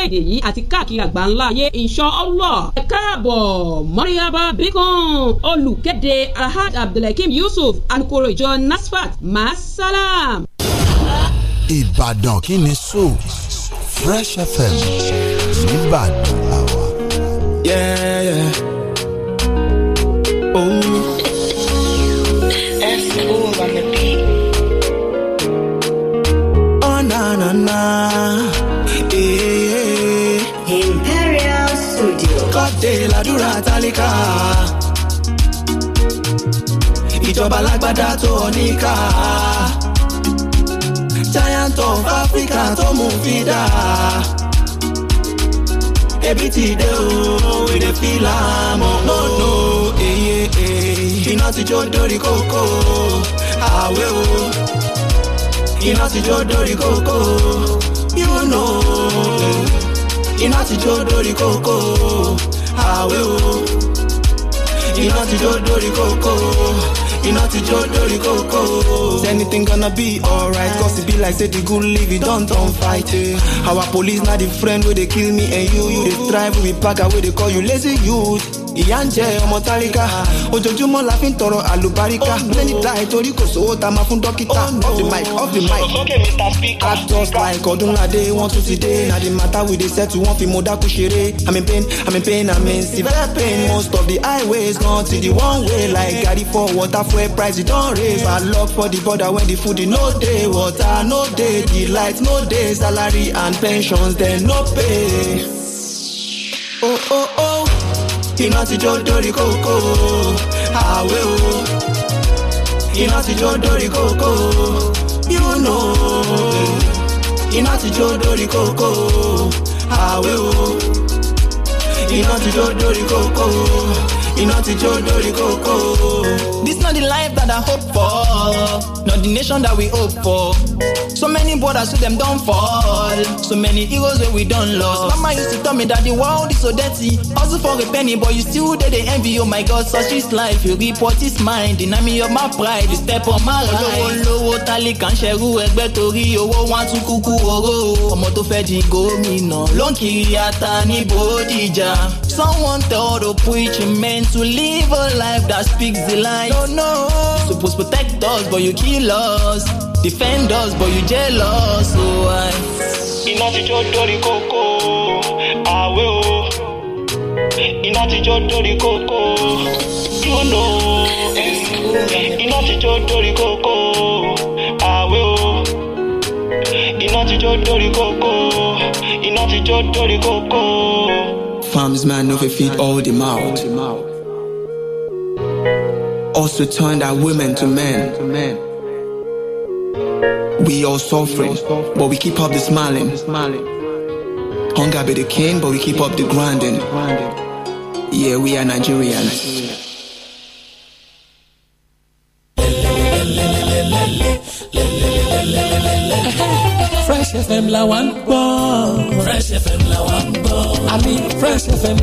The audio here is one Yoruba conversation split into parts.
orílẹ̀-èdè yìí àti káàkiri àgbáńlá ayé insha Allah ẹ káàbọ̀ mọ́ríyábá bíkan olùkéde Alhaji Abdulhakeem Yusuf alukoro ìjọ NASFAT masalam. Ìbàdàn kí ni so Fresh FM nìbàdàn làwà. Yeah, yeah. níkà. ìjọba alágbádá tó ọ giant of Africa tó mú fi dà. ebi ti dé o we dey feel am o. no no eye eye iná ti jó dórí kókó àwẹ̀ o. iná ti jó dórí kókó you know iná ti jó dórí kókó àwẹ̀ o iná ti jó dórí kókó iná ti dórí kókó. anything gonna be alright cause it be like say the good live e don turn fight. our police na the friend wey dey kill me and you you dey thrive we pack away dey call you lazy youth ìyá ń jẹ ọmọ táríkà ojoojúmọ́ la fi ń tọrọ àlùbáríkà oh, lẹ́ni láì torí kò sówó ta máa fún dókítà oh, off the mic off the mic actors like ọdúnládé wọ́n tún ti dé na the matter we dey settle wọ́n fi mo dákú ṣeré i'm in pain i'm in pain i'm in severe pain most of the highways gone to the one way like garri for water fuel price e don raise bad luck for the border when the food no dey water no dey the light no dey salary and pensions dem no pay. Oh, oh, oh iná ti jó dórí kókó àwẹ o iná ti jó dórí kókó you know iná ti jó dórí kókó àwẹ o iná ti jó dórí kókó iná ti jó dórí kókó. This not the life that I hope for, not the nation that we hope for. So many borders to them don fall, so many heroes wey we don lost. Mama used to tell me that the world is so dirty, hustle for a penny but you still dey dey envy. Oh my God, such is life, you reap what is mine, deny me of my pride, you step on my life. Olówó lówó tálíkà ń ṣerú ẹgbẹ́ torí owó wọn tún kúkú oró. Ọmọ tó fẹ́ di gómìnà ló ń kiri ata ní Bódìjà. Someone told a preaching man to live a life that speaks the lie. No, no. Supposed protect us, but you kill us. Defend us, but you jealous. So oh, why? Iná ti jó dórí kókó, àwẹ̀ o. Iná ti jo dori koko, you know. Iná ti jó dórí kókó, àwẹ̀ o. Iná ti jo dori koko, iná ti jó dórí kókó. Sometimes man no feed all the mouth. Also turn our women to men. We all suffering, but we keep up the smiling. Hunger be the king, but we keep up the grinding. Yeah, we are Nigerians. Fresh FM La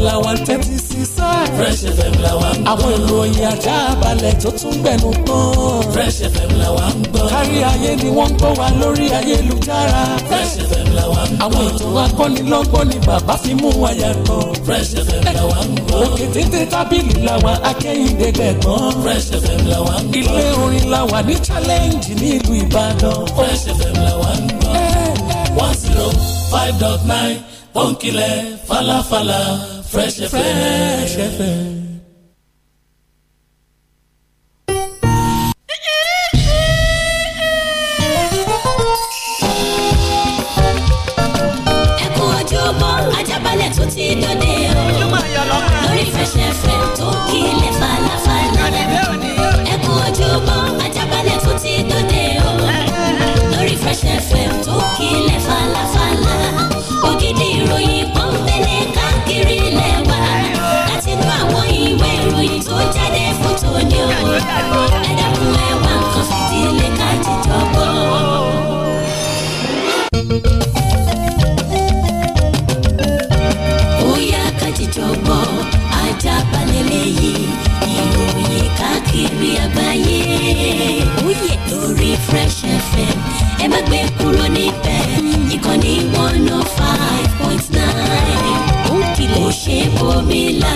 la wa ń tẹ́tí sí Fresh FM la wa ń gbọ́. àwọn ìròyìn ajá balẹ̀ tó tún gbẹnu tán. Fresh FM la wa ń gbọ́. kárí ayé ni wọ́n ń gbọ́ wa lórí ayélujára. Fresh FM la wa ń gbọ́. àwọn ètò akọ́nilọ́gbọ́n ni bàbá fi mú wa yàtọ̀. Fresh FM la wa ń gbọ́. òkè tètè tábìlì la wa akẹ́yìndé gbẹ̀gbọ́n. Fresh FM la wa ń gbọ́. ilé orin la wa ní challenge ní ìlú Ìbàdàn. Fresh FM la wa ń gbọ́. one zero five dot nine pọ́ńkìlẹ̀ falafala. Fresh Fresh FM. ẹkún ojúbọ ajábalẹ̀ tó ti dòde o lórí Fresh FM tó kílẹ̀. káàkiri àgbáyé. Oyè lórí Refresh FM ẹ má gbé kúrò níbẹ̀ ìkànnì one oh five point nine. Ó kìlẹ̀ ó ṣe bòmílà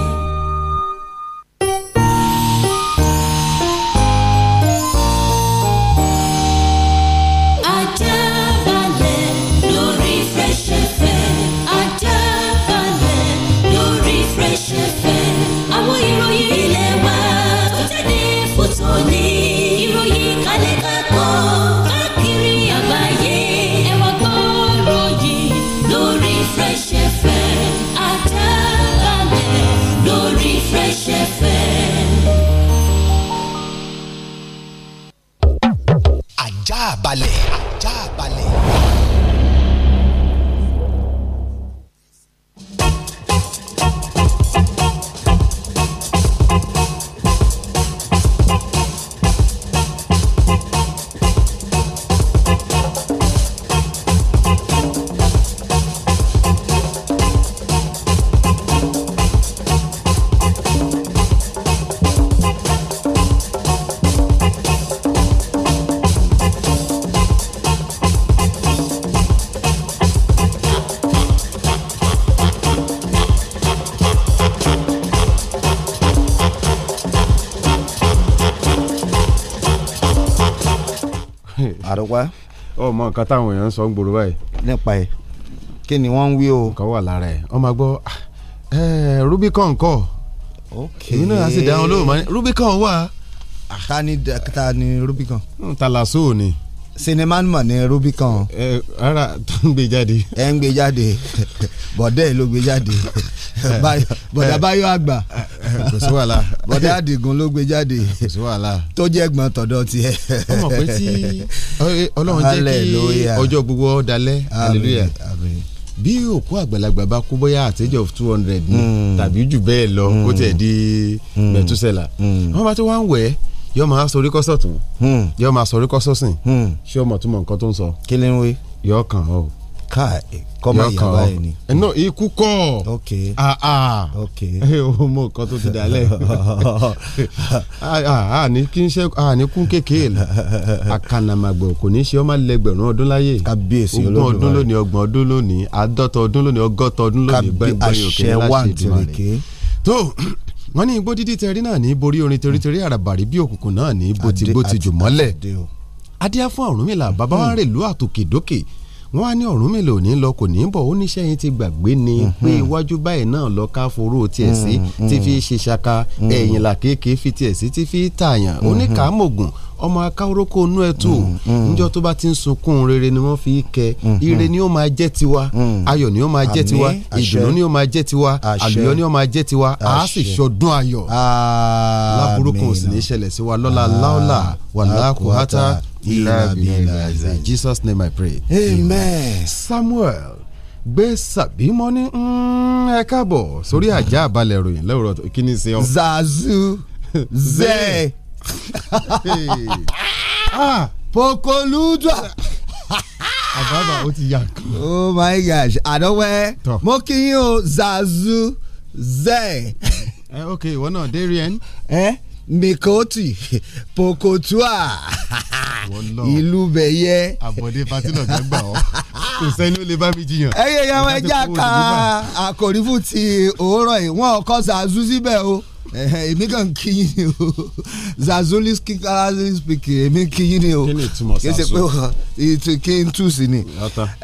àwọn kan táwọn èèyàn ń sọ ń gbòòrò báyìí. nípa ẹ kí ni wọ́n ń wí o. nǹkan wà lára ẹ̀ ọmọ àgbọ̀ ah, eh, rubicon kọ́ èyí náà á sì dáhùn lóòmọ́ rubicon wà. àká ni ta ni rubicon. Hmm, tàlàsó ni sinimá mọ̀ ní rubicon. ẹ rárá tó ń gbé jáde. ẹ ń gbé jáde bọ̀dẹ́ ló gbé jáde eh, bọ̀dà báyọ̀ àgbà. Eh, kò sí wàhálà bọ́dá àdìgún ló gbé jáde tó jẹ́ gbọ́n tọ̀dọ̀ tiẹ̀. ọmọ pé tí ọlọ́run jẹ́ kí ọjọ́ gbogbo ọ̀dàlẹ̀ hallelujah bí òkú àgbàlagbà bá kú bóyá at age of two hundred ni hmm. tàbí jù bẹ́ẹ̀ lọ hmm. kó tiẹ̀ di bẹ̀túsẹ̀là hmm. wọ́n bá tó wá ń wẹ̀ ẹ́ yóò máa sọ orí kọ́sọ̀ tún yóò máa sọ orí kọ́sọ̀ sìn ṣé ọmọ túmọ̀ nǹkan tó ń sọ. kí ló ń wé. yóò kàn ọ́. káà kọ́mọ ìyàwó ẹ̀ ni. Eh, no ikú kọ́ ok aa ah, ah. ok eh, o mọ nǹkan tó ti ah àní ah, kí n ṣe àní kún kékeré la àkànàmàgbọ̀ kò ní ṣe ọmọ lẹgbẹ̀rún ọdún láyé kábíyèsí olódùmarè ogún ọdún lónìí ọgbọ̀n ọdún lónìí àádọ́ta ọdún lónìí ọgọ́ta ọdún lónìí bẹ́ẹ̀ bẹ́ẹ̀ òkè ńlá ṣe ìdùnnú tó wọ́n ní igbó dídí tẹrí náà ní borí orin torítorí àràbàrí bí òkùnkùn náà ní bó ti bó ti jù mọ́lẹ̀ adíá fún Ọ̀rúnmìlà bàbá wa hmm. rèlú àtòkèdókè wọ́n á ní Ọ̀rúnmìlà ò ní lọ kò ní bọ̀ ó yẹn ti gbàgbé ni mhm. pé iwájú báyìí náà lọ ká foró tiẹ̀ sí mhm. Mhm. ti fi ṣe ṣaka ẹ̀yìn làkèké fi tiẹ̀ sí ti fi tààyàn oníkàámọ̀gùn ọmọ akáwórókó inú ẹ tó níjọ́ tó bá ti ń sunkún rere ni wọ́n fi kẹ́ ire ni ó máa jẹ́ tiwa ayọ̀ ni ó máa jẹ́ tiwa ìdùnnú ni ó máa jẹ́ tiwa àlùyọ ni ó máa jẹ́ tiwa a sì ṣọdún ayọ̀ láburúkú ò ní ṣẹlẹ̀ sí wa lọ́la láọ́là wàlá kò in Jesus name I pray. amen. Samuel gbé sàbímọ ní mm, ẹ káàbọ̀ sórí àjà àbálẹ̀ ìròyìn lẹ́wọ̀rọ̀ kí ni ṣe ọ́. zazu zẹ ah, pokoludwa. àbábà ó ti yà kú. oh my gosh àdọ́wẹ́ mo kí yín o zazu zẹ. ẹ eh, ok ìwọ náà dé rí ẹ. ẹ mikoti pokotua ìlú bẹ̀yẹ. àbọ̀dé fatilọ̀ jẹ́ gbà ọ́ kò sẹ́ni ó lè bá mi jiyàn. ẹ yẹ yàwọn ẹja ka àkòrí fún ti òórọ̀ yìí wọn kọ́ zazu síbẹ̀ o èmi kàn kíyìn ni o zazuli kíkàlásí spiki èmi kíyìn ni o kése pé ìtú kí n tú sí ni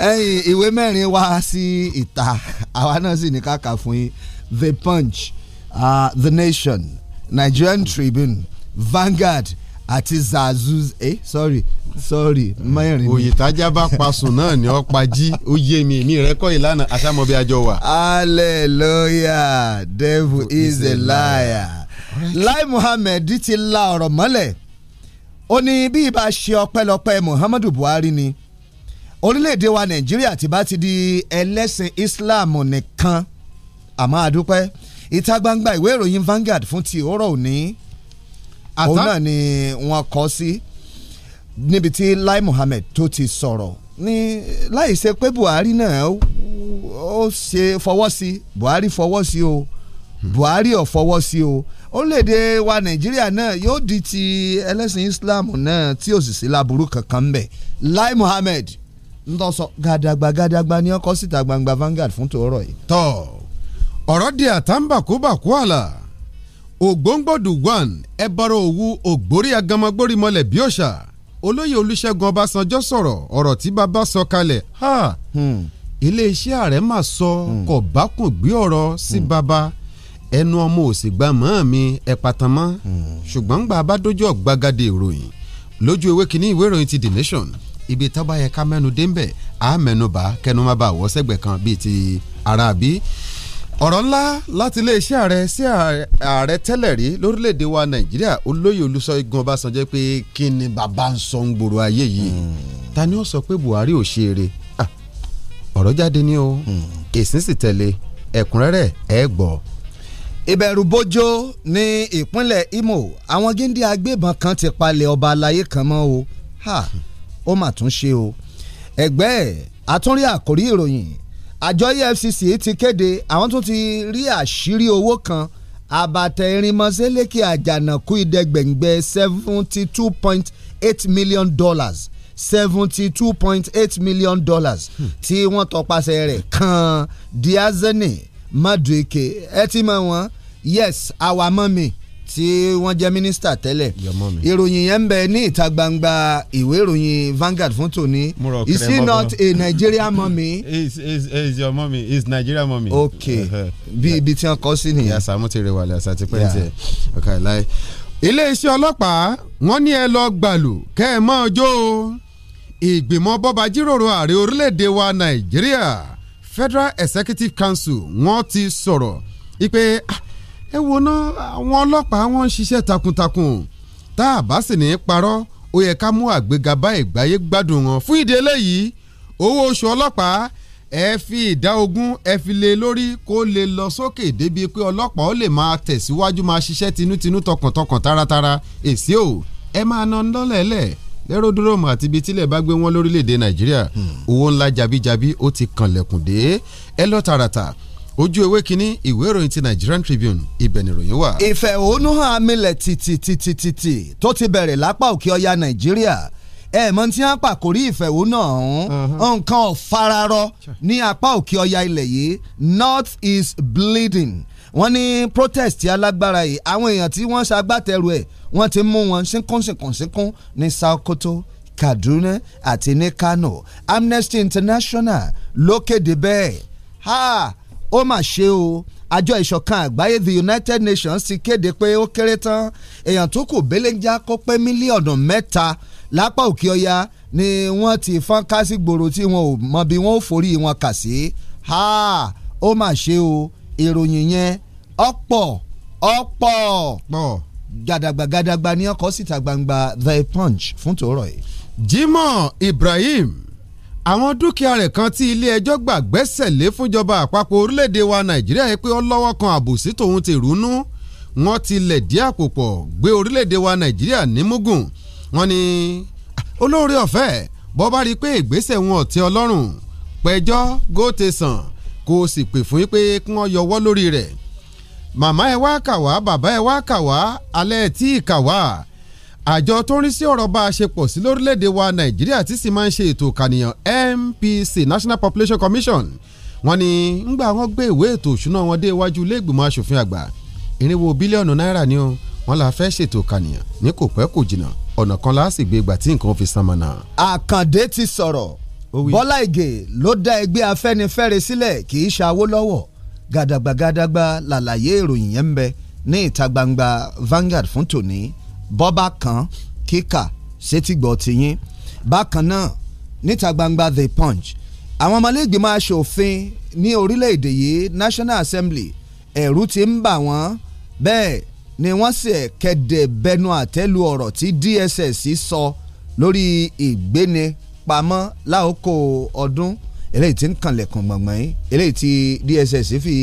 ẹ̀yin ìwé mẹ́rin wá sí ìta àwa náà sì ní káka fún yín The Punch, uh, The Nation, Nigerian Tribune, Vanguard àti zazu eh sorry sorry mẹ́rin. òyìtájà bá paṣùn náà ni ó pa jí ó yé mi èmi rẹ kọ́ ìlànà àṣàmọ́bí àjọ wa. hallelujah devil is a liar. lai muhammed ti la ọ̀rọ̀ mọ́lẹ̀ ó ní bí ibà ṣe ọpẹ́lọpẹ́ muhammadu buhari ni orílẹ̀-èdè wa nàìjíríà ti bá ti di ẹlẹ́sìn islam nìkan àmọ́ àdúpẹ́ ìta gbangba ìwé ìròyìn Vanguard fún ti òórọ̀ òní òun náà ni wọ́n kọ́ sí níbi tí Lai Muhammed tó ti sọ̀rọ̀ ní láì ṣe pé Buhari náà ó ṣe fọwọ́ sí Buhari fọwọ́ sí o hmm. Buhari ò fọwọ́ sí o orílẹ̀-èdè wa Nàìjíríà náà yóò di ti ẹlẹ́sìn Islam náà tí ò sì sí láburú kankan mbẹ̀ Lai Muhammed ń lọ sọ gàdàgbà gàdàgbà ni ọkọ síta gbangba Vanguard fún tòórọ yìí. tọ́ ọ̀rọ̀ di àtàǹbàkúbàkú àlà ògbóǹgbòdù one ẹbọrọ òwú ògbórí agamọgbórí mọlẹ̀ bí òòṣà olóyè olùṣègùn ọbásanjọ́ sọ̀rọ̀ ọ̀rọ̀ tí bàbá sọ kalẹ̀ ha hmm. iléeṣẹ́ ààrẹ mà sọ hmm. kò bá kùn gbé ọ̀rọ̀ sí hmm. bàbá ẹnu ọmọ òsì gba mọ́ mi ẹ patan mọ́ ṣùgbọ́n gbà bá dójú ọ̀gbagadé ìròyìn lójú ewé kínní ìwé ìròyìn ti the nation ibi tọ́ba yẹn ká mẹ́nu dé ń bẹ̀ á mẹ́nu bá kẹnu má bá àwọ̀ sẹ́gbẹ̀ kan bíi ti ara ọ̀rọ̀ ńlá láti iléeṣẹ́ ààrẹ sí ààrẹ tẹ́lẹ̀ rí lórílẹ̀‐èdè wa nàìjíríà olóyè olùṣọ́gun ọbásanjọ́ pé kí ni bàbá ń sọ ń gbòòrò ayé yìí hmm. ta ni ó sọ pé buhari ò ṣe eré ọ̀rọ̀ jáde ní o hmm. èsì sì tẹ̀lé ẹ̀kúnrẹ́rẹ́ ẹ̀ gbọ́. ìbẹ̀rù bójó ní ìpínlẹ̀ Imo àwọn géńdé agbébọn kan ti palẹ̀ ọba aláyé kan mọ́ o ó mà tún ṣe o ẹgbẹ́ àtúnrí àkórí ìròyìn àjọ EFCC ti kéde àwọn tún ti rí àṣírí owó kan àbàtà irinmọ̀sẹ́lẹ̀kì àjànàkú ìdẹ́gbẹ̀ngbẹ́ seventy two point eight million dollars seventy two point eight million dollars hmm. tí wọ́n tọpasẹ̀ rẹ̀ kan Diazene Madueke ẹ ti mọ̀ yes àwa mọ̀ mi tí wọ́n jẹ́ mínísítà tẹ́lẹ̀ ìròyìn yẹn ń bẹ ní ìta gbangba ìwé ìròyìn Vanguard fún tòní is he not a Nigerian mummy. is is your mummy is Nigerian mummy. ok bí ibi tí wọ́n kọ́ sí nìyẹn. yasa mo ti rẹ wàlẹ̀ àṣà ti pẹ́ tiẹ̀ ọ̀ka láì. iléeṣẹ́ ọlọ́pàá wọ́n ní ẹ lọ gbàlù kẹ́ ẹ mọ́ ọjọ́ ìgbìmọ̀ bọ́ba jíròrò ààrẹ orílẹ̀-èdè wa Nàìjíríà Federal Executive Council wọ́n ti sọ̀rọ̀ ipe ah ẹ wo ná àwọn ọlọ́pàá wọn ń ṣiṣẹ́ takuntakun tá a bá sì ní í parọ́ ó yẹ ká mú àgbéga bá ìgbáyé gbádùn wọn fún ìdí eléyìí owó oṣù ọlọ́pàá ẹ fi ìdá ogún ẹ fi lé e lórí kó lè lọ sókè débi pé ọlọ́pàá ó lè máa tẹ̀síwájú máa ṣiṣẹ́ tinútinú tọkàntọkàn taratara èsì ò ẹ máa ná ńlọ́lẹ̀ẹ́lẹ̀ lẹ́rọ̀dúrómù àti ibi tílẹ̀ bá gbé wọn lórílẹ̀‐èdè nàìjíríà hmm. owó ńlá jabijabi ó ti kànlẹ̀kùn dé ẹ lọ tààràtà ojú ewé kínní ìwé ìròyìn ti Nigerian Tribune ibẹ̀ nìròyìn wà. ìfẹ̀hónúhàn amilẹ̀ tìtìtìtìtì tó ti bẹ̀rẹ̀ lápá òkè ọya Nàìjíríà ẹ mọ tí wọn pàkórí ìfẹ̀hónú ọ̀hún uh-huh. nǹkan ọ̀fararọ ní apá òkè ọya ilẹ̀ yìí north is bleeding wọ́n ní protest alágbára yìí àwọn èèyàn tí wọ́n ṣagbátẹrù ẹ̀ wọ́n ti mú wọn ṣínkúnṣínkúnṣínkún ní Sokoto Kaduna àti ní Kano Amnesty International ló kéde bẹ́ẹ̀ ó mà ṣe o àjọ ìṣọ̀kan àgbáyé the United Nations ti kéde pé ó kéré tán èèyàn tó kù belenja kó pé mílíọ̀nù mẹ́ta lápá òkè ọya ni wọ́n ti fọ́nká sí gbòòrò tí wọn ò mọ bí wọ́n ò forí wọn kà sí ha ó mà ṣe o ìròyìn yẹn ọ̀pọ̀ ọ̀pọ̀ gàdàgbà gàdàgbà ni ọkọ̀ síta gbangba The Punch fún tòórọ̀ yìí. Jimoh Ibrahim àwọn dúkìá rẹ̀ kan tí ilé ẹjọ́ gbà gbẹ́sẹ̀ lé fúnjọba àpapọ̀ orílẹ̀‐èdè wa nàìjíríà yìí pé ọlọ́wọ́ kan àbòsí tòun ti rúnú wọ́n ti lẹ̀ dí àpò gbé orílẹ̀‐èdè wa nàìjíríà ní múgùn wọ́n ní olóore ọ̀fẹ́ bọ́ bá rí i pé ìgbésẹ̀ wọn ò tẹ́ ọlọ́run pẹjọ́ góòtẹ̀sán kó o sì pè fún yín pé kí wọ́n yọwọ́ lórí rẹ̀ màmá ẹ wá kà bàbá ẹ wá kà alẹ́ tí ì kà àjọ tó ń rí sí ọ̀rọ̀ bá a ṣe pọ̀ sí lórílẹ̀‐èdè wa nàìjíríà tí sì máa ń ṣe ètò ìkànìyàn NPC National Population Commission wọ́n ní ńgbà wọ́n gbé ìwé ètò òṣùná wọn dé iwájú ilé ìgbìmọ̀ asòfin àgbà irinwó bílíọ̀nù náírà ni ó wọ́n la fẹ́ ṣètò ìkànìyàn ní kò pẹ́ kò jìnnà ọ̀nà kan lásìgbè ìgbà tí nǹkan fi san mọ̀nà. àkàndé ti sọ̀rọ̀ bọ́lá ìgè ló dá ẹgbẹ́ afẹ́nifẹ́re sílẹ̀ kì í ṣàwó lọ́wọ́ gàdàgbàgàdàgbà làlàyé ìròyìn yẹn ń bẹ ní ìta gbangba Vanguard fún tòní bọ́bá kan kíkà sétígbọ̀ tìyín bákan náà níta gbangba the punch àwọn ọmọlẹ́gbẹ̀mọ aṣòfin ní orílẹ̀-èdè yìí National Assembly ẹ̀rù ti ń bà wọ́n bẹ́ẹ̀ ni wọ́n sì kẹ̀dẹ̀ bẹnu àtẹ́lu ọ̀rọ̀ tí DSS sọ lórí ìgbéni pamọ́ láòkó ọdún eléyìí tí ń kànlẹ̀kùn gbọ̀ngbọ̀n yìí eléyìí tí DSS fi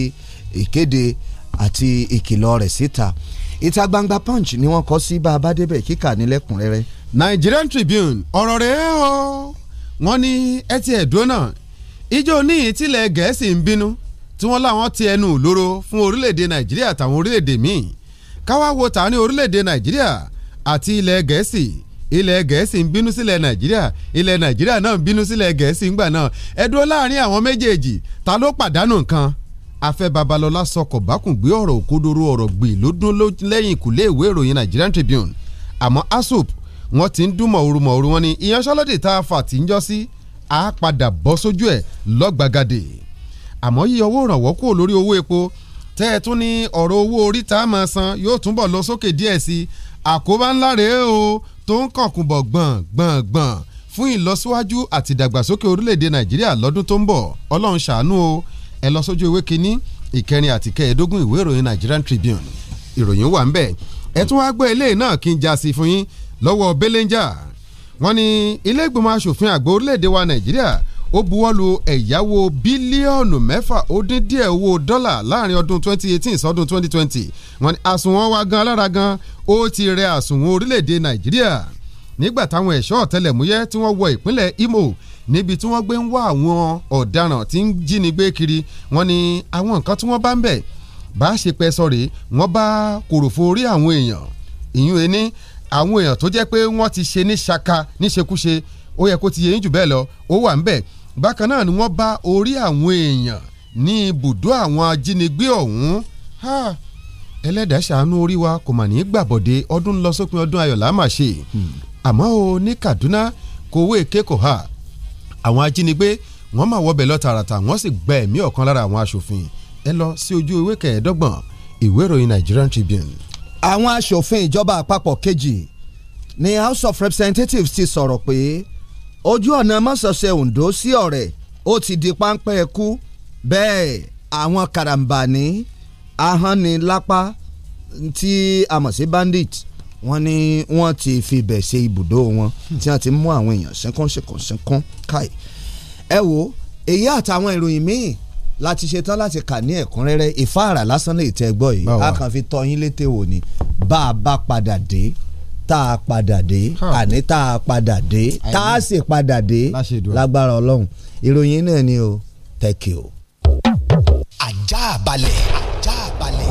ìkéde àti ìkìlọ̀ rẹ̀ síta. Si ìta gbangba punch ni wọ́n kọ sí bá a bá débẹ̀ kíkà nílẹ̀kùnrẹ́rẹ́. Nigerian Tribune ọ̀rọ̀ rẹ̀ o wọ́n ní ẹ ti ẹ̀dọ́ náà ijó ní ìtìlẹ̀ gẹ̀ẹ́sì ń bínú tí wọ́n láwọn ti ẹnu lóró fún orílẹ̀-èdè nàìjíríà àtàwọn orílẹ̀-èdè míì káwá wo ta ní orílẹ̀-èdè nàìjíríà àti ilẹ̀ gẹ̀ẹ́sì ilẹ̀ gẹ̀ẹ́sì ń bínú sílẹ̀ nàìjíríà ilẹ̀ nàìjíríà náà ń bínú sílẹ̀ gẹ̀ẹ́sì ńgbà náà ẹ dúró láàrin àwọn méjèèjì ta ló pàdánù nǹkan afẹ́ babalọ́lá sọkọ̀ bákùngbé ọ̀rọ̀ òkodoro ọ̀rọ̀ gbè lódún lẹ́yìn ìkúlé ìwé ìròyìn Nigerian Tribune àmọ́ asop wọ́n ti ń dún mọ̀ọ́rù mọ̀ọ́rù wọn ni ìyanṣẹ́lódì tá a fà tí ń jọ sí a padà bọ́ sójú ẹ̀ lọ́gbàgàdè àmọ́ yíyọ owó ìrànwọ́ kúrò lórí owó epo tẹ́ ẹ tún ní ọ̀rọ̀ owó orí tá a máa san yóò túnbọ̀ lọ sókè díẹ̀ sí àkóbá ńlá rèé o tó ń kànkùnbọ̀ gbọ̀n gbọ̀n gbọ̀n fún ìlọsíwájú àti ìdàgbàsókè orílẹ̀-èdè Nàìjíríà lọ́dún tó ń bọ̀ Ọlọ́run ṣàánú o ẹ lọ sójú ìwé kínní ìkẹrin àti kẹẹ̀ẹ́dógún ìwé ìròyìn Nigerian Tribune ìròyìn wà ń bẹ̀ ẹ tún wá gbọ́ eléyìí náà kí n já sí fún yín lọ́wọ́ belenja wọ́n ní ilé asòfin àgbà orílẹ̀ wa Nàìjíríà ó buwọ́lu ẹ̀yáwó bílíọ̀nù mẹ́fà ó dín díẹ̀ owó dọ́là láàrin ọdún 2018 sọ́dún 2020 wọ́n ní àsùnwọ̀n wa gan alára gan ó ti rẹ àsùnwọ̀n orílẹ̀-èdè Nàìjíríà nígbà táwọn ẹ̀ṣọ́ ọ̀tẹlẹ̀múyẹ́ tí wọ́n wọ ìpínlẹ̀ Imo níbi tí wọ́n gbé ń wá àwọn ọ̀daràn tí ń jínigbé kiri wọ́n ní àwọn nǹkan tí wọ́n bá ń bẹ̀ bá a ṣe pẹ́ sọ̀rọ̀ wọ́n bá kòròfo orí àwọn èèyàn ìyún ẹni àwọn èèyàn tó jẹ́ pé wọ́n ti ṣe ní ṣaka níṣekúṣe ó yẹ kó ti yẹyìn jù bẹ́ẹ̀ lọ ó wà ń bẹ̀ bákan náà ni wọ́n bá orí àwọn èèyàn ní ibùdó àwọn ajínigbé ọ̀hún ẹlẹ́dàá ṣàánú orí wa kò mà ní í gbàbọ̀dé ọdún lọ sópin ọdún ayọ̀ là hmm. àmọ́ o ní Kaduna kò wé kékòó ha àwọn ajínigbé wọ́n máa wọbẹ̀ lọ tààràtà wọ́n sì gba ẹ̀mí ọ̀kan lára àwọn aṣòfin ẹ lọ sí ojú ewé kẹẹ̀ẹ́dọ́gbọ̀n ìwé ìròyìn Nigerian Tribune. àwọn aṣòfin ìjọba àpapọ̀ kejì ní House of Representatives ti sọ̀rọ̀ pé ojú ọ̀nà mọ́sọ̀ọ̀sẹ̀ Ondo sí ọ̀rẹ́ ó ti di páńpẹ́ ẹkú bẹ́ẹ̀ àwọn karambani ahọ́nni ti tí sí bandit wọ́n ní wọ́n ti fi bẹ̀ ṣe ibùdó wọn tí wọ́n ti mú àwọn èèyàn ṣẹ́kán ṣẹ́kán ṣẹ́kán káì ẹ wo èyí àtàwọn ìròyìn míì láti ṣetán láti kà ní ẹ̀kúnrẹ́rẹ́ ìfáàrà lásán lè tẹ́ gbọ́ yìí a kàn fi tọ́ yín létè wò ni bá a bá padà dé tá a padà dé àní tá a padà dé tá a sì padà dé lágbára ọlọ́run ìròyìn náà ni o thank you. ajá balẹ̀ ajá balẹ̀.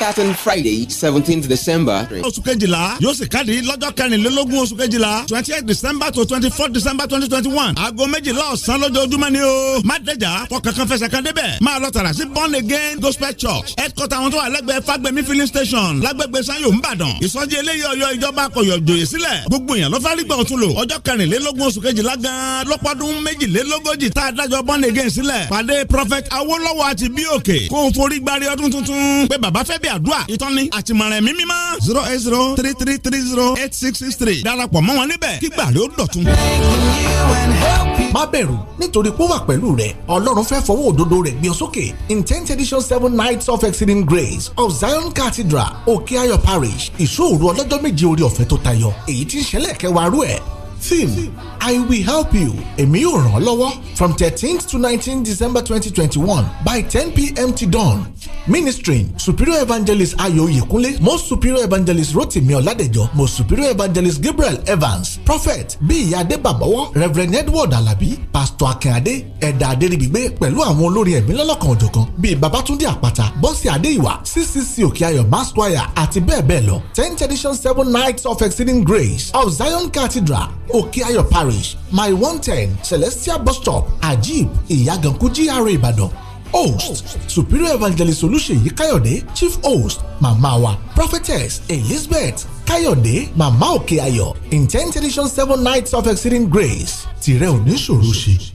starting Friday seventeenth December. oṣù kejìlá yóò sì káàdì lọ́jọ́ kẹrìnlélógún oṣù kejìlá twenty eight December to twenty four December twenty twenty one aago méjìlá ọ̀sán lójoojúmọ́ ni o má dẹjà kọ̀ọ̀kan fẹsẹ̀ kan débẹ̀ máa lọ tààrà sí Born Again Gospel Church headquarter àwọn tó wà lẹ́gbẹ̀ẹ́ Fagbemi filling station lágbègbè Sanyo Nìbàdàn ìsọjí eléyìí Ọ̀yọ́ ìjọba akọ̀yọ̀ joyè sílẹ̀ gbogbo èèyàn ló fẹ́ rí gbà ọ̀tún lò ọjọ́ kẹrìnlélógún oṣù kejìlá gan-an lọ́pọ̀dún méjìlélógójì tá a dájọ́ Born Again sílẹ̀ pàdé Prophet Awólọ́wọ̀ àti Bíòkè kó o forí gbárí ọdún tuntun pé bàbá fẹ́ bí àdúrà ìtọ́ni àti mọ̀ràn ẹ̀mí mímọ́. zero eight zero three three three zero eight six six three darapọ̀ mọ́ wọn níbẹ̀ kí gbàlè ó dọ̀tun. má bẹ̀rù nítorí pé pẹ̀lú rẹ̀ ọlọ́run fẹ́ fọwọ́ òdodo rẹ̀ gbé sókè in tenth edition seven nights of exceeding grace of zion cathedral òkè ayọ̀ parish ìṣòro ọlọ́jọ́ méje orí ọ̀fẹ́ tó tayọ èyí tí ń ṣẹlẹ̀ kẹwàá rú ẹ̀ theme I will help you èmi yóò ràn ọ́ lọ́wọ́ from thirteenth to nineteenth December twenty twenty one by ten pm till dawn Ministry: superior evangelist Ayo Yekunle most superior evangelist Rotimi Oladejo most superior evangelist Gabriel Evans prophet Biyi Adebabawo reverend Edward Alabi pastor Akinade Ẹ̀dà Adéríbigbé pẹ̀lú àwọn olórin ẹ̀mí lọ́lọ́kan òjọ̀kan bíi Babatunde Àpàtà Bọ́sì Adéìwà CCC Òkèayọ̀ mass choir àti bẹ́ẹ̀ bẹ́ẹ̀ lọ Ten edition seven nights of exceeding grace of Zion Cathedral Okeayo Parish, My one ten Celestial Bus Stop, Ajib, Ìyàgànkú GRA Ìbàdàn. Host Superior Evangelist solution. Olúṣèyí Káyọ̀dé Chief Host Màmá wa Prophetess Elizabeth Káyọ̀dé Màmá Òkè in ten edition seven nights of exceeding grace tìrẹ ò ní ṣe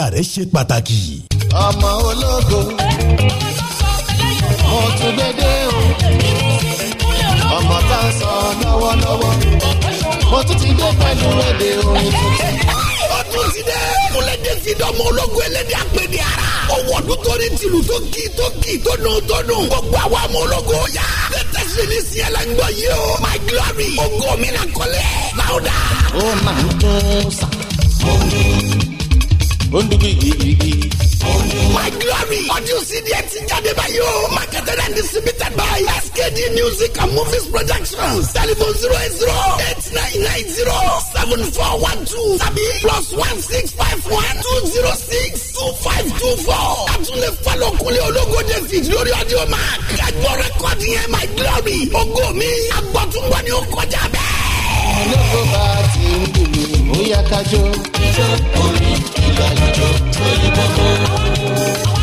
ìlera rẹ ṣe pàtàkì. ọmọ ológo mo tún gbédè o ọmọ tá a sọ lọ́wọ́lọ́wọ́ mo tún ti dé pẹ̀lú èdè orin tuntun ti dẹ. Kúlẹ̀dẹ̀ fi dọ́mọ ológun ẹlẹ́dẹ̀ àpèdè ara. Ó wọ̀dún torí tìlù tó kì tó kì tó nù tó nù. Gbogbo àwọn ọmọ ológun ó yá. Tètè ṣe ní sí ẹlẹ́gbọ́ yìí o. My glory. Ogo mi là kọ́lẹ̀. Láwùdà. Ó máa ń tún sàn. ó ń My glory audio CD ẹ ti jáde báyìí o. Marketed and distributed by SKD Music and Movies Productions. Telephone zero eight zero eight nine nine zero seven four one two tàbí plus one six five one two zero six two five two four. Àtúnlẹ̀ Fálọ̀kúnlé ológo David lórí audio mark. Kẹ́gbọ́n rẹ́kọ̀dì yẹn My glory. Ogo mi. Agbọ̀túngbọ̀ ni ó kọjá bẹ́ẹ̀. yá kájọ. ijó orin ìlànà ìjó òyìnbó kò.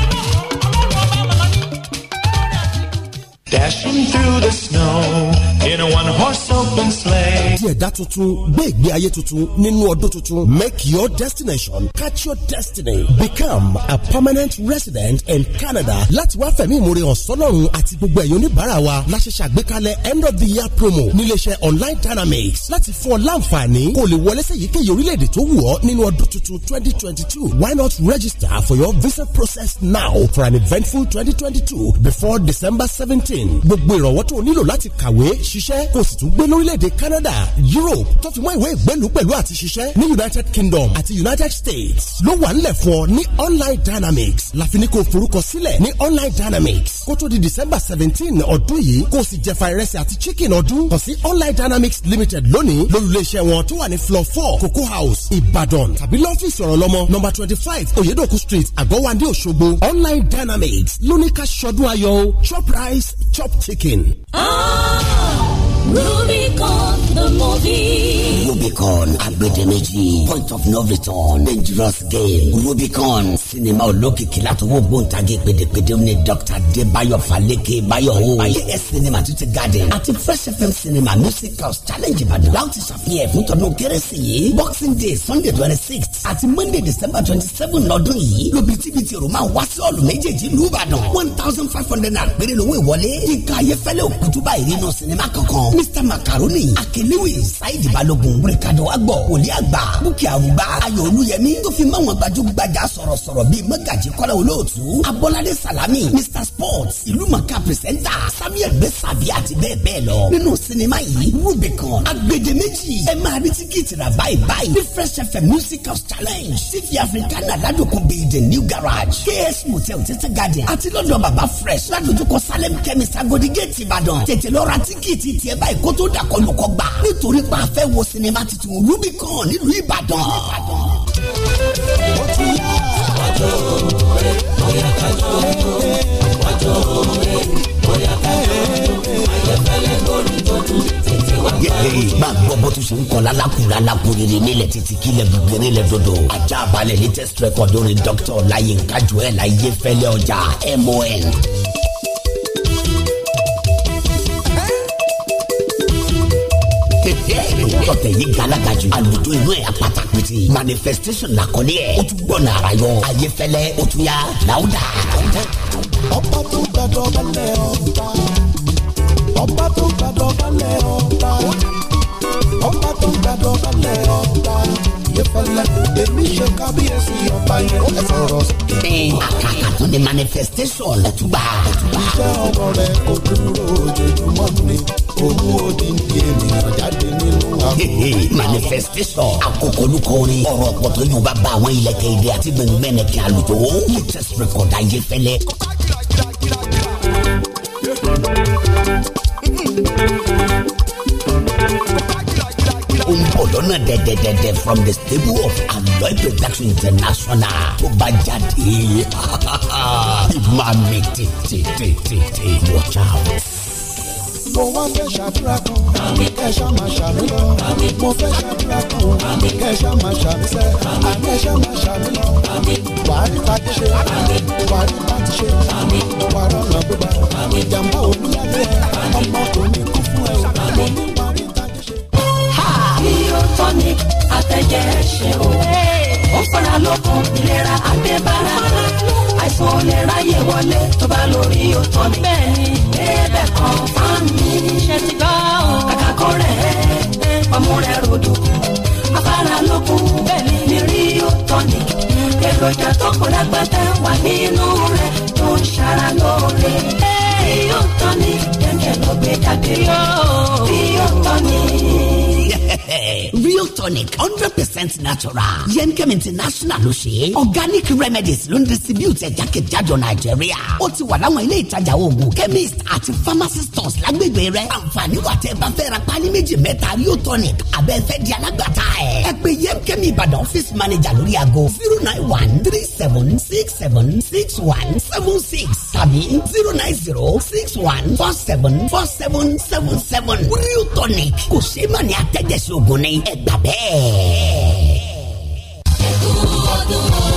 Dashing through the snow in a one horse open sleigh. Di ẹ̀dá tuntun gbé ayé tuntun nínú ọdún Make your destination catch your destiny. Become a permanent resident in Canada. Láti wá fẹ̀mí ìmoore hàn sọ́lọ́run àti gbogbo ẹ̀yọ́ oníbàárà wa. femi imoore on solorun ati gbogbo eyo onibaara wa lase end of the year promo níléeṣẹ́ online dynamics. Láti fún ọ láǹfààní kó lè wọlé sẹ́yìnkéyìí orílẹ̀-èdè tó wù ọ́ nínú ọdún twenty twenty two. Why not register for your visa process now for an eventful twenty twenty two before December seventeenth. Britain gbogbo ìrànwọ́ tó o nílò láti kàwé ṣiṣẹ́ kó sì tún gbé lórílẹ̀‐èdè Canada Europe tó fi mọ́ ìwé ìgbẹ́lú pẹ̀lú àti ṣiṣẹ́ ní United Kingdom àti United States ló wà ńlẹ̀ fún ọ ní Online Dynamics láfi ní kó o forúkọ sílẹ̀ ní Online Dynamics kó tó di December seventeen ọdún yìí kó o sì jẹ̀fà ìrẹsì àti chicken ọdún kàn sí Online Dynamics Limited lónìí lólùléeṣẹ́ wọn tó wà ní floor four Cocoa House Ìbàdàn tàbí lọ́fíìsì ọ̀rọ̀ lọ́mọ number twenty five Oyedoku Street Àgọ́wandé Òṣogbo Online Dynamics lóníkà ṣọdún ayọ̀ shop price chop chicken. Ah, Rubicon the movie. Rubicon Agbedemeji Point of No Return Dangerous Game Rubicon sinimá olókìkí látọwọ́ gbòǹtagì pèdèpèdè ní Dr. Debayo Faleke Bayo ayẹyẹ sinimá tún ti garden àti Fresh FM sinimá music house challenge Ìbàdàn láti ṣàfihàn ẹ̀fún tọdún kérésì yìí Boxing Day Sunday twenty sixth àti Monday December twenty seven lọ́dún yìí lóbitibiti rò máa wá sí ọ̀lù méjèèjì lùbàdàn one thousand five hundred naira péré lówó ìwọlé Yínká Ayéfẹ́lẹ́ òkútúbà ìrìnà sinimá kankan Mr Macaroni Akelewi Saidi Balogun rìkàdọ̀ wa gbọ̀ wòlíì àgbà dúkìá àrùgbá ayọ̀ olúyẹmí tó fi máwọn gbajúgbajà sọ̀rọ̀sọ̀rọ̀ bíi mọ́gàjì kọ́lá olóòtú abọ́ládé salami mr sports ìlúmọ̀ká pìrìsẹ́ńtà samuel gbèsàbí àti bẹ́ẹ̀ bẹ́ẹ̀ lọ nínú sinimá yìí rubicon agbedeméjì ẹ máa rí tíkìtì rà báyìí báyìí ní fresh fm musicals challenge tv africana ládùkú bíi the new garage ks motel tètè garden àti lọ́dọ̀ baba fresh ládùjúkọ salem chemist agodi gate ìbàdàn tètè lọ́ra tíkìtì tiẹ̀ báyìí kó tó dàkọlùkọ gbà nítorí pé sinimá titun Rubicon nílùú Ìbàdàn. ó ti yá àjọ òwe bóyá kájọ òwe àjọ òwe bóyá kájọ òwe ayẹfẹlẹ lórí lọdún máa gbọ́ bó tún ṣe ń kọ́ lálákùn lálákùn rere nílẹ̀ títí kílẹ̀ gbogbo nílẹ̀ dodo ajá balẹ̀ latest record orin Dr. ọláyínká joel ayéfẹ́lẹ́ ọjà mon. tọ̀tẹ̀ yìí galaga jù àlùjọ inú ẹ̀ apata pété manifestation làkọ́lé ẹ̀ o tún gbọ́nà ara yọ ayé o tún yà láwùdà. ọba tó gbàdọ̀ balẹ̀ ọba ọba tó gbàdọ̀ balẹ̀ ọba ọba tó gbàdọ̀ balẹ̀ ọba ìdè fẹlẹ èmi ṣe kábíyèsí ọba yẹn ó sọ̀rọ̀. bẹ́ẹ̀ àkàkà tó ní manifestation ọ̀túnba. iṣẹ́ ọmọ rẹ̀ kò dúró ojoojúmọ́ ni owó odi ní ènìyàn jáde nínú àkókò. manifestation àkókò olùkọ́ orin ọ̀rọ̀ ọ̀pọ̀ tó yóò bá bá àwọn ilẹ̀kẹ̀ ìdè àti gbẹ̀ngbẹ̀nẹ̀kẹ̀ àlùjọ latest record ayé fẹ́lẹ́. Thank you lọ́nà dẹ̀dẹ̀dẹ̀dẹ̀ from the stable of Aloy Production International tó bá jáde ìmọ̀ àmì tètè watch out mo wá fẹ́ ṣàdúrà kan kẹ́ṣà máa ṣàmì lọ. mo fẹ́ ṣàdúrà kan kẹ́ṣà máa ṣàmì sẹ́. kẹ́ṣà máa ṣàmì lọ. wàhálì bá ti ṣe wàhálì bá ti ṣe wàhálà ọ̀nà gbígbà ìjàmbá òní lábẹ́ ọmọ kò ní kú fún ẹ o tonic àtẹ̀jẹ́ ṣe o. ó fara lókun ìlera àgbẹ̀bára àìsàn ò lè ráyè wọlé tó bá lórí o tonic. bẹ́ẹ̀ni ẹ̀bẹ̀ kan fún mi. ṣe ti gbọ́ o. kàkà rẹ̀ ọmú rẹ̀ rodò afara lókun bẹ́ẹ̀ni ní rio tonic. èròjà tó kọ́ lágbàtà wà nínú rẹ̀ tó ń ṣara lóore. rio tonic kẹ̀kẹ́ ló gbé jáde. rio tonic. real tonic hundred percent natural yemkem international ló ṣe organic remedies ló ń distribute ẹ̀ jákèjádò nàìjíríà ó ti wà láwọn ilé ìtajà oògùn chemist àti pharmacy stores lágbègbè rẹ àǹfààní wà tẹ́ bá fẹ́ ra pálí méjì mẹ́ta real tonic abẹ́ fẹ́ di alágbàtà ẹ̀ ẹ pè yemkem ìbàdàn office manager lórí aago zero nine one three seven six seven six one seven six tàbí zero nine zero six one four seven four seven seven seven real tonic kò ṣe é mà ní atẹ́jẹsọ ìṣògùn ni ẹgbà bẹ́ẹ̀. ẹkún ọdún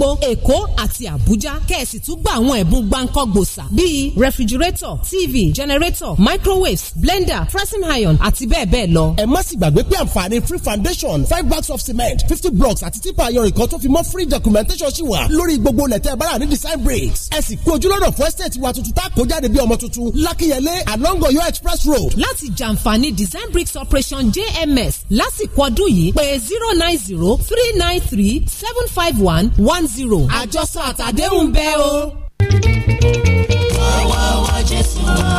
Òṣogbo Èkó àti Àbújá kẹ̀sì tún gba àwọn ẹ̀bùn gbáǹkọ́ gbòòsà bíi rẹfrigirétọ̀ TV jẹnẹrétọ̀ microwaves blender pressing iron àti bẹ́ẹ̀ bẹ́ẹ̀ lọ. ẹ má sì gbàgbé pé àǹfààní free foundation five bags of cement fifty blocks àti tipa ayọ̀rìn kan tó fi mọ́ free documentation sí wa lórí gbogbo lẹ́tẹ̀ bára ní design bricks ẹ sì kú ojúlọ́nà fún estate wa tuntun tá a kó jáde bí ọmọ tuntun lákìyẹlé along Ọ̀yọ́ express road. láti jàǹfààní design bricks operation jms lásìkò ọdún yìí pé zero nine zero three nine three seven five one one zero àjọsọ àtàdéhùn bẹ́ẹ̀ o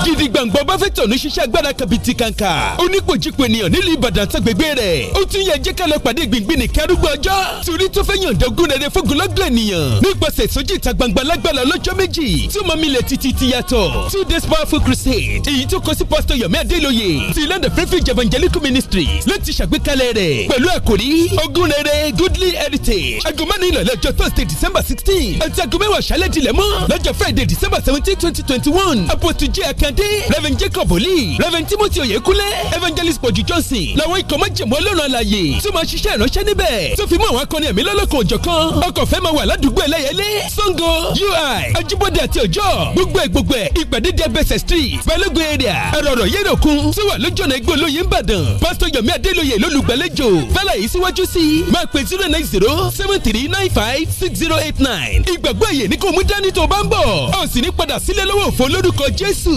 gidi gbàngbọ́n bá fẹ́ tọ̀nù ṣiṣẹ́ agbára kabiti kanka oníkojúpe ènìyàn nílùú ìbàdàn àtàgbègbè rẹ̀ ó tún yẹ jẹ́ ká lọ pàdé gbìngbìn ní kẹrùgbọ́ ọjọ́ torí tó fẹ́ yàn dẹ́gun rẹ̀ fógunlọ́gbọ̀n ènìyàn nípasẹ̀ ìsọjí ìta gbangba lágbára lọ́jọ́ méjì tí ó máa milẹ̀ títí ti yàtọ̀ two days powerful crusade èyí tó kọ sí pásítọ̀ yomi adéloye ti land of evangelical ministry láti ṣàgbékalẹ̀ rẹ̀ pẹ̀lú àkòrí ogun goodly heritage aago mẹ́rin ìrọ̀lẹ́ ọjọ́ thursday december sixteen àti aago mẹ́wàá ṣálẹ̀ dilẹ̀ friday december seventeen twenty twenty one apostle j akande reverend jacob oli reverend timothy oyekunle evangelist pọ̀jù johnson làwọn ikọ̀ májèmọ́ ọlọ́run àlàyé tó máa ṣiṣẹ́ ìránṣẹ́ níbẹ̀ tó fi mú àwọn akọni ẹ̀mí lọ́lọ́kan òjọ̀kan ọkọ̀ fẹ́ máa wà ládùúgbò ẹlẹ́yẹlé sango ui ajibode àti ọjọ́ gbogbo gbogbo ìpàdé dẹ́bẹ̀sẹ̀ street balógun area ẹ̀rọ̀rọ̀ yẹ́rọ̀kun tó wà lójú ọ̀nà igbó olóyè ńbàdàn pásítọ̀ yomi adélóye lólùgbàlejò fẹ́lẹ̀ yìí síwájú sí máa pè zero nine zero seven three nine five six zero eight nine ìgbàgbọ́ ẹ̀yẹ ní kò mú dání tó bá ń bọ̀ ọ̀ sì ní padà sílẹ̀ lọ́wọ́ òfò lórúkọ Jésù.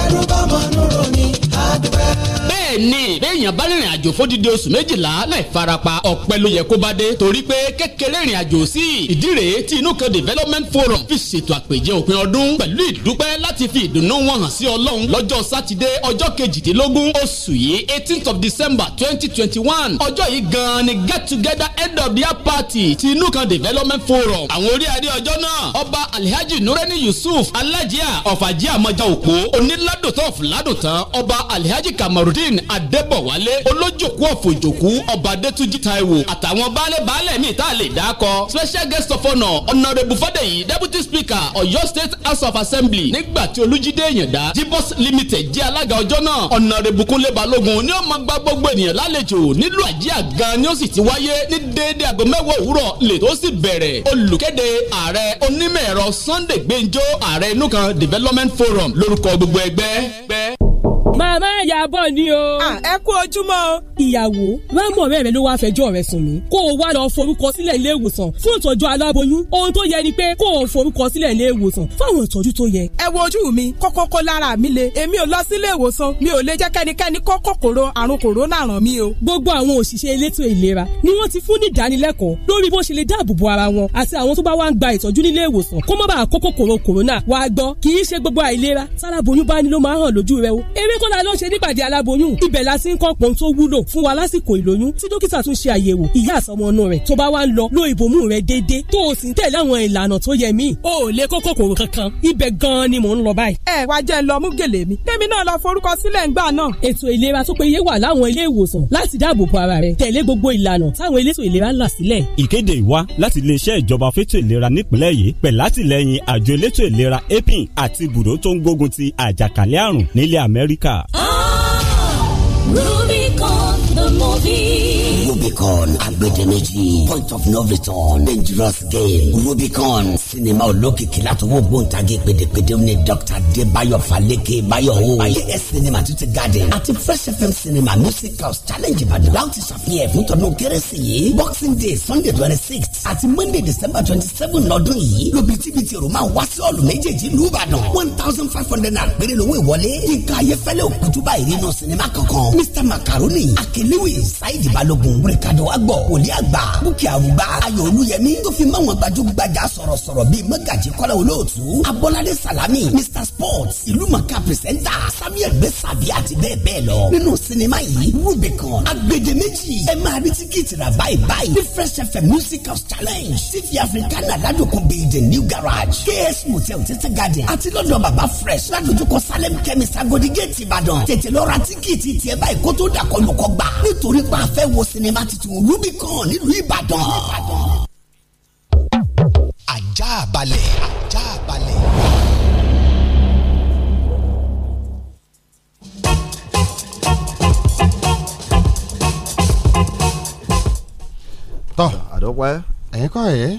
ẹ̀rù bá mọ̀ nù rò ní bẹ́ẹ̀ ni bá rìnrìn àjò fódìdí oṣù méjìlá láì farapa ọpẹ́ ló yẹ kó bá dé torí pé kékeré rìnrìn àjò sí ìdí rèé tí inú kan development forum fi ṣètò àpèjẹ òpin ọdún pẹ̀lú ìdúpẹ́ láti fi ìdùnnú wọn hàn sí ọlọ́run lọ́jọ́ sátidé ọjọ́ kejìdínlógún oṣù yìí eighteenth of december twenty twenty one ọjọ́ yìí gan ni get together end of year party ti inú kan development forum àwọn orí adé ọjọ́ náà ọba alhaji nureni yusuf alájíà ọ̀fàjíà mọ́jà òkú oníládòtán fúládòtán ọba wa kamarudin adébọ̀wálé olójòkú ọ̀fọ̀jòkú ọba adétúnjì àtàwọn baálẹ̀ baálẹ̀ míì tá a lè dá kọ special guest of honour honourable fọdẹ̀yì deputy speaker ọ̀yọ́ state house of assembly nígbà tí olújídé èyàndá jibos limited jẹ́ alága ọjọ́ náà honourable kúnlé balógun ni ó máa gba gbogbo ènìyàn lálejò nílùú àjíà gan ni ó sì ti wáyé ní déédéé aago mẹ́wàá òwúrọ̀ lè tó sì bẹ̀rẹ̀ olùkéde ààrẹ onímọ̀ ẹ̀rọ sunday gbẹ́njọ́ ààrẹ inú kan development forum lórúkọ gbogbo ẹgbẹ́ màmá ìyá bọ̀ ni o. ẹ kú ojúmọ́. ìyàwó rámọ̀ rẹ̀ rẹ̀ ló wáá fẹjọ́ rẹ̀ sùn mí kó o wá lọ forúkọ sílẹ̀ ilé ìwòsàn fún ìtọ́jú aláboyún ohun tó yẹ ni pé kó o forúkọ sílẹ̀ ilé ìwòsàn fáwọn ìtọ́jú tó yẹ. ẹ wo ojú mi kọ́kọ́ kó lára mi le èmi ò lọ sí ilé ìwòsàn mi ò lè jẹ́ kẹ́nikẹ́ni kó kòkòrò àrùn kòrónà ràn mí o. gbogbo àwọn òṣìṣẹ́ elétò ìlera ni wọ́n ti fún ní ìdánilẹ́kọ̀ọ́ lórí bó ṣe lè dáàbòbo ara wọn àti àwọn tó bá wá ń gba ìtọ́jú nílé ìwòsàn kó má bàa kó kòkòrò kòrónà wàá gbọ́ kì í ṣe gbogbo àìlera táláboyún bá ní ló máa hàn lójú rẹ o eré Kọ́lá ló ń ṣe nípàdé aláboyún ibẹ̀ la sì ń kọ́ pọ́n tó wúlò fún wa lásìkò ìlóyún tí dókítà tún ṣe àyẹ̀wò ìyá àsọmọnú rẹ̀ tó bá wá lọ lo ìbomú rẹ̀ déédé tó o sì ń tẹ̀lé àwọn ìlànà tó yẹ mí. o ò lè kó kòkòrò kankan ibẹ̀ gan-an ni mò ń lọ báyìí. ẹ wá jẹ́ ń lọ mú gèlè mi. tèmi náà lọ forúkọ sílẹ̀ ńgbà náà. ètò ìlera tó péye wà láwọn ilé ìwòsàn láti dáàbò ara rẹ tẹ̀lé gbogbo ìlànà táwọn elétò ìlera ń là sílẹ̀. ìkéde ìwá láti iléeṣẹ́ ìjọba fétò ìlera nípìnlẹ̀ yìí pẹ̀ látìlẹ́yìn àjọ elétò ìlera apin àti ibùdó tó ń gbógun ti àjàkálẹ̀ àrùn nílẹ̀ Amẹ́ríkà Ah, oh, Ruby! Rubicon Agbedemeji Point of No Return Dangerous Game Rubicon sinima olókìkí látọwọ́ gbóǹtagì pèdèpèdè ní Dr. Debayo Faleke Bayo Ho AS Cinema Tutu Garden àti Fresh FM Cinema Music House Challenge Ìbàdàn láti ṣàfihàn fún tọdún kérésì yìí Boxing Day Sunday twenty six àti Monday December twenty seven lọ́dún yìí lóbi tíbitì rò máa wá sí ọ̀lù méjèèjì lùbàdàn one thousand five hundred naira péré lówó ìwọlé Yínká Ayéfẹ́lẹ́ òkútúbà ìrìnnà sinima kankan Mr Macaroni Akeliwi Saidi Balogun rẹ̀ ìbàdàn wa gbọ̀ wòlíì àgbà búkì àrùbá ayọ̀ olúyẹmí tó fi máwọn gbajúgbajà sọ̀rọ̀sọ̀rọ̀ bíi mọ́gàjì kọ́lá olóòtú abọ́ládé salami mr sports ìlúmọ̀ká pìrìsẹ́ńtà samuel gbèsàbí àti bẹ́ẹ̀ bẹ́ẹ̀ lọ nínú sinimá yìí rubicon agbedeméjì ẹ máa rí tíkẹ́ẹ̀tì rà báyìí báyìí ní fresh fm musical challenge tv africana ládùkún bíi the new garage ks motel tètè garden àti lọ́dọ̀ baba fresh ládùjúkọ salem chemist agodi gate ìbàdàn tètè lọ́ra tíkẹ́ẹ̀tì tiẹ̀ báyìí kó tó dàkọ́ lùkọ́ gbà nítorí pa àfẹ́ wo sinimá tuntun Rubicon nílùú Ìbàdàn. ajá balẹ̀ ajá balẹ̀. tọ àdópẹ́ ẹ̀yin kọ́ ẹ̀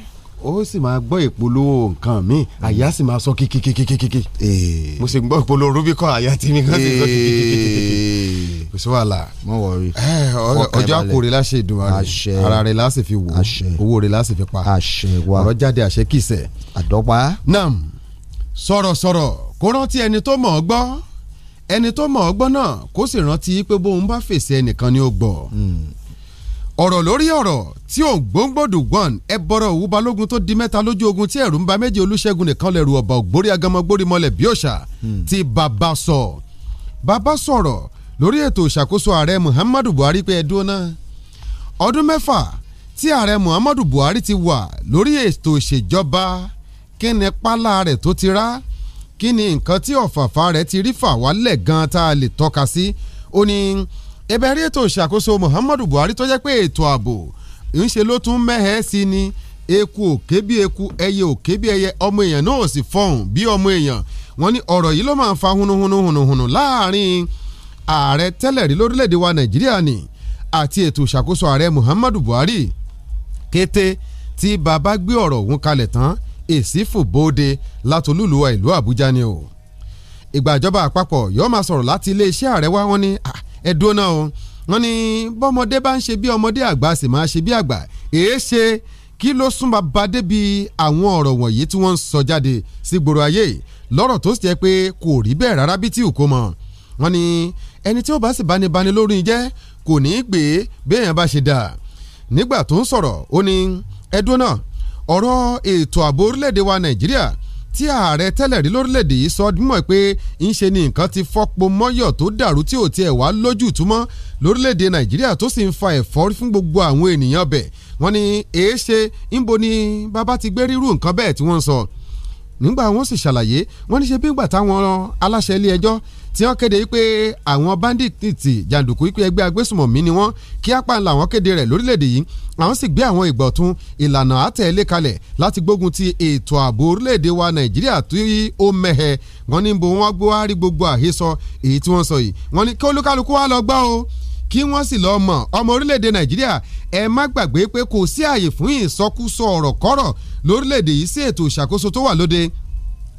ó sì máa gbọ́ ìpolówó nǹkan mi àyà sì máa sọ kíkíkíkíkíkí. Eh. mo sì gbọ́ ìpolówó rubicon àyà tí mi kan sì sọ eh. kíkíkíkíkí. kò sí wàhálà. mo wọrí. Eh, ọjọ́ àkórè láṣẹ ìdùnnú rẹ̀ ara rẹ̀ láṣẹ fi wò owó rẹ̀ láṣẹ fi pa. àṣẹ wa ọ̀rọ̀ jáde àṣẹ kìsẹ̀. àdọ́pá. nam sọ̀rọ̀sọ̀rọ̀ kó rántí ẹni tó mọ̀ ọ́ gbọ́ ẹni tó mọ̀ ọ́ gbọ́ náà kó sì rántí pé bóun bá fèsì ẹnìkan ni ó gbọ́. Mm ọ̀rọ̀ lórí ọ̀rọ̀ tí ò ń gbóngbòdù one ẹ bọ̀rọ̀ òwú balógun tó di mẹ́ta lójú ogun tí ẹ̀rù ń ba méje olúṣẹ́gun nìkan lẹ̀rù ọ̀bà ògbórí agamọ gbórí mọ́lẹ̀ bí òòṣà ti bàbá sọ bàbá sọ̀rọ̀ lórí ètò ìṣàkóso ààrẹ Muhammadu Buhari pé ẹdún náà ọdún mẹ́fà tí ààrẹ Muhammadu Buhari ti wà lórí ètò ìṣèjọba kí ni pálá rẹ̀ tó ti rá kí ni nǹkan tí ọ̀fàfà rẹ̀ ti rí fà wálẹ̀ gan-an tá a lè tọ́ka sí ó ní ebe rí ètò ìṣàkóso Muhammadu Buhari tó jẹ́ pé ètò ààbò ńṣe ló tún mẹ́hẹ́ sí ni eku òkè bí eku ẹyẹ òkè bí ẹyẹ ọmọ èèyàn náà sì fọhùn bí ọmọ èèyàn wọ́n ní ọ̀rọ̀ yìí ló máa ń fa hunuhunu hunuhunu láàrin ààrẹ tẹ́lẹ̀ rí lórílẹ̀‐èdè wa Nàìjíríà ni àti ètò ìṣàkóso ààrẹ Muhammadu Buhari kété tí bàbá gbé ọ̀rọ̀ òun kalẹ̀ tán èsì fò bóde látolúlùwà ìlú Àbújá ni o ìgbàjọba àpapọ̀ yóò máa sọ̀rọ̀ láti iléeṣẹ́ ààrẹ wa wọ́n ní ah, ẹ dúró náà o wọ́n ní bọ́mọdé bá ń ṣe bí ọmọdé àgbà sì máa ṣe bí àgbà èé ṣe kí ló súnmọ́ bá débi àwọn ọ̀rọ̀ wọ̀nyí tí wọ́n ń sọ jáde sí gbòòrò ayé lọ́rọ̀ tó sì jẹ́ pé kò rí bẹ́ẹ̀ rárá bí tí ò kó mọ̀ wọ́n ní ẹni tí ó bá sì báni báni lórí jẹ́ kò ní í pè é béèyàn bá ṣe dà nígbà tó ń sọ̀rọ̀ ó ní ẹdún náà ọ̀rọ̀ ètò ààbò orílẹ̀ wa Nàìjíríà tí ààrẹ tẹ́lẹ̀ rí lórílẹ̀‐èdè yìí sọ mímọ̀ pé ń ṣe ni nǹkan ti fọ́pọ̀ mọ́yọ̀ tó dàrú tí ò tiẹ̀ wá lójú túmọ̀ lórílẹ̀‐èdè nàìjíríà tó sì ń fa ẹ̀fọ́rí fún gbogbo àwọn ènìyàn bẹ̀ wọ́n ní èé ṣe ńbo ni bàbá ti gbé rírú nǹkan bẹ́ẹ̀ tí wọ́n ń sọ nígbà wọ́n sì ṣàlàyé wọ́n ní ṣe bí ìgbà táwọn aláṣẹ ilé ẹjọ́ tí wọ́n kéde wípé àwọn bandits jàǹdùkú wípé ẹgbẹ́ agbésùmọ̀mí ni wọ́n kí apá ńlá àwọn kéde rẹ̀ lórílẹ̀‐èdè yìí àwọn sì gbé àwọn ìgbọ̀tún ìlànà àtẹ̀lé kalẹ̀ láti gbógun ti ètò ààbò orílẹ̀‐èdè wa nàìjíríà tó yí ó mẹ́hẹ wọ́n ní bo wọ́n gbó wárí gbogbo àhesọ èyí tí wọ́n sọ yìí wọ́n ní kí olúkálukú wa lọ gbọ́ o kí wọ́n sì lọ́ọ́ mọ̀ ọmọ orílẹ̀‐èdè nàìjíríà ẹ má gbàgbé pé kò sí àyè fún ìsọkúsọ ọ̀rọ̀ kọ́rọ̀ lórílẹ̀‐èdè yìí sí ètò ìṣàkóso tó wà lóde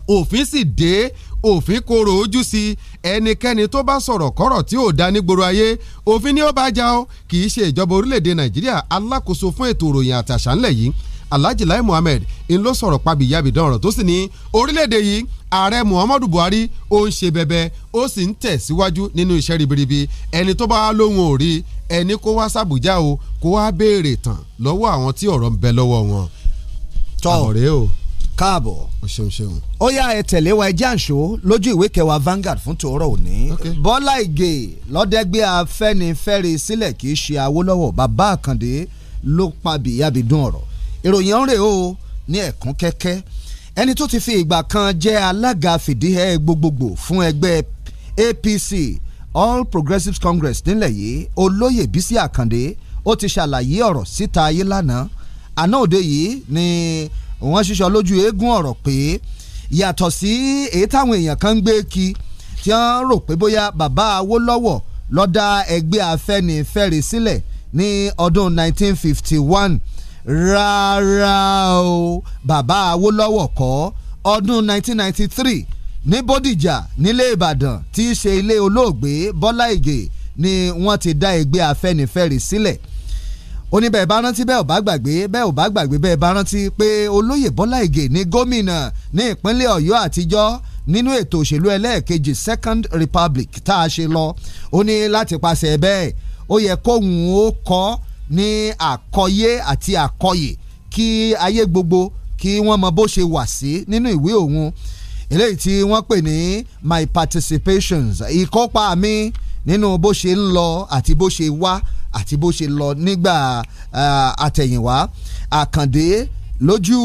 òfin sì dé òfin korò ojú sí ẹnikẹ́ni tó bá sọ̀rọ̀ kọ́rọ̀ tí ò dá nígboro ayé òfin ni ó bá já ọ kì í ṣe ìjọba orílẹ̀-èdè nàìjíríà alákòóso fún ètò ìròyìn àtàṣà ńlẹ̀ yìí Alhaji Lai Muhammed ń lọ sọ̀rọ̀ pabi yabidán ọ̀rọ̀ tó sì ní orílẹ̀-èdè yìí ààrẹ Muhammadu Buhari ó ń ṣe bẹbẹ ó sì ń tẹ̀ síwájú nínú iṣẹ́ ribiribi ẹni tó bá lóhun ò rí ẹni kó wá sàbújá o kó wá béèrè tán lọ́wọ́ àwọn tí ọ̀rọ̀ ń bẹ lọ́wọ́ wọn. tọ́ ọ̀rẹ́ o káàbọ̀ o ṣeun ṣeun. ó yá ẹ tẹ̀lé wa ẹjẹ́ àǹṣó lójú ìwé kẹwàá Vanguard fún tòórọ́ òní. Bọ́lá Ìgè lọ́dẹ́gbẹ́ Afẹ́nifẹ́re sílẹ̀ kì í ṣe Awólọ́wọ̀ bàbá Àkàndé ló pa bìyàbí ọ̀rọ̀ ìròyìn ọ̀rẹ́ o ní ẹ̀kún kẹ́kẹ́ ẹni tó ti fi ìgbà kan jẹ́ alága fìdíhẹ́ gbogbogbò fún ẹgbẹ́ APC All Progressives Congress nílẹ̀ yìí olóyè Bísí Àkàndé ó ti ṣàlàyé ọ̀rọ̀ síta ayé lánàá àná òde yìí Ni wọ́n ṣiṣọ́ lójú eégún ọ̀rọ̀ pé yàtọ̀ sí èyí táwọn èèyàn kan ń gbé kí tí wọ́n rò pé bóyá bàbá Awólọ́wọ̀ ló dá ẹgbẹ́ Afẹ́nifẹ́re sílẹ̀ ní ọdún 1951 rárá o bàbá Awólọ́wọ̀ kọ́ ọdún 1993 ní Bódìjà nílé Ìbàdàn tí í ṣe ilé olóògbé Bọ́lá Ìgè ni wọ́n ti dá ẹgbẹ́ Afẹ́nifẹ́re sílẹ̀ si ó ní bẹ́ẹ̀ bá rántí bẹ́ẹ̀ ò bá gbàgbé bẹ́ẹ̀ ò bá gbàgbé bẹ́ẹ̀ bá rántí pé olóyè Bọ́lá Ìgè ní gómìnà ní ìpínlẹ̀ Ọ̀yọ́ àtijọ́ nínú ètò òṣèlú ẹlẹ́ẹ̀kejì Second Republic tá a ṣe lọ ó ní láti paṣẹ bẹ́ẹ̀ ó yẹ kóhun ó kọ́ ní àkọyé àti àkọyè kí ayé gbogbo kí wọ́n mọ bó ṣe wà sí nínú ìwé òun eléyìí tí wọ́n pè ní my participations ìkópa mi nínú bó ṣe ń lọ àti bó ṣe wá àti bó ṣe lọ nígbà àtẹ̀yìnwá àkàndé lójú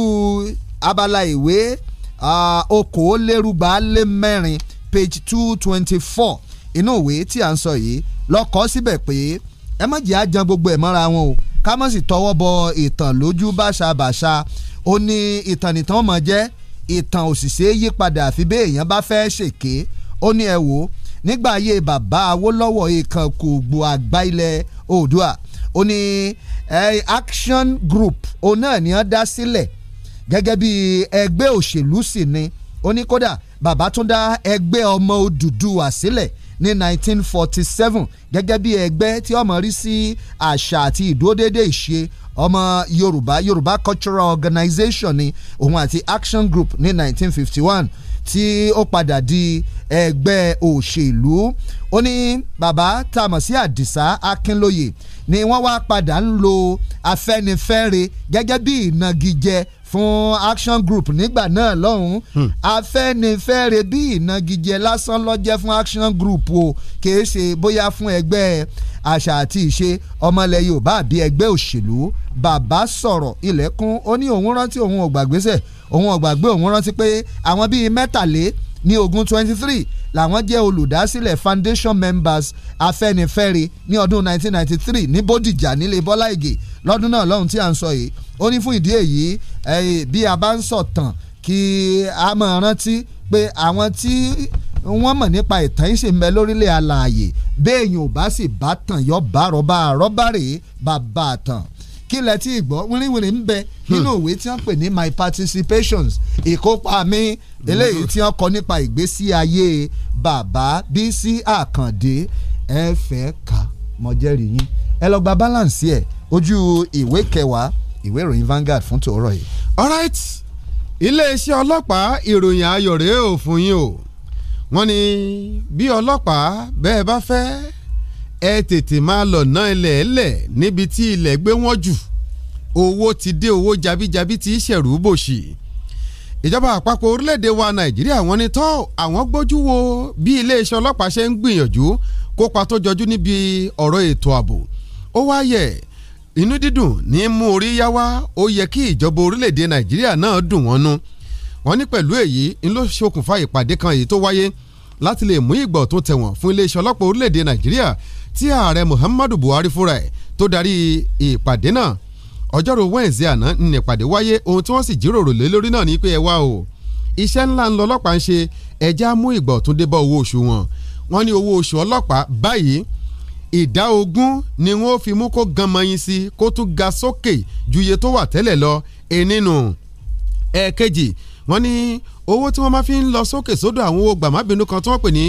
abala ìwé okòólérúgba lé mẹ́rin page two twenty four inú ìwé tí à ń sọ yìí lọ́kọ́ síbẹ̀ pé ẹ má jẹ́ àjàn gbogbo ẹ̀ mọ́ra wọn o ká má sì tọwọ́ bọ ìtàn lójú báṣabàṣa ó ní ìtàn nìtàn mọ̀ jẹ́ ìtàn òṣìṣẹ́ yípadà àfi bí èèyàn bá fẹ́ ṣèké ó ní ẹ wò ó nígbà ayé bàbá Awólọ́wọ̀ ìkan kògbò àgbá ilẹ̀ Oòduà ó ní action group òun náà ni wọ́n dá sílẹ̀ gẹ́gẹ́ bí ẹgbẹ́ òṣèlú sì ni ó ní kódà bàbá tún dá ẹgbẹ́ ọmọ Odùduwà sílẹ̀ ní 1947 gẹ́gẹ́ bí ẹgbẹ́ tí ọmọ rí sí àṣà àti ìdúródédé ìṣe ọmọ Yorùbá Yorùbá Cultural Organization ni òun àti Action Group ní 1951 tí ó padà di ẹgbẹ́ òṣèlú ó ní bàbá tá a mọ̀ sí àdìsá akínlóye ni wọ́n wá padà ń lo afẹ́nifẹ́re gẹ́gẹ́ bí ìnagijẹ fún action group nígbà náà lọ́hùn hmm. afẹ́nifẹ́re bí ìnagijẹ lásán lọ́jẹ́ fún action group o kìí ṣe bóyá fún ẹgbẹ́ àṣà àti ìṣe ọmọlẹ̀ yorùbá àbí ẹgbẹ́ òṣèlú bàbá sọ̀rọ̀ ilẹ̀kùn ó ní òun rántí òun ò gbàgbésẹ̀ òun ò gbàgbé òun rántí pé àwọn bíi mẹ́tàlé ní ogun twenty three làwọn jẹ́ olùdásílẹ̀ foundation members afẹ́nifẹ́re ní ọdún nineteen ninety three ní bódìjà nílé bọ́lá ìgè lọ́dún náà lọ́hùn tí a ń sọ yìí ó ní fún ìdí èyí bí a bá ń sọ̀tàn kí a máa rántí pé àwọn tí wọ́n mọ̀ nípa ìtàn yìí sì ń bẹ lórílẹ̀ alààyè béèyàn ò bá sì bá tàn yọ bá rọ́bà rọ́bà rèé bàbá tàn kílẹ̀ tí ìgbọ́ wíríwíri ń bẹ nínú hmm. ìwé tí wọ́n pè ní my participations ìkópa mi eléyìí tí wọ́n kọ nípa ìgbésí ayé bàbá Bísí Àkàndé ẹ fẹ́ kà mọ̀jẹ́rì yín ẹ lọ gba balance ẹ̀ ojú ìwé kẹwàá ìwé ìròyìn Vanguard fún tòórọ yìí. right. iléeṣẹ́ ọlọ́pàá ìròyìn ayọ̀ rèé ò fún yín o wọ́n ní bí ọlọ́pàá bẹ́ẹ̀ bá fẹ́ ẹ tètè máa lọ ná ilẹ̀ ẹlẹ̀ níbi tí ilẹ̀ gbé wọ́n jù owó ti dé owó jabijabi ti ṣẹ̀rù bòṣì ìjọba àpapọ̀ orílẹ̀-èdè wa nàìjíríà wọ́n ní tọ́ àwọn gbójú wo bí iléeṣẹ́ ọlọ́pàá ṣe ń gbìyànjú kópa tó jọjú níbi ọ̀rọ̀ ètò ààbò ó wáyẹ̀ inú dídùn ní mú orí yá wá ó yẹ kí ìjọba orílẹ̀-èdè nàìjíríà náà dùn wọ́n nú wọ́n ní pẹ̀lú èyí ń ló ṣokùnfà ìpàdé kan èyí tó wáyé láti lè mú ìgbọ̀ tó tẹ̀wọ̀n fún iléeṣẹ́ ọlọ́pàá orílẹ̀-èdè nàìjíríà tí ààrẹ muhammadu buhari fúnra ẹ̀ tó darí ìpàdé náà ọjọ́rú wẹ́ǹsì àná ní ìpàdé wáyé ohun tí wọ́n sì jíròrò lé lórí náà ní pé ẹ wá o iṣẹ́ ńlá ńlọ ọlọ́pàá ń ṣe ẹjẹ́ á mú ìgbọ̀ tó dé owó oṣù wọn wọ́n ní owó oṣù ọlọ́pàá báyìí ìdá ogún ni wọ́n fi mú kó gan mọyin sí kó tún ga sókè ju iye tó wà tẹ́lẹ̀ lọ ẹnìnú ẹ̀ẹ̀kejì wọ́n ní owó tí wọ́n máa fi ń lọ sókè sódò àwọn owó gbàmábìnú kan tí wọ́n pè ní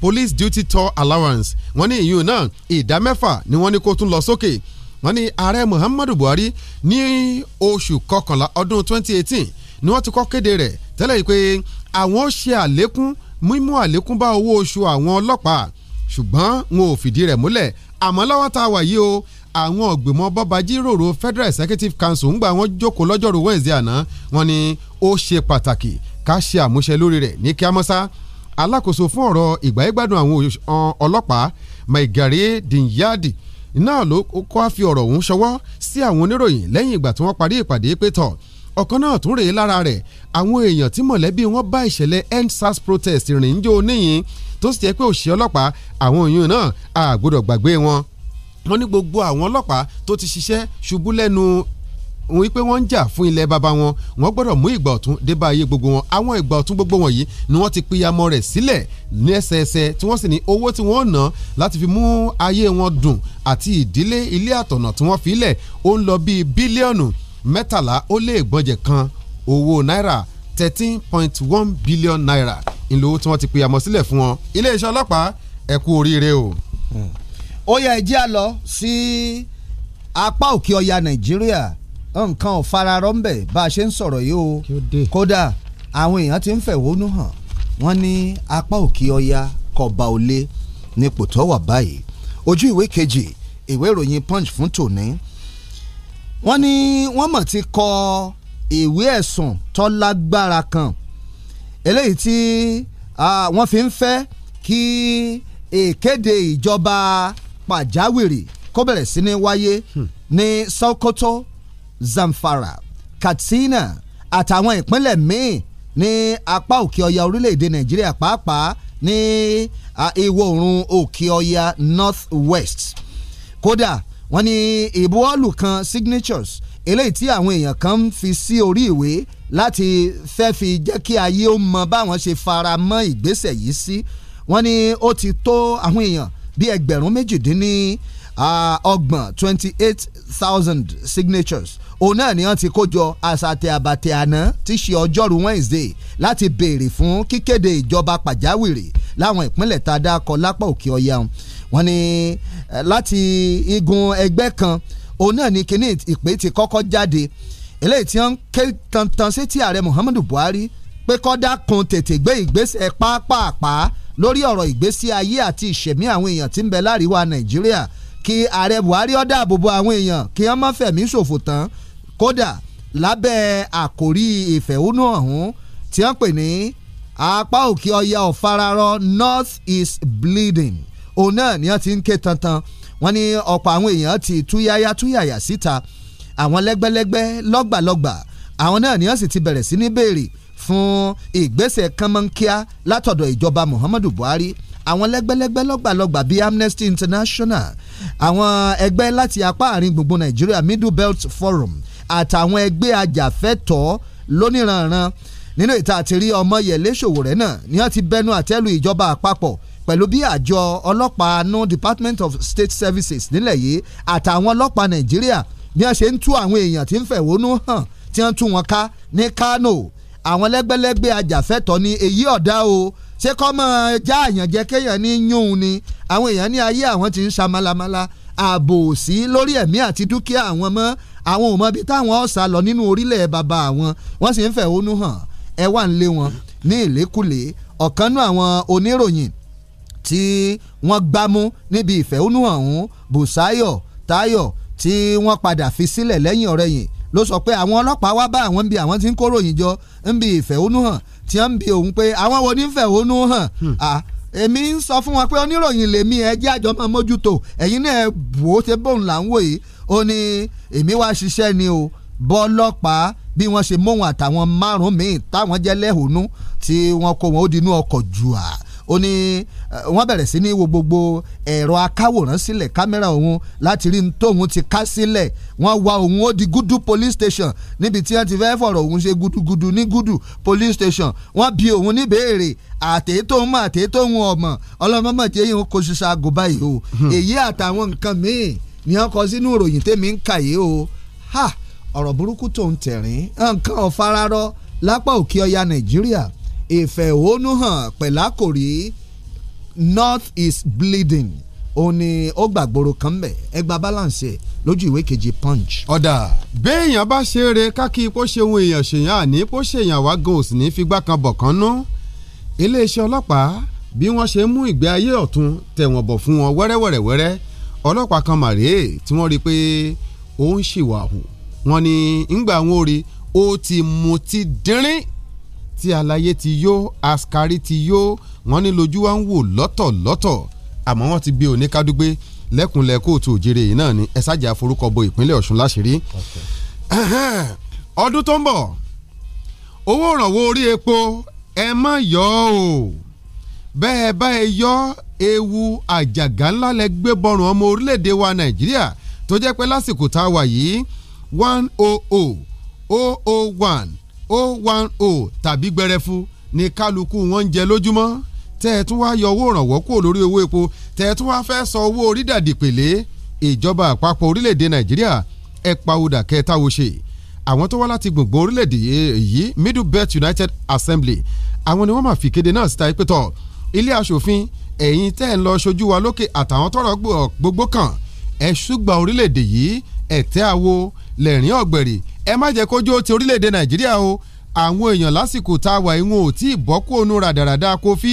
police duty tour allowance wọ́n ní ìyún náà ìdá mẹ́fà ni wọ́n ní kó tún lọ sókè wọ́n ní ààrẹ Muhammadu Buhari ní oṣù kọkànlá ọdún 2018 ni wọ́n ti kọ́ kéde rẹ̀ tẹ́lẹ̀ yìí pé àwọn ó ṣe àlékún mímú àlékún bá owó oṣù àwọn ọlọ́pàá ṣùgbọ́n wọn ò fìdí rẹ̀ múlẹ̀ àmọ́ lọ́wọ́ tá a wà yìí o àwọn ọ̀gbìmọ̀ bọ́ba jíròrò Federal Executive Council ń gbà wọ́n jókòó lọ́jọ́rú Wednesday àná wọ́n ní ó ṣe pàtàkì ká ṣe àmúṣe lórí rẹ̀ ní kíámọ́sá alákòóso fún ọ̀rọ̀ ìgbáyégbádùn àwọn ọlọ́pàá Maigari Dinyadi náà ló kọ́ á fi ọ̀rọ̀ ọ̀hún ṣọwọ́ sí àwọn oníròyìn lẹ́yìn ìgbà tí wọ́n parí ìpàdé pé tọ̀ ọ̀kan náà tún rèé lára rẹ̀ àwọn èèyàn tí mọ̀lẹ́bí wọn bá ìṣẹ̀lẹ̀ EndSARS protest rìn ń jó níyìn tó sì jẹ́ pé òṣìṣẹ́ ọlọ́pàá àwọn òyìn náà àgbọ́dọ̀ gbàgbé wọn wọ́n ní gbogbo àwọn ọlọ́pàá tó ti ṣiṣẹ́ ṣubú lẹ́nu wọ́n pé wọ́n ń jà fún ilẹ̀ bàbá wọn wọ́n gbọ́dọ̀ mú ìgbà ọ̀tún dé bá ayé gbogbo wọn àwọn ìgbà ọ̀tún gbogbo wọn yìí ni wọ́n ti pìyàmọ rẹ̀ sílẹ̀ ní ẹsẹẹsẹ tí wọ́n sì ní owó tí wọ́n ná láti fi mú ayé wọn dùn àti ìdílé ilé àtọ̀nà tí wọ́n fi ó ń lọ bíi bílíọ̀nù mẹ́tàlá ó lé ìgbọ́njẹ̀ kan owó náírà thirteen point one billion naira ńlọ tí wọ́n ti pe àmọ́ sílẹ̀ fún wọn iléeṣẹ́ ọlọ́pàá ẹ kú oríire o. ó yẹ ẹjẹ́ a lọ sí apá òkè ọya nàìjíríà nǹkan ò fararọ́ ń bẹ̀ bá a ṣe ń sọ̀rọ̀ yìí o kódà àwọn èèyàn ti ń fẹ̀hónú hàn wọ́n ní apá òkè ọya kọba òlé nípò tó wà báyìí ojú ìwé kejì ìwé ìròyìn punch fún tòní wọ́n ní wọ́n mọ̀ ti kọ ìwé ẹ̀sùn tó kan eléyìí tí wọ́n fi ń fẹ́ kí ìkéde ìjọba pàjáwìrì kó bẹ̀rẹ̀ sí ní wáyé hmm. ní Sokoto Zamfara Katsina àtàwọn ìpínlẹ̀ míì ní apá òkè ọya orílẹ̀-èdè Nàìjíríà pàápàá ní ìwọ̀ oòrùn òkè ọya North West kódà wọ́n ní ìbuwọ́lù kan signatures eléyìí tí àwọn èèyàn kan ń fi sí orí ìwé láti fẹ́ fi jẹ́ kí ayé ó mọ báwọn ṣe fara mọ́ ìgbésẹ̀ yìí sí wọ́n ní ó ti tó àwọn èèyàn bíi ẹgbẹ̀rún méjìdínní ọgbọ̀n twenty eight thousand signatures òun náà ni wọ́n ti kójọ àsàtẹ̀ àbàtẹ̀ àná tí ṣe ọjọ́rú Wednesday láti béèrè fún kíkéde ìjọba pàjáwìrì láwọn ìpínlẹ̀ tá a dá kọ lápá òkè ọ̀yà wọn ni láti igun ẹgbẹ́ kan òun náà ni kíní ìpè ti kọ́kọ́ jáde eléyìí tí wọ́n ń ké tantan sí ti ààrẹ Muhammadu Buhari pé kó dákun tètè gbé ìgbésẹ̀ pàápàá lórí ọ̀rọ̀ ìgbésí ayé àti ìṣẹ̀mí àwọn èèyàn tí ń bẹ láríwá Nàìjíríà kí ààrẹ Buhari ó dáàbò bo àwọn èèyàn kí wọ́n má fẹ̀mí ṣòfò tán kódà lábẹ́ àkòrí ìfẹ̀hónú ọ̀hún tí wọ́n pè ní apá òkè ọya ọ̀fararọ North is bleeding òun náà ni wọ́n ti ń ké tantan wọ́n ní ọ̀pọ̀ àwọn èèyàn ti túyáyá túyàyà síta àwọn lẹ́gbẹ́lẹ́gbẹ́ lọ́gbàlọ́gbà àwọn náà ni wọ́n sì ti bẹ̀rẹ̀ sí ní béèrè fún ìgbésẹ̀ kánmọ́nkíá látọ̀dọ̀ ìjọba Muhammadu Buhari àwọn lẹ́gbẹ́lẹ́gbẹ́ lọ́gbàlọ́gbà bíi Amnesty International àwọn ẹgbẹ́ láti apá àárín gbùngbùn Nàìjíríà Middle Belt Forum àtàwọn ẹgbẹ́ ajàfẹ́tọ̀ọ́ lóníranran nínú ìta àti rí ọmọ yẹlé ṣòwò rẹ̀ náà ni wọ́n ti bẹnu àtẹ́lu ìjọba àpapọ̀ pẹ̀lú bí àjọ ọlọ́pàá no Department of State Services nílẹ̀ yìí àtàwọn ọlọ́pàá Nàìjíríà bí wọ́n ṣe ń tú àwọn èèyàn tí ń fẹ̀hónú hàn tí wọ́n tú wọn ká ní Kano àwọn lẹ́gbẹ́lẹ́gbẹ́ ajàfẹ́tọ̀ ni èyí ọ̀dá o ṣé kọ́ mọ́ já àyàn jẹ́ kéèyàn ní yún ni àwọn èèyàn ní ayé àwọn tí ń sa malamala ààbò sí lórí ẹ̀mí àti dúkìá àwọn mọ́ àwọn ò mọ ibi táwọn ọ̀sà lọ nínú orílẹ̀ bàbá àwọn wọ́n sì ń fẹ̀hónú hàn ẹ wà ń lé wọn ní ìlékùlé ọ̀kanú àwọn oníròyìn tí wọ́n gbámú níbi ìfẹ̀hónúhàn ọ̀hún Bùsáyọ̀ Táyọ̀ tí wọ́n padà fi sílẹ̀ lẹ́yìn ọ̀rẹ́yìn ló sọ pé àwọn ọlọ́pàá wá bá àwọn ń bi àwọn tí ń kóròyìn jọ ń bi ìfẹ̀hónúhàn tí wọ́n ń bi òun pé àwọn wo ní ìfẹ̀hónúhàn hmm. èmi ń sọ fún wọn pé oníròyìn lèmi ẹ jẹ́ àjọ máa mójútó ẹ̀yin náà ẹ ó ṣe bóun là ń wò yìí ó ní èmi wá ṣiṣẹ́ ni o bọ́lọ́pàá bí wọ́n ṣe mú wọn àtàwọn márùn-ún míì táwọn jẹ́ lẹ́hónú tí wọ́n kó wọn ó di ọkọ̀ jù à ó ní wọ́n bẹ̀rẹ̀ sí ní wo gbogbo ẹ̀rọ akáwòrán sílẹ̀ kámẹ́rà òun láti rí tóun ti ká sílẹ̀ wọ́n wá òun ó di gúdú police station níbi tí wọ́n ti fẹ́ fọ̀rọ̀ òun ṣe gúdúgúdú ní gúdú police station wọ́n bi òun níbèrè àtẹ̀tòun mọ̀ àtẹ̀tòun ọ̀mọ̀ ọlọ́mọmọ̀ jẹ́ yìí kò ṣiṣẹ́ àgọ́ báyìí o hmm. èyí àtàwọn nǹkan míì ni wọ́n kọ sínú ìròyìn tèmi ń kà yìí o ha ọ̀rọ̀ burúkú tó ń tẹ̀rín nǹkan ọ̀fararọ lápá òkè ọya nàìjíríà ìfẹ̀hónúhàn pẹ̀lákòrí north is bleeding òun ni ó gbàgbóró kan mbẹ ẹgbà balance lójú ìwé kejì punch. ọ̀dà béèyàn bá ṣe eré kákí kó ṣe ohun èèyàn ṣèyàn àní kó ṣèyàn wá gan òsì ní figbá kan bọ̀ kan nú. iléeṣẹ́ ọlọ́pàá bí wọ́n ṣe mú ìgbé ayé ọ̀tún tẹ̀wọ̀n bọ̀ fún wọn wẹ́rẹ́wẹ́rẹ́wẹ́rẹ́ ọlọ́pàá kan màrè tí wọ́n rí i pé ó ń ṣìwà hù wọ́n ní ńgbà wọn ò rí ó ti mutí dínrín tí aláyé ti yó askari ti yó wọ́n ní lójú wa ń wò lọ́tọ̀ lọ́tọ̀ àmọ́ wọ́n ti gbé oníkádúgbé lẹ́kùnlẹ̀ kóòtù òjèrè yìí náà ni ẹ ṣáàjà forúkọ bo ìpínlẹ̀ Ọ̀ṣun láṣìírí. ọdún tó ń bọ̀ owó ìrànwọ́ orí epo ẹ má yọ o bẹ́ẹ̀ bá ẹ yọ ewu àjàgà ńlá lẹ gbé bọ̀rùn ọmọ orílẹ̀-èdè wa Nàìjíríà tó jẹ́ pé lásìkò tá a wà yìí one oh oh oh oh one O oh oh tàbí gbẹrẹfu ni kálukú wọn ń jẹ lójúmọ́ tẹ́ ẹ tún wá yọ owó ìrànwọ́ kúrò lórí owó epo tẹ́ ẹ tún wá fẹ́ sọ owó orí dàdí pèlè ìjọba àpapọ̀ orílẹ̀-èdè nàìjíríà ẹ pa òdà kẹta wo àwọn tó wá láti gbùngbùn orílẹ̀-èdè yìí middle belt united assembly àwọn ni wọ́n máa fi kéde náà síta pé tọ̀ ilé aṣòfin ẹ̀yin tẹ́ ẹ̀ ń lọ ṣojú wa lókè àtàwọn tọ́rọ̀ gbogbo kàn ẹ̀ ṣùgbọ́n orílẹ̀-èdè yìí ẹ̀tẹ́ àwo lẹ̀rín ọ̀gbẹ̀rì ẹ má jẹ́ kójú ó ti orílẹ̀-èdè nàìjíríà o àwọn èèyàn lásìkò tá a wà ìwọ̀n ò tí ì bọ́ kó onú ràdàràdà kófí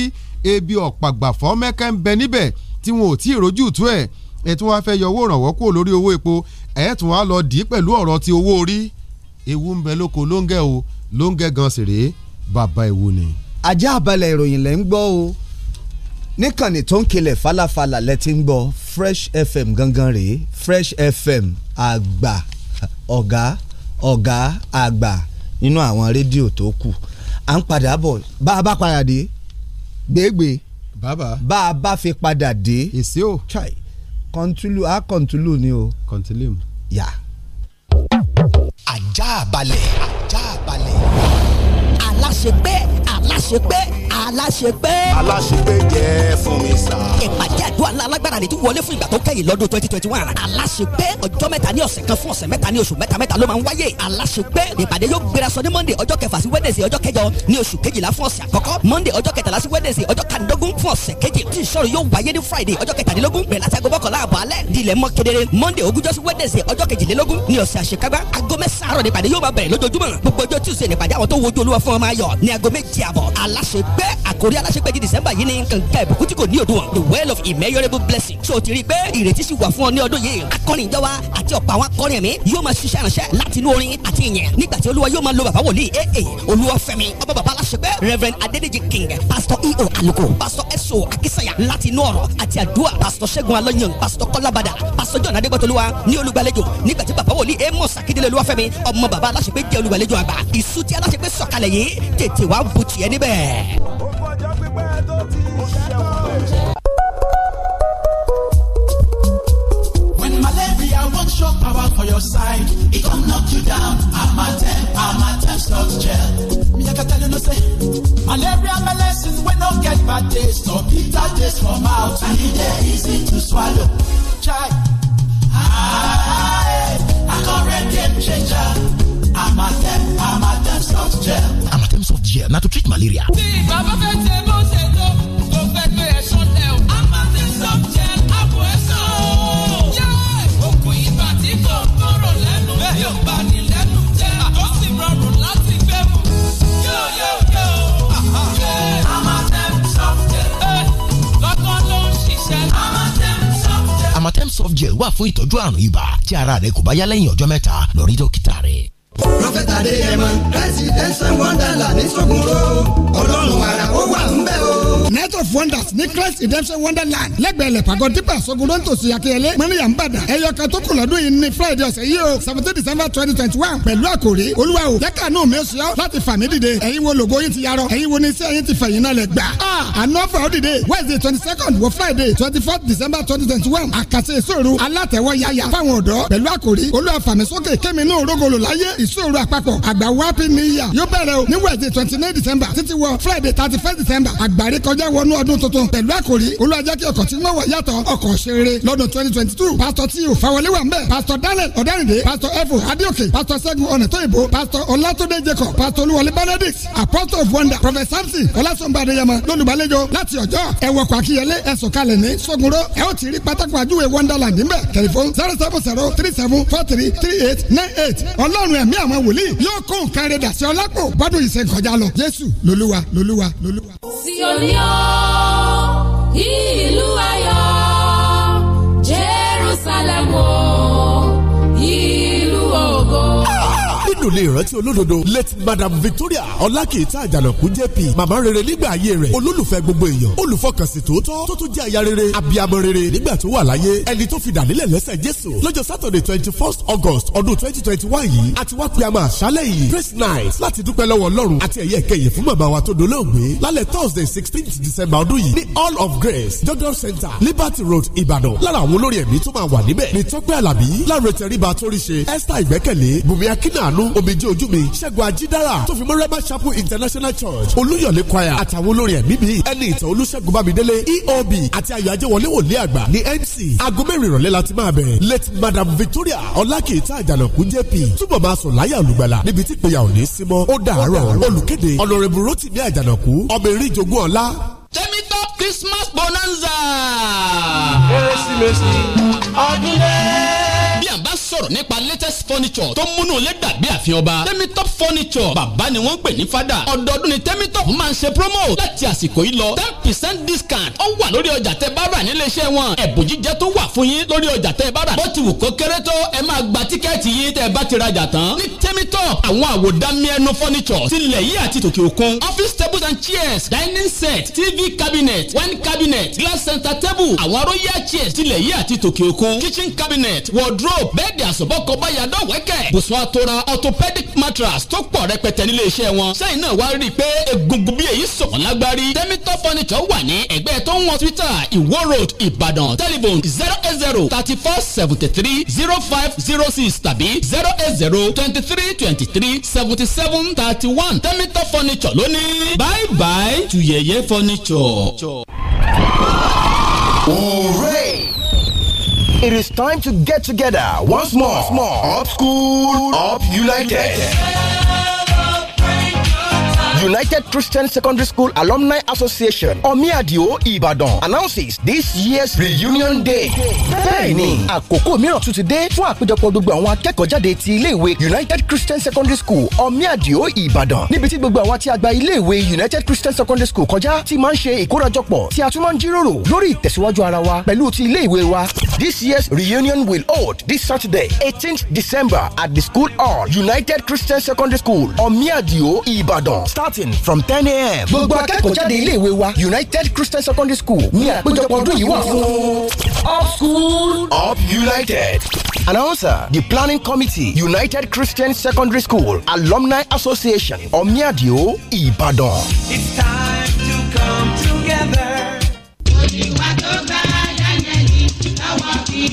ebi ọ̀pàgbàfọ́ mẹ́kẹ́ ń bẹ níbẹ̀ tí wọn ò tí ì rojú tú ẹ̀ ẹ̀ tí wọ́n fẹ́ yọ owó ìrànwọ́ kúrò lórí owó epo ẹ̀ tí wọ́n á lọ dì í pẹ̀lú ọ̀rọ̀ ti owó orí ewu ń bẹ lóko lóńgẹ o lóńgẹ gan sì rèé bàbá ewu ni. ajá àbálẹ̀ ìròyìn lẹ́ ń gbọ́ o níkànnì tó ń kilẹ̀ falafala lẹ ti ń gbọ́ Fresh FM gangan rèé Fresh FM àgbà ọ̀gá ọ̀gá àgbà nínú àwọn rédíò tó kù à ń padà bọ̀ bá a bá padà dé gbégbé bàbá bá a bá fi padà dé èsì o chai kọ́ntúlù á kọ́ntúlù ni o kọ́ntúlù yà. ajá balẹ̀ ajá balẹ̀ aláṣepé aláṣepé aláṣepé. aláṣepé jẹ́ fún mi sá. ìpàdé àdúrà alágbára lè ti wọlé fún ìgbà tó kẹ́yìn lọ́dún twenty twenty one. aláṣepé ọjọ́ mẹ́ta ní ọ̀sẹ̀ kan fún ọ̀sẹ̀ mẹ́ta ní oṣù mẹ́ta mẹ́ta ló máa ń wáyé. aláṣepé ìpàdé yóò gbéra sọ ní monday ọjọ́ kẹfà sí wednesday ọjọ́ kẹjọ ní oṣù kejìlá fún ọ̀sẹ̀ àkọ́kọ́ monday ọjọ́ kẹtàlá sí wednesday ọjọ́ kàndógún fún ọ̀sẹ̀ kejì tí ìṣòro yóò wáyé friday ọjọ́ kẹtàdínlógún bẹ̀rẹ̀ láti agbọ́kànlá àbọ̀ alẹ́ dilẹ̀ mọ́ kedere monday ogúnjọ́ sí wednesday ọjọ́ kejìlélógún ní ọ̀sẹ̀ àṣekágbá aago mẹ́sàn-án àárọ̀ nípàdé yóò máa bẹ̀rẹ̀ lójoojúmọ́ gbogbo ọjọ́ tuesday nípàdé àwọn tó wojú olúwa fún ọmọ ay ayọ̀ ní aago méje àbọ̀ aláṣepẹ́ àkórí aláṣepẹ́ di december yìí ni kànga ìbùkún tí kò ní òdiwọ̀n the well of immeasurable blessing so ti rí i pé ìrètí sì wà fún ọ ní ọdún yìí akọrin ìjọ wa àti ọ̀pọ̀ àwọn akọrin ẹ̀mí yóò máa ṣiṣẹ́ ìránṣẹ́ láti inú orin àti ìyẹn nígbà tí olúwa yóò máa lo bàbá wòlíì aa olúwa fẹ́mi ọba bàbá aláṣepẹ́ reverend adedeji king pastor eo aluko pastor eso akisanya láti inú ọ̀rọ̀ àti àdúrà pastor ṣẹ́gun alọ́yàn pastor kọ́lábàdà pastor john adégbòtolúwa ní olùgbàlejò nígbà tí bàbá wòlíì amos akíndélé olúwa fẹ́mi ọmọ bàbá aláṣepẹ́ jẹ́ olùgbàlejò àgbà ìsútí aláṣepẹ́ sọ̀kalẹ̀ yìí tètè wá bu tiẹ̀ níbẹ̀. ó kọjá pípẹ́ show power for your side. It can knock you down. Amatem, Amatem slot gel. Me I can tell you no say. Malaria medicine we no get bad taste. No bitter taste for mouth. And it dey easy to swallow. Chai. I, I, I, I can game changer. Amatem, Amatem slot gel. gel na to treat malaria. tí bàbá fẹ́ ṣe bó ṣe tó kò fẹ́ gbé ẹ̀ṣọ́ tẹ̀ o. amazing soft gel àpò ẹ̀ṣọ́ amatem soft gel wà fún ìtọ́jú àrùn ibà tí ara rẹ kò bá yá lẹ́yìn ọjọ́ mẹ́ta lọ rí dókítà rẹ prọfẹ̀tà adéyẹmọ residence wonderland ní sọ́gunró ọlọ́run àrà ó wà ń o. net of wonders ní christ redemption wonderland lẹ́gbẹ̀ẹ́ lẹ́pàgọ́ dípà sọ́gunró ń tòṣì akínyẹlé mọ́níyà ń bàdàn ẹ̀yọ kan tó kù lọ́dún yìí ní friday ọ̀sẹ̀ yìí o seventeen december twenty twenty one pẹ̀lú àkòrí olúwa o jẹ́ka náà mi ò ṣe ọ́ láti fà mí dìde ẹ̀yin wo lògo yín ti yarọ ẹ̀yin wo ni iṣẹ́ yín ti fẹ̀yìn náà lẹ̀ gbà. ànọ́fà ó dìde wednesday twenty second wọ friday twenty fourth december twenty twenty one àkàṣe ìṣòro alátẹ̀wọ́ yáyà fáwọn ọ̀dọ́ pẹ̀lú àkòrí olúwa fàmísókè kémi náà rógolo láyé ìṣòro àpapọ̀ àgbà wápí mi yà yóò bẹ̀rẹ̀ o ní wẹ̀dẹ̀ twenty nine december títí wọ friday thirty first december àgbàrí kọjá wọnú ọdún tuntun pẹ̀lú àkòrí olùwàjẹ́ kí ọkọ̀ tí wọ́n wọ̀ yàtọ̀ ọkọ̀ ṣeré lọ́dún twenty twenty two pastor tí o fawọlé wà mbẹ́ pastor daniel ọ̀dẹ́rìndé pastor efo adéòkè pastor Segun ọ̀nẹ́tọ́yìnbó pastor ọlátúndé jacob pastor olúwọlé benedict apostle of wonder prophet samson ọlásùnbà adéyẹmọ lọ́lùbálẹ́jọ láti ọjọ́ ẹ̀wọ̀kọ̀ àkíyẹlé ẹ̀sùn kalẹ̀ ní sọ́gunró ẹ̀ ó ti rí pátákó àjúwe wonderland níbẹ̀ tẹlifon zero seven zero three seven four three three eight nine eight ọlọ́run ẹ̀mí ẹ̀mí àwọn wòlíì yóò kó nǹkan rẹ̀ dà sí ọlápò bọ́dún ìṣẹ́kọjá lọ Jésù lolúwa lolúwa lolúwa. sí gbádùn lè rántí olódodo late madam victoria ọlákìíta àjànàkú jp màmá rere nígbà ayé rẹ̀ olólùfẹ́ gbogbo èèyàn olùfọkànsìn tòótọ́ tó tún jẹ́ aya rere abiyamọ rere nígbà tó wà láyé ẹni tó fi dànílẹ̀ lẹ́sẹ̀ jésù lọ́jọ́ saturday twenty first august ọdún twenty twenty one yìí àti wá pe àmà àṣálẹ̀ yìí praise night láti dúpẹ́ lọ́wọ́ ọlọ́run àti ẹ̀yẹ kẹyìn fún màmá wa tó dolóògbé lálẹ́ thursday sixteenth december ọdún yìí ní all of grace jọjọ center liberty road ìbàdàn lára àwọn olórí ẹ̀mí tó máa wà níbẹ̀ ní tọ́pẹ́ àlàbí láre tẹríba tó ríṣe esther ìgbẹ́kẹ̀lé bùnmi Ọlá Òbíjí ojú mi Ṣẹ́gun Ajídára tó fi mọ́ Rema Chapel International Church Olúyọ̀lé choir àtàwọn olórin ẹ̀mí bíi ẹni ìtàn Olúṣẹ́gun Bámidélé EOB àti Ayọ̀ Ajẹ́wọlé wòlé àgbà ní MC aago mẹ́rin ìrọ̀lẹ́ la ti máa bẹ̀rẹ̀ late Madam Victoria Ọlákìíta Àjànàkú JP túbọ̀ máa sùn láyà olùgbàlà níbi tí ìpèyà ò ní sí mọ́ ó dàárọ̀ olùkéde ọ̀nàrẹ̀bù Rótìmí Àjànàkú ọmọ Christmas bonanza. Kérésìmesì ọdún dé sọ̀rọ̀ nípa latest furniture tó múnú lé dàbí àfin ọba top furniture bàbá ni wọ́n ń pè ní fada ọdọọdún ni temitop máa ń ṣe promo láti àsìkò yìí lọ ten percent discount ó wà lórí ọjà tẹ bá rà nílé iṣẹ́ wọn ẹ̀bùn jíjẹ tó wà fún yín lórí ọjà tẹ bá rà bó ti wù kó kéré tó ẹ máa gba tíkẹ́ẹ̀tì yín tẹ bá ti rajà tán ní temitop àwọn àwòdámiẹnu furniture tilẹ̀ yìí àti tòkè office tables and chairs dining set tv cabinet wine cabinet glass center table àwọn chairs tilẹ̀ yìí àti tòkè kitchen cabinet wardrobe bẹ́ẹ̀dì àsọ̀bọ̀kọ báyà dọ̀wẹ́kẹ̀ bùsùn àtòrà orthopedic mattress tó pọ̀ rẹpẹtẹ nílé iṣẹ́ wọn sẹ́yìn náà wá rí i pé egungun bí èyí sọ̀kan lágbárí tẹ́mítọ́ furniture wà ní ẹgbẹ́ tó ń hospital ìwó road ìbàdàn telephone zero eight zero thirty four seventy three zero five zero six tàbí zero eight zero twenty three twenty three seventy seven thirty one tẹ́mítọ́ furniture lónìí bye bye to tuyẹ̀yẹ́ furniture. ọ̀rẹ́ It is time to get together once more. more. Up school, up united. United Christian Secondary School Alumni Association Omiadio Ibadan announces this year's reunion day. Bẹ́ẹ̀ni, àkókò mìíràn tún ti dé fún àpéjọpọ̀ gbogbo àwọn akẹ́kọ̀ọ́ jáde ti iléèwé United Christian Secondary School Omiadio Ibadan níbi tí gbogbo àwọn tí a iléèwé United Christian Secondary School kọjá ti máa ń ṣe ìkórajọpọ̀ tí a tún máa ń jíròrò lórí ìtẹ̀síwájú ara wa pẹ̀lú ti iléèwé wa. This year's reunion will hold this Saturday, 18th December at the School Hall, United Christian Secondary School, Omiadio, Ibadan, starting from 10 a.m. Gbogbo akẹ́kọ̀ọ́ jáde iléèwé United Christian Secondary School ní àpéjọpọ̀ Up School, Up United. Announcer, the Planning Committee, United Christian Secondary School, Alumni Association, Omiadio, Ibadan. It's time to come together.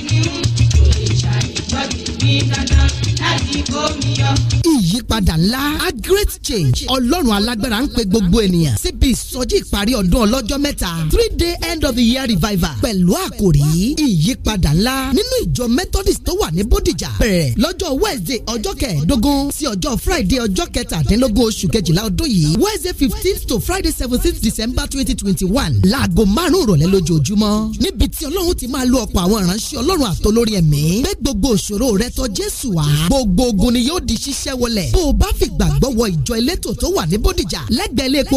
Thank you ìyípadà ńlá a great change ọlọ́run alágbára ń pe gbogbo ènìyàn síbi ìsọjí ìparí ọdún ọlọ́jọ́ mẹ́ta three day end of the year revival pẹ̀lú àkòrí ìyípadà ńlá nínú ìjọ methodist tó wà ní bódìjà bẹ̀rẹ̀ lọ́jọ́ wednesday ọjọ́ kẹẹ̀ẹ́dógún sí ọjọ́ friday ọjọ́ kẹtàdínlógún oṣù kejìlá ọdún yìí wednesday fifteenth to friday seventeenth december twenty twenty one láago márùn-ún ìrọ̀lẹ́ lójoojúmọ́ níbi tí ọlọ́run ti máa lo ọ̀pọ̀ àwọn ìránṣẹ́ ọlọ́run àtolórí ẹ̀mí gbé gbogbo ogun ni yóò di ṣíṣẹ́ wọlẹ̀ bó o bá fi gbàgbọ́ wọ ìjọ elétò tó wà ní bódìjà lẹ́gbẹ̀ẹ́ ilé epo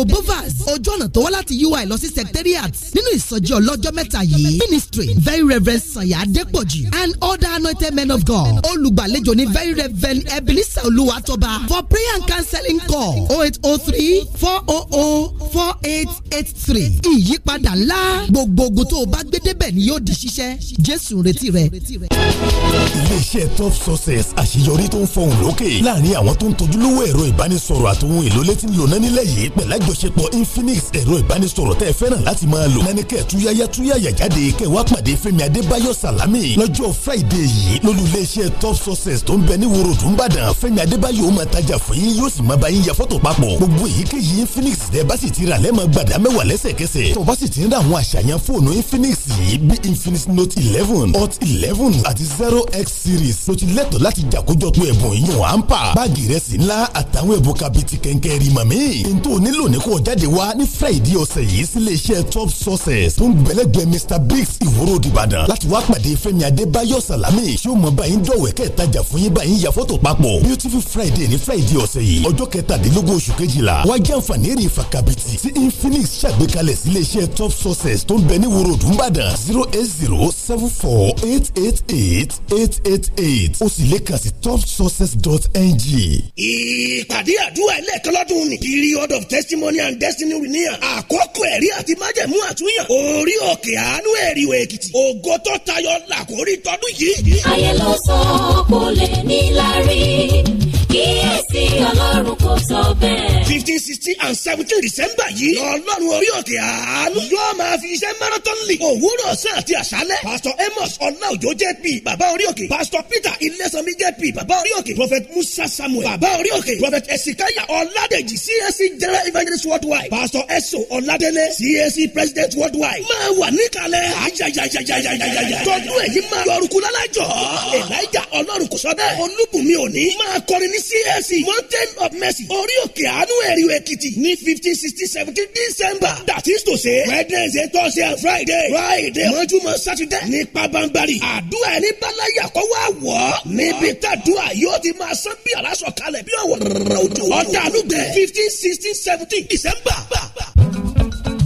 ojú ọ̀nà tó wá láti ui lọ sí secretariat nínú ìsọjí ọlọ́jọ́ mẹ́ta yìí ministry very reverend sanya adepoju and other anointed men of god olùgbàlejò ní very reverend ebenezer Oluwatoba for prayer and counseling call oh eight oh three four oh oh four eight eight three ìyípadà ńlá gbogbo ogun tó o bá gbé débẹ̀ ni yóò di ṣíṣẹ́ jésù retí rẹ. iléeṣẹ́ top success àṣeyọrí tó ń fọhùn lókè láàrin àwọn tó ń tojúlówó ẹ̀rọ ìbánisọ̀rọ̀ àtòhun èlò létí ń lò náà nílẹ̀ yìí pẹ̀lú àjọṣepọ̀ Infinix ẹ̀rọ ìbánisọ̀rọ̀ tẹ́ fẹ́ràn láti máa lò náà ní kẹ́ túyáyá túyáyà jáde kẹ́ wá pàdé Fẹ́mi Adébáyọ̀ Sàlámì lọ́jọ́ Friday yìí lólú iléeṣẹ́ Top Success tó ń bẹ ní woro dùnbàdàn Fẹ́mi Adébáyọ̀ máa tajà fún yín yóò sì máa bá yín ya fọ́tò papọ̀ gbogbo èyíkéyìí Infinix tẹ́ bá sì ti rà lẹ́mọ̀ gbàdá mẹ́wàá lẹ́sẹ̀kẹsẹ̀ tó bá sì ti ń ra àwọn àṣàyàn fóònù Infinix yìí bí Infinix Note eleven Hot eleven àti zero x series tó ti lẹ́tọ̀ọ́ láti jàkójọ gbogbo ẹ̀bùn yìí wọ́n á ń pa báàgì ìrẹsì ńlá àtàwọn ẹ̀bùn kabiti kẹ̀kẹ́ rí màmí. n tó nílò ní kó jáde wá ní friday ọ̀sẹ̀ yìí sílé iṣẹ́ top sources tó gbẹlẹ́gbẹ́ mr biggs ìwòrò ìbàdàn láti wá pàdé fẹ́mi adébáyọ̀ salami ṣé o mọ̀ báyìí ń dọ̀wẹ́ kẹ́ẹ̀tajà fún yín báyìí ya fọ́tò papọ̀ beautiful friday ní friday ọ̀sẹ̀ yìí ọjọ́ kẹtàdínlógún success.ng. ìpàdé àdúrà ẹlẹ́ẹ̀kan lọ́dún ni period of testimony and destiny renewal àkókò ẹ̀rí àti májẹ̀mú àtúnyàn orí òkè àánú ẹ̀ríwẹ̀ èkìtì ògo tó tayọ làkórí tọdún yìí. ayẹlọ sọ kò lè ní lárí ọlọ́run kò sọ bẹ́ẹ̀. fifteen sixteen and seventeen december yìí ọlọ́run orí òkè àánú yóò máa fi iṣẹ́ marathon league òwúrọ̀ ọ̀sán àti àṣálẹ̀ pastor amos ọláòjó jp bàbá orí òkè pastor peter ilẹ̀sánmi jp bàbá orí òkè prophet musa samuel bàbá orí òkè prophet esikaya ọládèjì csc general evangelist worldwide pastor eso ọládélé csc president worldwide máa wà níkàlẹ̀ àjàjàjàjàjàjàjà tọdún ẹ̀yìn máa yọrùkú lálàjọ elijah ọlọ́run kò sọ bẹ́ẹ̀ olúbùnmi òní máa kọrin ní csc one mountain of mercy orí òkè àánú ẹ̀rí èkìtì ní fifteen sixteen seventeen december that is to say wednesday thursday and friday friday mọ́júmọ́ saturday ní pabambari àdúrà ẹni bálayà kọ́ wá wọ̀ ọ́ níbi tàdúrà yóò ti máa sán bí aláṣọ kalẹ̀ bí ọ̀wọ̀ rẹ̀ òjò ọ̀dà àlùgbẹ̀ fifteen sixteen seventeen december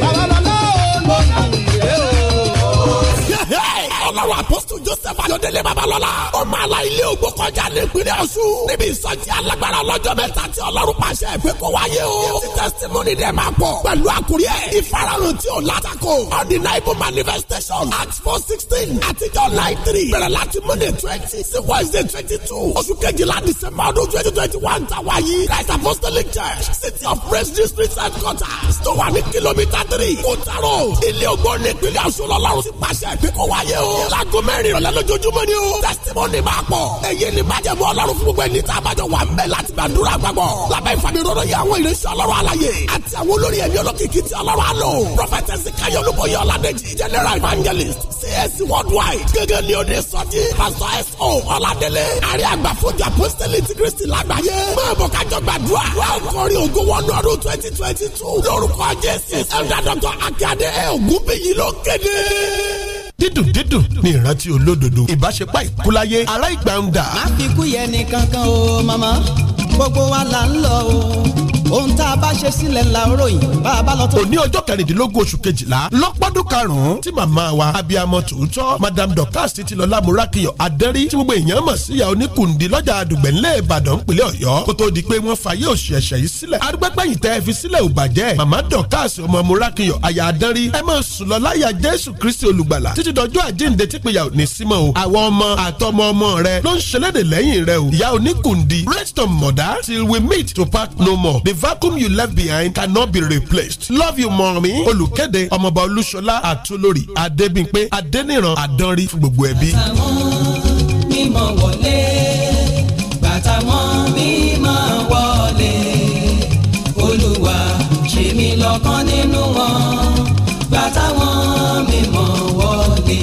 bàbá lọ́lọ́ ò lọ́nà ìrẹ́ o ọlọ́run apọ́sù joseph ayọ̀délé babalọ́lá ọmọ àlà ilé ògbó kọjá ní ìpínlẹ̀ ọ̀ṣun níbi ìsọjí alágbára ọlọ́jọ́ mẹ́ta tí ọlọ́run pàṣẹ ìpè kó wáyé o ti testimony dẹ̀ máa pọ̀ pẹ̀lú àkúrí ẹ̀ ìfarahàn tí ò látàkó undeniable manifestation at four sixteen àtijọ́ line three bẹ̀rẹ̀ láti monday twenty sí wednesday twenty two oṣù kejìlá december ọdún twenty twenty one tàwa yìí christ apostolic church city of praise district headquarters tó wà ní kìlómítà three kò tààrọ̀ ilé ògbó ní ìpínlẹ̀ ọ̀ṣun lọ́lọ́run ti pàṣẹ ìpè kó wáyé o láago mẹ́rin ìrọ̀lẹ́ lójoojúmọ́ ni o. testimony máa pọ̀. èyí ni májẹ̀mú ọlọ́run fún gbogbo ẹni tá a bá jọ wà ń bẹ̀ láti gbàdúrà gbàgbọ́. lábẹ́ ìfàmìrọ̀rọ̀ yìí àwọn ìrẹsì ọlọ́run aláyè àti àwọn olórí ẹ̀mí olókìkí ti ọlọ́run àlọ́. prophetess kayo olúbọyé ọládẹ́jì general evangelist cs worldwide gẹ́gẹ́ ni òde sọ́jí pastor s.o. ọládélé àrí àgbàfojú apostolic kristi lágbàáyé. máa bọ̀ kájọ gbàdúrà. wọ́n kọrin ògo wọnú ọdún twenty twenty two lórúkọ jésù. elder doctor akíade ògúnbíyì ló kéde dídùn dídùn ní ìrántí olódodo ìbáṣepá ìkúláyé ará má fi kú yẹn nìkan kan o màmá gbogbo wa là ń lọ o ohun tá a bá ṣe sílẹ̀ ńlá ròyìn bá a bá lọ tó. òní ọjọ́ kẹrìndínlógún oṣù kejìlá lọ́pọ́dún karùn-ún tí màmá wa abiyamọ tòótọ́ madam dorcas ti lọ lámúra kiyọ̀ adẹ́rí tí gbogbo èèyàn mọ̀ sí ìyá oníkùndí lọ́jà àdùgbẹ̀ńlẹ̀ ìbàdàn ìpínlẹ̀ ọ̀yọ́ kó tó di pé wọ́n fàyè òṣìṣẹ́ yìí sílẹ̀ arúgbẹ́gbẹ́yìn tẹ́ fi sílẹ̀ ò bàjẹ́ màmá dorcas ọmọ murakiyọ̀ àyà adẹ́rí ẹ máa sùn lọ láyà jésù kristi olùgbàlà títí dọjọ́ àjíǹde típéyà ò ní símọ́ o àwọn ọmọ àtọmọ ọmọ rẹ ló ń ṣẹlẹ́dẹ̀ lẹ́yìn rẹ o ìyá oníkùndí mother till we meet to part no more vacuum you left behind cannot be replaced. love you mọ̀mí olùkéde ọmọọba olúṣọlá àtúlórí adébínpé adéníran àdánrí fún gbogbo ẹbí. bàtàmọ́ mímọ wọlé bàtàmọ́ mímọ wọlé olúwa ṣe mí lọ́kàn nínú wọn bàtàwọn mímọ wọlé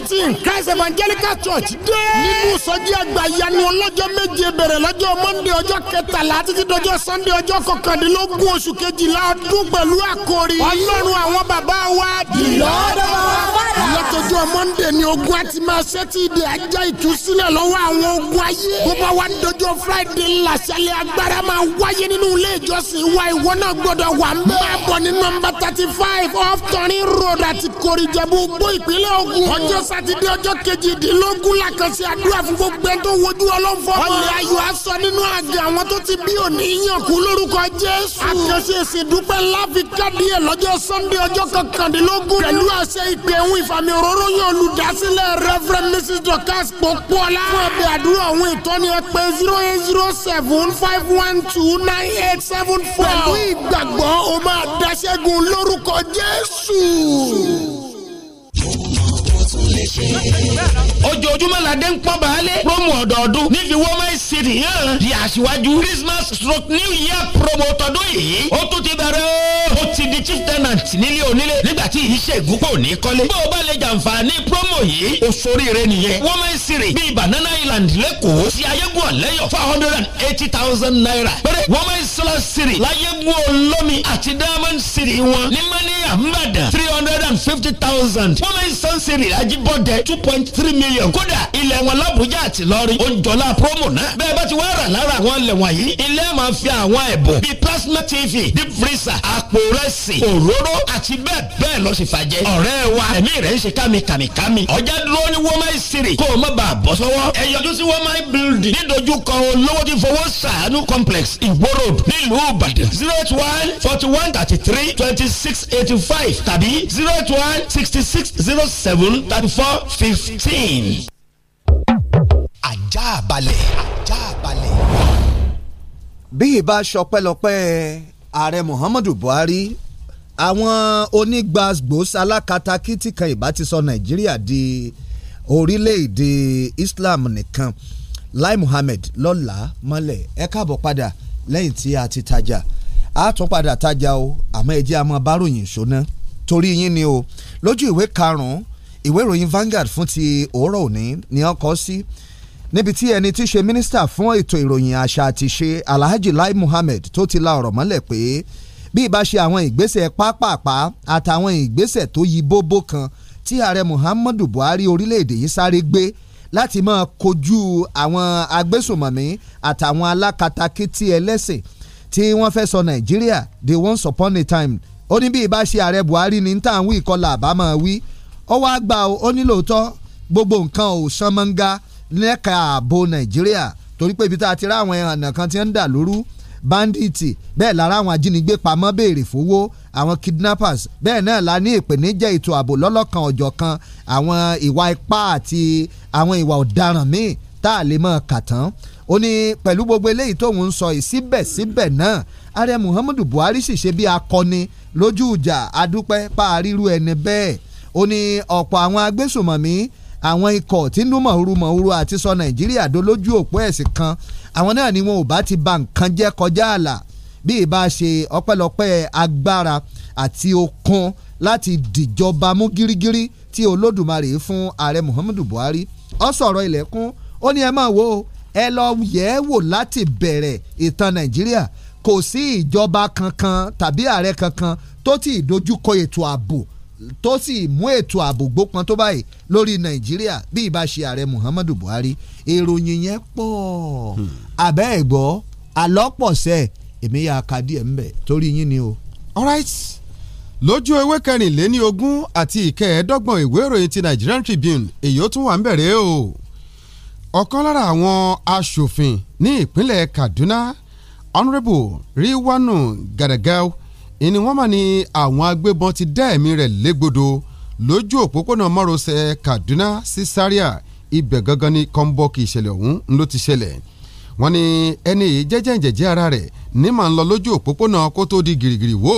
meeting Christ Evangelical Church dé. nínú sọjí àgbà yanu ọlọ́jọ́ méje bẹ̀rẹ̀ lọ́jọ́ Monday ọjọ́ kẹtàlá títí dọjọ́ Sunday ọjọ́ kọkàndínlógún oṣù kejìlá ọdún pẹ̀lú àkòrí ọlọ́run àwọn bàbá wa dì lọ́dọ̀ fàdà. lọ́tọ̀jọ́ Monday ni ogun àti máa ṣe ti ìdè ajá ìtúsílẹ̀ lọ́wọ́ àwọn ogun ayé. bó bá wá dọjọ́ Friday làṣàlẹ̀ agbára máa wáyé nínú ilé ìjọsìn wa ìwọ náà gbọ́dọ̀ wà ń bẹ́ẹ̀ bọ̀ ní nọ́mbà thirty five off Tọ́rin road àti Kòrìjẹ̀bú gbó ìpínlẹ̀ Ògùn. ọjọ́ sátidé ọjọ́ kejìdínlógún la kàn sí àdúrà fún gbogbo ẹni tó wojú ọlọ́fọ́ ọlẹ́ ayọ̀ aṣọ nínú àgẹ̀ àwọn tó ti bí òní yàn kú lórúkọ jésù. àkànṣe ìsìndúpẹ́ láfi káàdì ẹ̀ lọ́jọ́ sọ́ndé ọjọ́ kọkàndínlógún. pẹ̀lú àṣẹ ìpè ìfàmì òróró yan olùdásílẹ̀ reverend mrs dorcas popola. fún ẹbí àdúrà àwọn ìtọ́ni ẹ pè zero eight zero seven five one two nine eight seven four. pẹ̀lú ìgbàgbọ́ o máa daṣẹ́gun lórúkọ jésù ṣe. ojoojúmọ́ la dé ń pọ́n baálé promo ọ̀dọ́ọdún nífi wọ́n máa ń ṣe nìyẹn di àṣìwájú Christmas stroke New Year promo tọdún yìí ó tún ti bẹ̀rẹ̀ ó ti di chief tenant nílé onílé nígbà tí iṣẹ́ ìgúnpọ̀ ní kọ́lé. bó o bá lè jàǹfààní promo yìí o soríire nìyẹn. wọ́n máa ń ṣeré bíi Banana Island lẹ́kọ̀ọ́ ti ayégun ọ̀lẹ́yọ̀ four hundred and eighty thousand naira. péré wọ́n máa ń sọ́lá ṣeré láyégun olómi àti diamond ṣeré three hundred and fifty thousand. wọ́n máa ń sọ́n jẹ́ two point three million kódà ilẹ̀ wọn l'Àbújá àti Ìlọrin ó promo náà bẹ́ẹ̀ bá ti wá rà lára àwọn ilẹ̀ wọ̀nyí ilẹ̀ ẹ máa fi àwọn ẹ̀bùn bíi plasma tv deep freezer àpò rẹsì òróró àti bẹ́ẹ̀ bẹ́ẹ̀ lọ sì fàjẹ́. ọ̀rẹ́ wa ẹ̀mí rẹ̀ ń ṣe kàmìkàmìkàmì ọjà dúró ní wọ́máì sírì kó o má bàa bọ́ sọ́wọ́. ẹ yọjú sí wọ́máì building nídojúkọ olówó ti fowó sàánú complex ìgbó road nílùú ìbàdàn zero eight one forty one thirty three twenty six eighty five tàbí zero eight one sixty six zero seven thirty four fifteen. ajá balẹ̀ ajá balẹ̀ bí ìbá sọpẹ́lọpẹ́ ààrẹ Muhammadu Buhari àwọn onígbàgbọ́sọ alákatakítí kan ìbá ti sọ Nàìjíríà di orílẹ̀-èdè Islam nìkan Lai Muhammed lọ́la mọ́lẹ̀ ẹ káàbọ̀ padà lẹ́yìn tí a ti tajà a tún padà tajà o àmọ́ ẹ jẹ́ a máa bá ròyìn ṣóná torí yín ni o lójú ìwé karùn-ún ìwé ìròyìn Vanguard fún ti òórọ̀ òní ni wọ́n kọ sí. Si níbi tí ẹni tí í ṣe mínísítà fún ètò ìròyìn àṣà àti ṣe Alhaji Lai Muhammed tó ti la ọ̀rọ̀ mọ́lẹ̀ pé bí ìbá ṣe àwọn ìgbésẹ̀ pápápá àtàwọn ìgbésẹ̀ tó yí bóbó kan tí ààrẹ Muhammadu Buhari orílẹ̀-èdè yìí sáré gbé láti máa kojú àwọn agbésùnmọ̀mí àtàwọn alákatakítí ẹlẹ́sìn tí wọ́n fẹ́ sọ Nàìjíríà the once upon a time ó ní bí ìbá ṣe ààrẹ Buhari ní tàwọn ìkọlà àbámọ̀ wí ó wá gbà ó ní lóòótọ́ gbogbo nǹkan ò sanmọ́ngá lẹ́ka ààbò nàìjíríà torí pé ibi tá a ti ráwọn ẹ̀hànà kan ti ń dà lóru bandits bẹ́ẹ̀ lára àwọn ajínigbé pamọ́ béèrè fowó àwọn kidnappers bẹ́ẹ̀ náà la ní ìpèníjà ètò ààbò lọ́lọ́kan ọ̀jọ̀ kan àwọn ìwà ipá àti àwọn ìwà ọ̀daràn míì tá a lè mọ̀ kà tán ó ní pẹ̀lú gbogbo eléyìí tóun ń sọ yìí síbẹ̀síbẹ̀ náà ààrẹ Muhammadu Buhari sì ṣe bí akọni lójú ìjà adúpẹ́ pa àríru ẹni bẹ́ẹ̀ ó ní ọ̀pọ̀ àwọn agbésùmọ̀mí àwọn ikọ̀ tí númọ̀húrú mọ̀húrú àti sọ nàìjíríà dolójú òpó ẹ̀sìn kan àwọn náà ni wọn ò bá ti ba nǹkan jẹ́ kọjá ààlà bí ìbá ṣe ọpẹ́lọpẹ́ agbára àti okun láti dìjọba mú gírígírí tí olódùmarè fún ààrẹ muhammadu buhari ó sọ̀rọ̀ ilẹ̀kùn ó ní ẹ máa wo ẹ lọ yẹ̀ ẹ́ wò láti bẹ̀rẹ̀ ìtàn nàìjíríà kò sí ìjọba kankan tàbí ààrẹ kankan tó ti dojúkọ ètò ààbò tó sì mú ètò ààbò gbópọn tó báyìí lórí nàìjíríà bí ìbá ṣe ààrẹ muhammadu buhari ìròyìn yẹn pọ̀ abẹ́ hmm. ẹ̀gbọ́ alọ́pọ̀sẹ̀ èmi yà á díẹ̀ ńbẹ̀ torí yín ni o. all right lójú ewé kẹrìnléní ogún àti ìkẹẹ̀ẹ́dọ́gbọ̀n ìwé ìròyìn ti nigerian tribune èyí ó tún wà ń bẹ̀rẹ̀ o ọ̀kan lára àwọn aṣòfin ní ìpínlẹ̀ kaduna honourable riwanu gadagau ìní wọ́n mà ní àwọn agbébọn ti dá ẹ̀mí rẹ̀ légbodò lójú òpópónà márosẹ̀ Kaduna sí Zaria ibẹ̀ gangan ní kọ́ńbọ́ọ̀kì ìṣẹ̀lẹ̀ ọ̀hún ló ti ṣẹlẹ̀ wọ́n ní ẹni yìí jẹ́jẹ́ jẹ́jẹ́ ara rẹ̀ ní màá ń lọ lójú òpópónà kó tó di gìrìgìrì wò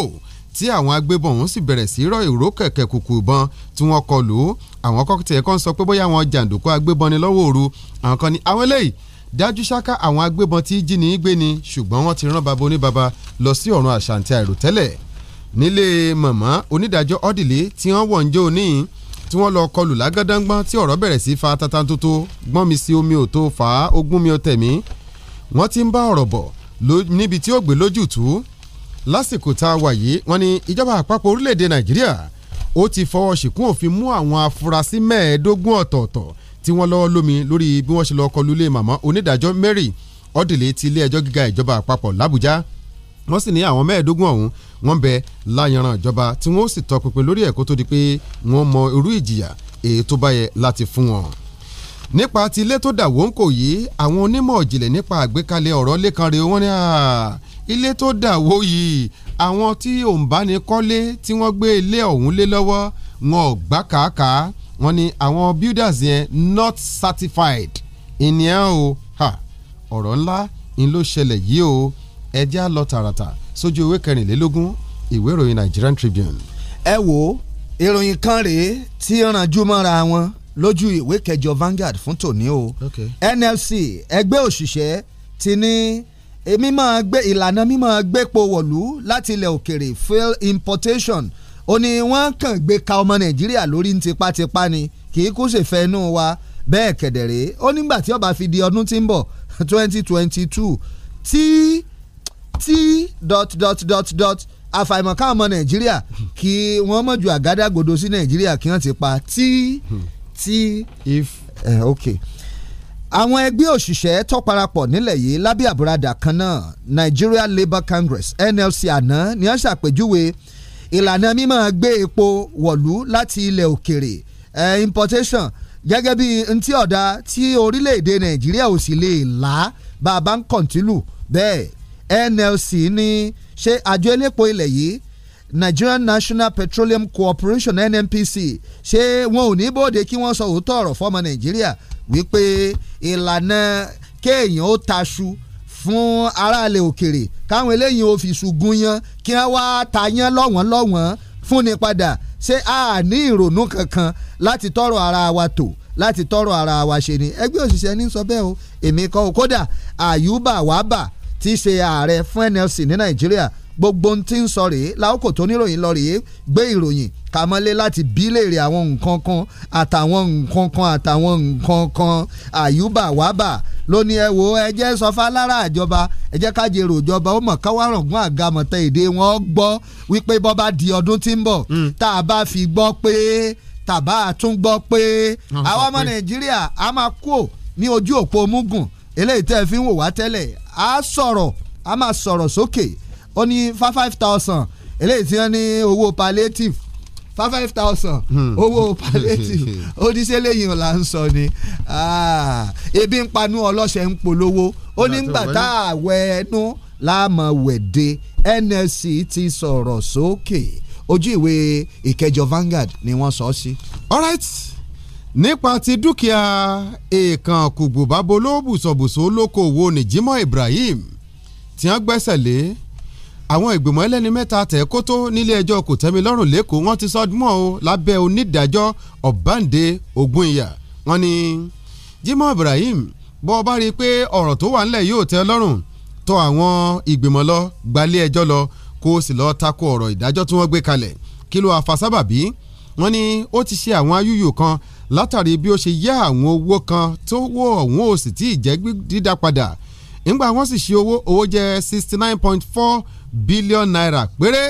tí àwọn agbébọn ọ̀hún sì bẹ̀rẹ̀ sí rọ ìró kẹ̀kẹ́ kùkù ìbọn tí wọ́n kọlù àwọn kọ́kùtì ẹ̀kọ́ ń sọ pé bóyá àwọn jàǹdùkú agbébọn ni lọ́wọ́ òru àwọn kan ní àwọn eléyìí dájú ṣáká àwọn agbébọn tí jíni gbé ni ṣùgbọ́n wọ́n ti rán baba oníbaba lọ sí ọ̀run àṣàǹtì àìròtẹ́lẹ̀ nílé mọ̀mọ́ onídàájọ́ ọ́dìlé tí wọ́n wọ̀ ń jó ní tí wọ́n lọ kọlù lágádángbọ́n tí ọ̀rọ̀ bẹ̀rẹ̀ sí fa tatantoto gbọ́n mi sí omi ò tó fa ogún mi ò tẹ̀mí wọ́n ti ń bá ọ̀rọ̀ bọ̀ níbi tí ó gbé lójútùú lásìkò tá a wà yìí wọ́n ní ìjọba àpapọ̀ orílẹ̀-èdè Nàìjíríà ó ti fọwọ́ ṣìkún òfin mú àwọn afurasí mẹ́ẹ̀ẹ́dógún ọ̀tọ̀ọ̀tọ̀ tí wọ́n lọ́wọ́ lómi lórí bí wọ́n ṣe lọ́ọ́ kọlu ilé màmá onídàájọ́ Mary Odile ti ilé ẹjọ́ gíga ìjọba àpapọ̀ l'Àbújá wọ́n sì ní àwọn mẹ́ẹ̀ẹ́dógún ọ̀hún wọ́n bẹ láyanran ìjọba tí wọ́n sì tọpinpin lórí ẹ̀ kó tó di pé wọ́n mọ irú ìjìyà èyí tó bá yẹ láti fún wọn. nípa ti ilé tó dà wọ́n kò yí àwọn onímọ̀ ìjìnlẹ̀ nípa àgbékalẹ̀ ọ̀rọ̀ lẹ́kan rẹ̀ wọ́n ní ilé tó dà wó yìí àwọn tí òǹbánikọ́lé tí wọ́n gbé ilé ọ̀hún lé lọ́wọ́ wọn ò gbá kàákàá wọ́n ní àwọn builders yẹn not certified ìnìyàn o ọ̀rọ̀ ńlá ń ló ṣẹlẹ̀ yìí o ẹjẹ́ á lọ tààràtà sójú ìwé kẹrìnlélógún ìwé ìròyìn Nigerian Tribune. ẹ wo ìròyìn kan rèé tí rànjú mọ́ra wọn lójú ìwé kẹjọ Vanguard fún tòní o NLC ẹgbẹ́ òṣìṣẹ́ ti ní mímọ́ gbé ìlànà mímọ́ gbépo wọ̀lú láti ilẹ̀ òkèrè fail importation ó ní wọ́n kàn gbé ka ọmọ nàìjíríà lórí ní tipátipá ni kì í kó ṣèfẹ́ inú wa bẹ́ẹ̀ kẹ̀dẹ̀rẹ́ ó nígbà tí ó bá fi di ọdún tí ń bọ̀ twenty tí tí dot dot dot dot àfàìmọ̀ káwọn ọmọ nàìjíríà kí wọ́n mọ̀ ju àgádágodo sí nàìjíríà kí wọ́n ti pa tí hmm. tí if uh, okay àwọn ẹgbẹ́ òṣìṣẹ́ tó parapọ̀ nílẹ̀ yìí lábẹ́ àbúradà kan náà Nigeria Labour Congress NLC àná ni wọ́n ṣàpèjúwe ìlànà mímọ́ gbé epo wọ̀lú láti ilẹ̀ òkèrè importation gẹ́gẹ́ bí ntí ọ̀dà tí orílẹ̀-èdè nàìjíríà ò sì lè là á bá a bá ń kọ̀ǹtínlù bẹ́ẹ̀ NLC ní ṣe àjọ elépo ilẹ̀ yìí Nigerian National Petroleum Corporation NNPC ṣé wọn ò ní bóde kí wọ́n sọ òótọ́ ọ̀rọ̀ fọ́mọ nàìjíríà wípé ìlànà kéèyàn ó taṣu fún aráàlẹ òkèrè káwọn eléyìí ò fi ṣùgùn yan kí wọn wá ta yan lọ́wọ́n lọ́wọ́n fúnni padà ṣé a ní ìrònú kankan láti tọrọ ara wa tò láti tọrọ ara wa ṣe ni ẹgbẹ́ òṣìṣẹ́ ní sọ bẹ́ẹ̀ o èmi kọ́ o kódà àyùbá wàbà tí ṣe ààrẹ fún NLC ní Nàìjíríà gbogbo ohun tí ń sọ rèé láòkò tó níròyìn lọ rèé gbé ìròyìn kàmọ́lé láti bí léèrè àwọn nǹkan kan àtàwọn nǹkan kan àtàwọn nǹkan kan àyùbá wábà lónìí ẹ wo ẹ jẹ́ sọfá lára àjọba ẹ jẹ́ ká jèrò ìjọba ó mọ̀ káwá rọ̀gùn àgàmọ̀tẹ́ èdè wọn gbọ́ wípé bọ́ bá di ọdún tí ń bọ̀ hmm. tá a bá fi gbọ́ pé tàbá tún gbọ́ pé àwọn ọmọ nàìjíríà a máa kú ní ojú òpó mugun eléyìí tẹ́ fi ń wò wá tẹ́lẹ̀ a sọ̀rọ̀ a máa sọ̀rọ̀ sókè ó ní five thousand eléyìí tí wọ́n ní owó palliative five thousand hmm. owó palliative oníṣẹ́ lẹ́yìn ọ̀la ń sọ ni ah, ebi ń panu ọlọ́ṣẹ̀ ń polówó ó ní gbà tá a wẹ ẹnu láàmú wẹ̀dẹ̀ NSC ti sọ̀rọ̀ sókè ojú ìwé ìkẹjọ Vanguard ni wọ́n sọ sí. all right nípa ti dúkìá èèkàn kùgbùbábo ló bùsọ̀bùsọ̀ olókoòwò nìjímọ̀ Ibrahim tí wọ́n gbẹ́sẹ̀ lé àwọn ìgbìmọ̀ ẹlẹ́ni mẹ́ta tẹ̀ kótó nílé ẹjọ́ kòtẹ́milọ́rùn lẹ́kọ̀ọ́ wọ́n ti sọdúnmọ́ o lábẹ́ onídàájọ́ ọ̀báǹde ògùnyà wọ́n ní Jimoh Ibrahim bọ́ ọ bá rí i pé ọ̀rọ̀ tó wà ńlẹ̀ yóò tẹ́ lọ́rùn tọ̀ àwọn ìgbìmọ̀ lọ gbalẹ̀ ẹjọ́ lọ kó o sì lọ́ọ́ tako ọ̀rọ̀ ìdájọ́ tí wọ́n gbé kalẹ̀ kí ló afasábàbí wọ́n ní ó ti ṣe àwọn ayúyù kan látàrí bí ó ṣe yá àwọn owó kan tó wọ òun ò sì tí ì jẹ́ dídá padà ńgbà wọ́n sì ṣe owó owó jẹ́ sixty nine point four bílíọ̀nù náírà péré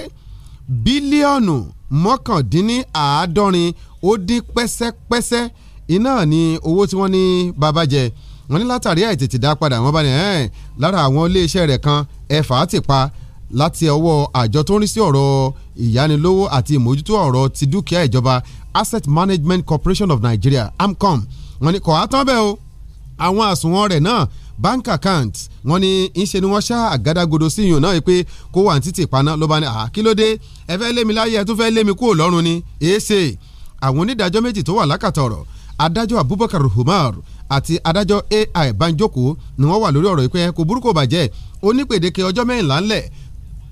bílíọ̀nù mọ́kàndínníàádọ́rin ó dín pẹ́sẹ́pẹ́sẹ́ iná ní owó tí wọ́n ní bàbá jẹ wọ́n ní látàrí àìtètè dá padà wọ́n bá ní ẹ̀ lára àwọn iléeṣẹ́ rẹ̀ kan ẹ̀fà ti pa láti ọwọ́ àjọ tó ń rí sí ọ̀rọ̀ ìyánilówó àti ìmójútó ọ̀rọ̀ ti dúkìá ìjọba Asset Management Corporation of Nigeria AMCOM wọ́n ní kọ̀ á bẹ́ẹ̀ o àwọn àsùnwọ̀n rẹ̀ náà bank account wọn ní ńṣe ni wọ́n ṣá àgádágodo sí ìyọ̀n náà pé kó wà ní títì paná ló bá ní àkílódé ẹ fẹ́ lémi láyé ẹ tún fẹ́ lémi kúrò lọ́rùn ni èéṣe àwọn onídàájọ́ méjì tó wà lákàtà ọ̀rọ̀ adájọ́ Abubakar Umar àti adájọ́ AI Banjoko ni wọ́n wà lórí ọ̀rọ̀ ìpẹ́ kò burúkú bàjẹ́ onípèdéke ọjọ́ mẹ́rìnlá ńlẹ̀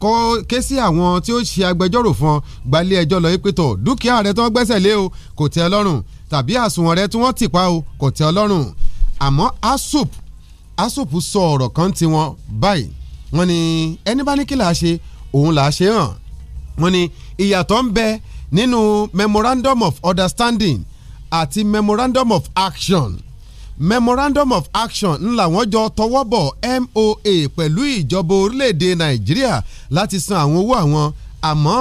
kọ́ ké sí àwọn tí ó ṣe agbẹjọ́rò fún gbalé ẹjọ́ lọ ìpẹ́tọ̀ dúkìá rẹ tó ń gbẹ́sẹ̀ lé o kò tẹ́ ọ lọ́rùn tàbí àsùnwọ̀n rẹ tí wọ́n ti pa o kò tẹ́ ọ lọ́rùn àmọ́ asup asop sọ ọ̀rọ̀ kan ti wọn báyìí wọ́n ní ẹni bá ní kí là á ṣe òun là hàn wọ́n ní ìyàtọ̀ ń bẹ nínú memorandum of understanding àti memorandum of action memorandum of action ńlá wọn jọ tọwọ́ bọ̀ MOA pẹ̀lú ìjọba orílẹ̀-èdè Nàìjíríà láti san àwọn owó àwọn àmọ́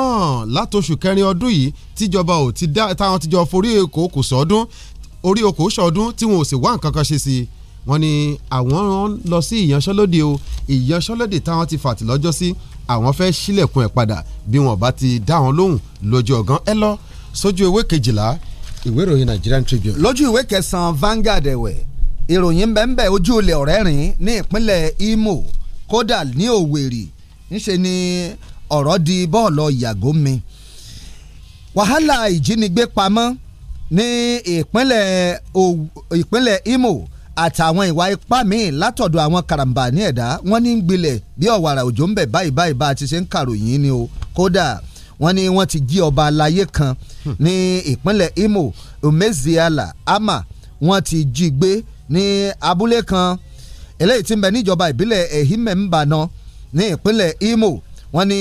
látòṣù kẹrin ọdún yìí tíjọba ò ti dá táwọn tíjọ forí oko kò sọdún orí oko sọdún tí wọn ò sì wá nǹkan kan ṣe sí i wọ́n ní àwọn lọ sí ìyanṣẹ́lódì o ìyanṣẹ́lódì táwọn ti fàtì lọ́jọ́ sí àwọn fẹ́ sílẹ̀kùn ẹ̀ padà bí wọ́n bá ti dá wọn lóhùn lójú ọ̀gán ẹ lọ sójú ewé kejìlá ìwé ìròyìn Nigerian Tribune. lójú ìwé kẹsàn-án Vanguard ẹ̀wẹ̀ ìròyìn bẹ́ẹ̀nbẹ́ ojú olè ọ̀rẹ́ rìn ní ìpínlẹ̀ Imo kódà ní Òwèrì ńṣe ni ọ̀rọ̀ di bọ́ọ̀lù ìyàgò mi wàhálà ìjínigbé pamọ́ ní ìpínlẹ̀ Imo àtàwọn ìwà ipá míì látọ̀dọ̀ àwọn karambà ní ẹ̀dá wọ́n ní ń gbilẹ̀ bí ọ̀wàrà òjò ń bẹ̀ báyìí báyìí bá a ti ṣe ń kàròyìn ni o kódà wọ́n ní wọ́n ti jí ọba aláyé kan ní ìpínlẹ̀ Imo Umeziala Ama wọ́n ti jí gbé ní abúlé kan eléyìí tí ń bẹ níjọba ìbílẹ̀ Ehime ní ìpínlẹ̀ Imo wọ́n ní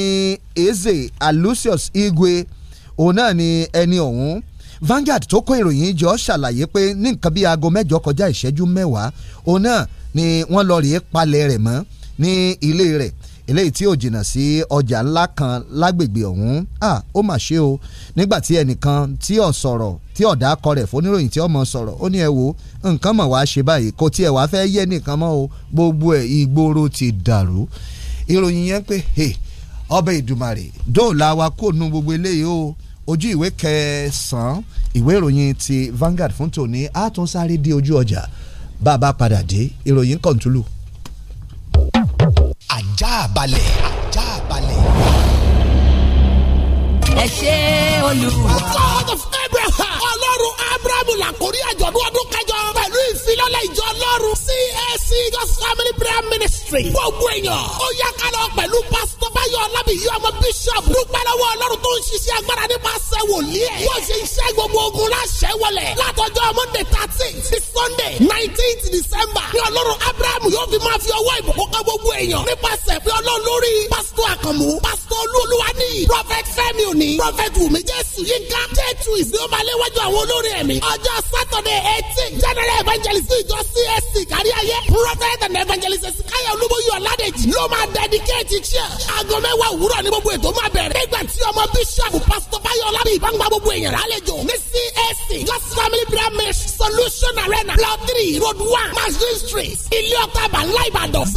Eze Alucius Igwe òun náà ni ẹni ọ̀hún Vanguard tó kó ìròyìn jọ ṣàlàyé pé ní nǹkan bíi aago mẹ́jọ kọjá ìṣẹ́jú mẹ́wàá òun náà ni wọ́n lọ rèé palẹ̀ rẹ̀ mọ́ ní ilé rẹ̀ eléyìí tí ò jìnnà sí ọjà ńlá kan lágbègbè ọ̀hún à ó mà ṣe o nígbà tí ẹnìkan tí ò sọ̀rọ̀ tí ọ̀dà akọ rẹ̀ fóníròyìn tí ọmọ sọ̀rọ̀ ó ní ẹ wo nǹkan mọ̀ wá ṣe báyìí kò tiẹ̀ wá fẹ́ yé nìkan mọ́ o gbogbo ẹ̀ ìgboro ti dàrú ìròyìn yẹn pé ọbẹ̀ ìdùmarè dóòlà wa kò nu gbogbo eléyìí o ojú ìwé kẹsàn-án ìwé ìròyìn ti Vanguard fún tòní àtúnṣáré dé ojú ọjà bá a bá padà dé ìròyìn kọ̀ǹtúlù. ajá balẹ̀ ajá balẹ̀. ẹ ṣe olùwà ọlọ́run abrahamu làkórí àjọ̀dún ọdún kẹjọ pẹ̀lú ìfilọ́lẹ̀ ìjọ ọlọ́run CAC God's Family Prayer Ministry gbogbo èèyàn ó yá kálọ̀ pẹ̀lú pásítọ̀ báyọ̀ ọlábìyí ọmọ bishop dúpẹ́ lọ́wọ́ ọlọ́run tó ń ṣiṣẹ́ agbára nípasẹ̀ wòlíì ẹ̀ wọ́n ṣe iṣẹ́ gbogbo ogun láṣẹ wọlé látọjọ́ monday thirteen sí sunday nineteenth december ní ọlọ́run abrahamu yóò fi máa fi ọwọ́ ìbùkún ká gbogbo èèyàn nípasẹ̀ pé ọlọ́run lórí pásítọ̀ àkànmú pásítọ̀ olúwa ní prophet fẹ́mi òní prophet wùmí jésù yínká jẹ́tù ìsìn ó máa léwájú àwọn olórí ẹ̀mí. ọjọ́ sátọ̀dẹ̀ eighteen general evangelist ìjọ csc kárí ayé prophet and evangelist káyọ̀ olúbóyè ọ̀làdẹ̀jì ló máa dedicate iṣẹ́. aago mẹ́wàá òwúrọ̀ ní gbogbo ètò máa bẹ̀rẹ̀. nígbà tí ọmọ bíṣọ̀bù pásítọ̀ fáyọ̀lá bí ìbá ń gba gbogbo èèyàn lálejò ní csc just family prayer mesh solution arena block three road one mazin street ilé ọ̀tá àbá ńlá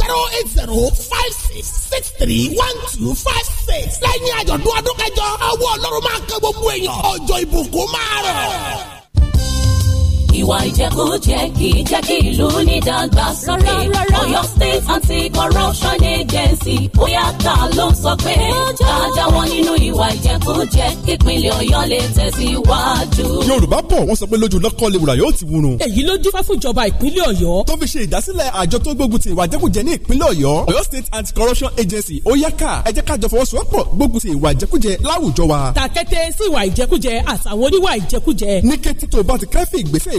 zero eight zero five six six three one two five six faith lẹ́yìn àjọ̀dún ọdún kẹjọ àwọn ọlọ́run máa kẹ́ gbogbo èèyàn ọjọ́ ìbùkún máa rọ̀ ìwà ìjẹkújẹ kì í jẹ́ kí ìlú ní dàgbàsókè Ọ̀yọ́ State Anti-Corruption Agency bóyá ta ló ń sọ pé ká jáwọ́ nínú ìwà ìjẹkújẹ kí ìpínlẹ̀ Ọ̀yọ́ lè tẹ̀síwájú. Yorùbá bọ̀ wọ́n sọ pé lójú lọ́kọ́ lè wùrà yóò ti wúrun. èyí ló dífá fún ìjọba ìpínlẹ̀ Ọ̀yọ́. tó fi ṣe ìdásílẹ̀ àjọ tó gbógun ti ìwà ìjẹkújẹ ní ìpínlẹ̀ Ọ̀yọ́ Ọ̀yọ́ State Anti-Corruption Agency oyaka. yá ká ẹ jẹ́ ká jọ fọwọ́sowọ́pọ̀ gbógun ti ìwà ìjẹkújẹ láwùjọ wa. tàkété sí ìwà ìjẹkújẹ àtàwọn oníwà ìjẹkújẹ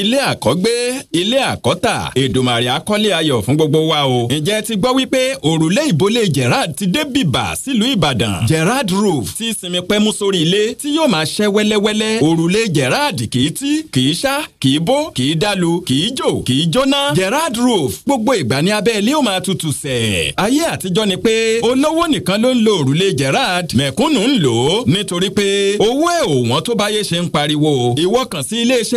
ilé àkọ́gbé ilé àkọ́tà Èdùmàrè akọ́lé ayọ̀ fún gbogbo wa o. ǹjẹ́ ti gbọ́ wípé òrùlé ìbólé Gerard ti dé bìbà sílùú Ìbàdàn Gerard roof ti sinmi pẹ́mú sórí ilé tí yóò máa ṣẹ́ wẹ́lẹ́wẹ́lẹ́ òrùlé Gerard kì í tí kì í ṣá kì í bó kì í dalu kì í jò kì í jóná Gerard roof gbogbo ìgbà ní abẹ́ ilé ó máa tutù sẹ̀. ayé àtijọ́ ni pé olówó nìkan ló ń lo òrùlé Gerard mẹ̀kúnnù ń lò ó nítorí pé owó ẹ̀ òwọ́n tó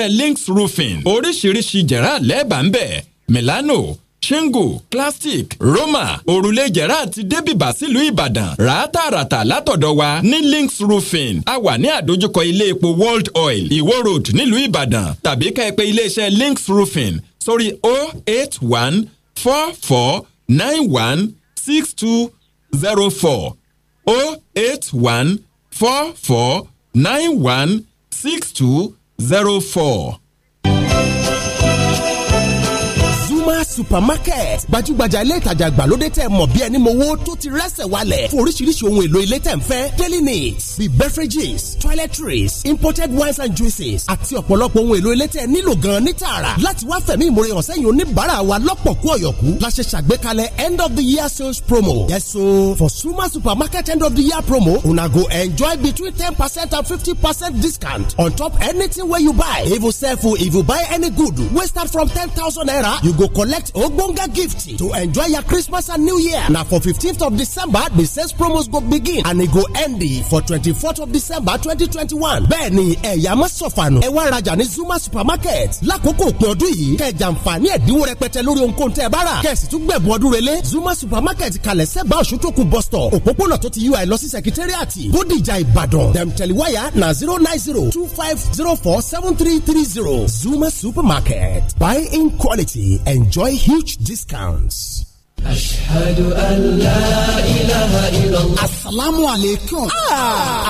Links Roofing Gardening oríṣiríṣi jẹ̀rá lẹ́ẹ̀bà ń bẹ̀ Milano shingle classic roma òrùlé jẹ̀rá àti débìbà sílùú ìbàdàn ràátàràtà látọ̀dọ̀ wa ní links roofing a wà ní àdójúkọ ilé epo world oil ìwó road nílùú ìbàdàn tàbí ká ẹ pè iléeṣẹ́ links roofing sórí 08144916204 08144916204. supermarket gbajúgbajà ilé ìtajà ìgbàlódé tẹ́ mọ̀ bí ẹni mowó tó ti rẹ́sẹ̀ wálẹ̀ fún oríṣiríṣi ohun èlò ilé tẹ́ ń fẹ́ daily needs bíi beverages toiletries imported wines and juices àti ọ̀pọ̀lọpọ̀ ohun èlò ilé tẹ́ nílò gan ní tààrà láti wá fẹ̀mí ìmúre hàn sẹ́yìn oníbàárà wa lọ́pọ̀ kú ọ̀yọ̀kú la ṣe ṣàgbékalẹ̀ end of the year sales promo yes so for suma supermarket end of the year promo una go enjoy between ten percent and fifty percent discount on top anything wey you buy if you sell food if you buy any good wey start from ten thousand naira you go collect get ogbonge gift to enjoy your christmas and new year Now for 15th of december the sales promos go begin and e go end for 24th of december 2021 Benny, ni ẹ̀yà má sọ̀fànù ẹ wá rajà ní zuma supermarket lákòókò òpin kejamfani yìí kẹjà àǹfààní ẹ̀dínwó rẹpẹtẹ lórí ohunkóhun zuma supermarket kalese sẹ́gbà òṣùtòkùn bus stop òpópónà ui Losi secretariat. sẹkítẹ́rìàtì bódìjà ìbàdàn dem teliwaya na zero nine zero two five zero four seven three three zero zuma supermarket buy in quality enjoy huge discounts. ashhadu an la ilaha illallah. asalaamu aleykum.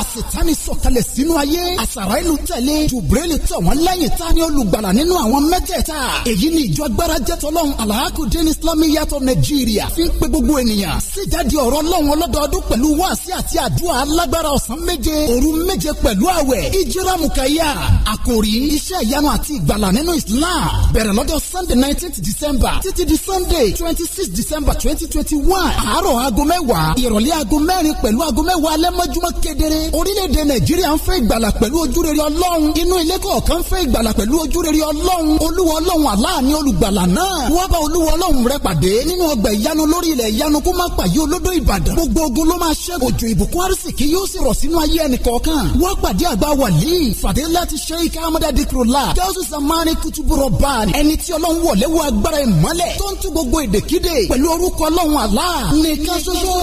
àṣetáni ah, sọ̀kalẹ̀ sínú ayé àṣàrà ìlú tẹ̀lé jùbírẹ́lì tẹ̀ wọ́n lẹ́yìn tá ni olùgbàlà nínú àwọn mẹ́tẹ̀ẹ̀ta èyí ni ìjọ agbára jẹ́tọ̀lọ́hún alahakudin islami yàtọ̀ nàìjíríà fi ń pe gbogbo ènìyàn síjáde ọ̀rọ̀ lọ́hún ọlọ́dọọdún pẹ̀lú wáàsí àti àdúrà alágbára ọ̀sán méje òru méje pẹ̀lú àwẹ̀ ìjírámù kàyà àkòrí iṣẹ́ ìyanu àti ìgbàlà nínú islam december títí di sunday twenty six december december twenty twenty one àárọ̀ aago mẹ́wàá ìrọ̀lẹ́ aago mẹ́rin pẹ̀lú aago mẹ́wàá alẹ́ mọ́júmọ́ kedere orílẹ̀-èdè nàìjíríà ń fẹ́ ìgbàlà pẹ̀lú ojúrere ọlọ́run inú ilé kọ̀ọ̀kan fẹ́ ìgbàlà pẹ̀lú ojúrere ọlọ́run olúwa ọlọ́run aláàánú olùgbàlà náà wá bá olúwa ọlọ́run rẹ pàdé nínú ọgbà ìyanu lórí ilẹ̀ ìyanu kó má pàyé olódó ìbàdàn gbogbo ogun ló máa ṣẹ́ dikrola gẹ́sù samani kutuburọ̀ báàni ẹni tí ọlọ́run wọ̀lẹ́wọ̀ agbára pẹ̀lú orúkọ ọlọ́run àlá nìkan ṣoṣo.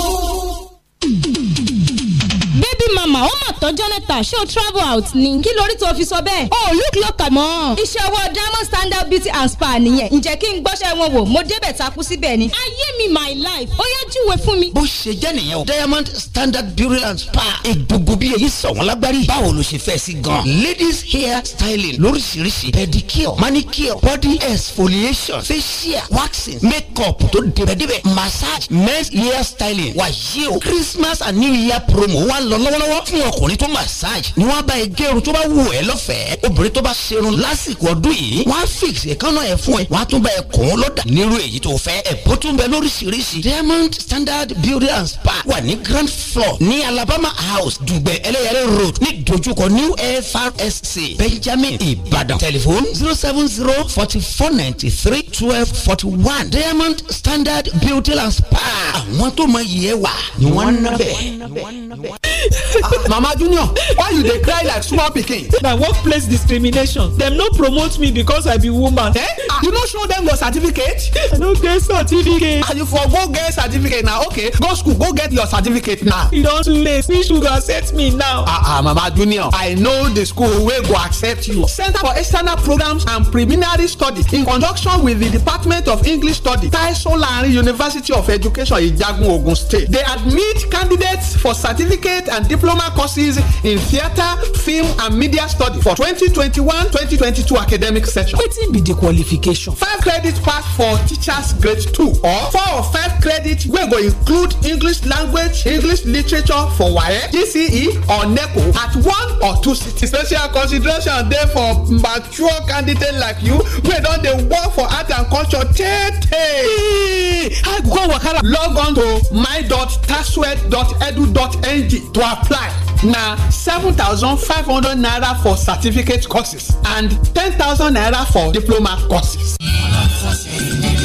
Mama, ó mà tán jọ́nẹ́ta ṣé travel out ni kí lórí tó fi sọ bẹ́ẹ̀ o oh, ò look lọ́kà mọ́. iṣẹ́ ọwọ́ diamond standard beauty and spa nìyẹn ǹjẹ́ kí n gbọ́ṣẹ́ wọn wò mo débẹ̀ takú síbẹ̀ ni. ayé mi my life ó yá júwe fún mi. bó ṣe jẹ́ nìyẹn o diamond standard beauty and spa egbogbo bí èyí sọ̀wọ́n lágbárí báwo ló ṣe fẹ́ sí gan. ladies hair styling lóríṣiríṣi pedicure manicure body exfoliation facial waxing makeup tó débẹ̀débẹ̀ massage men's hair styling wàyí o christmas and new year promo wà lọ lọ́wọ́ fún ọkùnrin tó massage ni wọ́n bá ẹ gẹrun tó bá wù ẹ́ lọ́fẹ̀ẹ́ obìnrin tó bá serun lásìkò ọdún yìí wọ́n á fix èékánná ẹ̀ fún ẹ wọ́n á tún bá ẹ kùn ún lọ́dà nírú èyí tó fẹ́ ẹ̀bùn tún bẹ lóríṣiríṣi diamond standard beauty and spa wà ní grand floor ní alabama house dùgbẹ́ ẹlẹ́yẹrẹ road ní dojúkọ new frsc benjamin ibadan telephone zero seven zero forty four ninety three twelve forty one diamond standard beauty and spa àwọn tó mọ iye wà ni wọ́n ń nabẹ̀. mama junior why you dey cry like small pikin na workplace discrimination dem no promote me because i be woman eh ah, you no show dem your certificate i no get certificate and ah, you for go get certificate na okay go school go get your certificate now e don too late which school go me now ah ah mama junior i know the school wey go accept you center for external programs and preliminary studies in conjunction with the department of english studies taisolari university of education ijagun ogun state dey admit candidates for certificate and diploma courses in theatre film and media study for 2021-2022 academic session. wetin be di qualification? five credit pass for teachers grade two or four or five credit wey go include english language english literature for waec gce or neco at one or two cities. special consideration dey for mature candidates like you wey don dey work for art and culture tey tey. i go come wakala. log on to my.tasweb.edu.ng to apply apply na seven thousand five hundred naira for certificate courses and ten thousand naira for diploma courses. ọlọ́run fọ́sẹ̀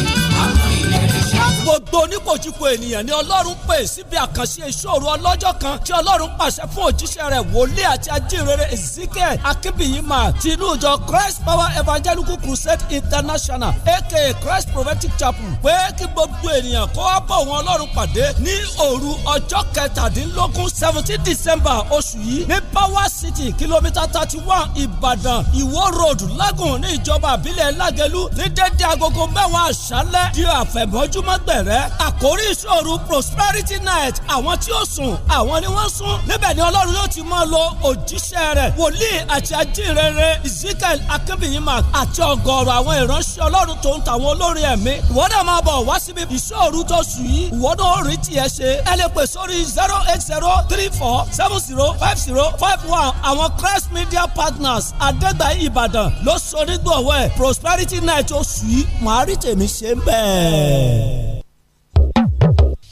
gbogbo oníkòjìkò ènìyàn ni ọlọ́run pè síbi àkànṣe ìṣòro ọlọ́jọ́ kan tí ọlọ́run pàṣẹ fún òjíṣẹ́ rẹ̀ wòlíì àti ajínrere ezekiel akínbíyìmá ti inú ìjọ christ power evangelical crusade international aka christ prophetic chapel pé kí gbogbo ènìyàn kó wá bọ̀ wọn ọlọ́run pàdé ní òru ọjọ́ kẹtàdínlógún seventeen december oṣù yìí ní power city kìlómítà thirty one ìbàdàn ìwó road lágùn ní ìjọba àbílẹ̀ lágẹ̀lú ní dédé agogo mẹ́wàá àṣálẹ́ di àfẹ̀mọ́júmọ́gbẹ̀ rẹ̀ àkórí ìṣòro prosperity night àwọn tí ó sùn àwọn ni wọ́n sùn níbẹ̀ ni ọlọ́run yóò ti máa lo òjíṣẹ́ rẹ̀ wòlíì àti ajínrere ezekiel akínbíyí mark àti ọgọ́rọ̀ àwọn ìránṣẹ́ ọlọ́run tó ń tàwọn olórin ẹ̀mí ìwọ náà máa bọ̀ wá síbi ìṣòro tó sù yìí ìwọ náà rí tiẹ̀ ṣe ẹ lè pè sórí zero eight zero three four seven zero five zero five one àwọn christ media partners àdẹ́gbà ìbàdàn ló sọ nígbà wẹ̀ prosperity night oṣù yìí màá rí tèmi ṣe ń bẹ́ẹ̀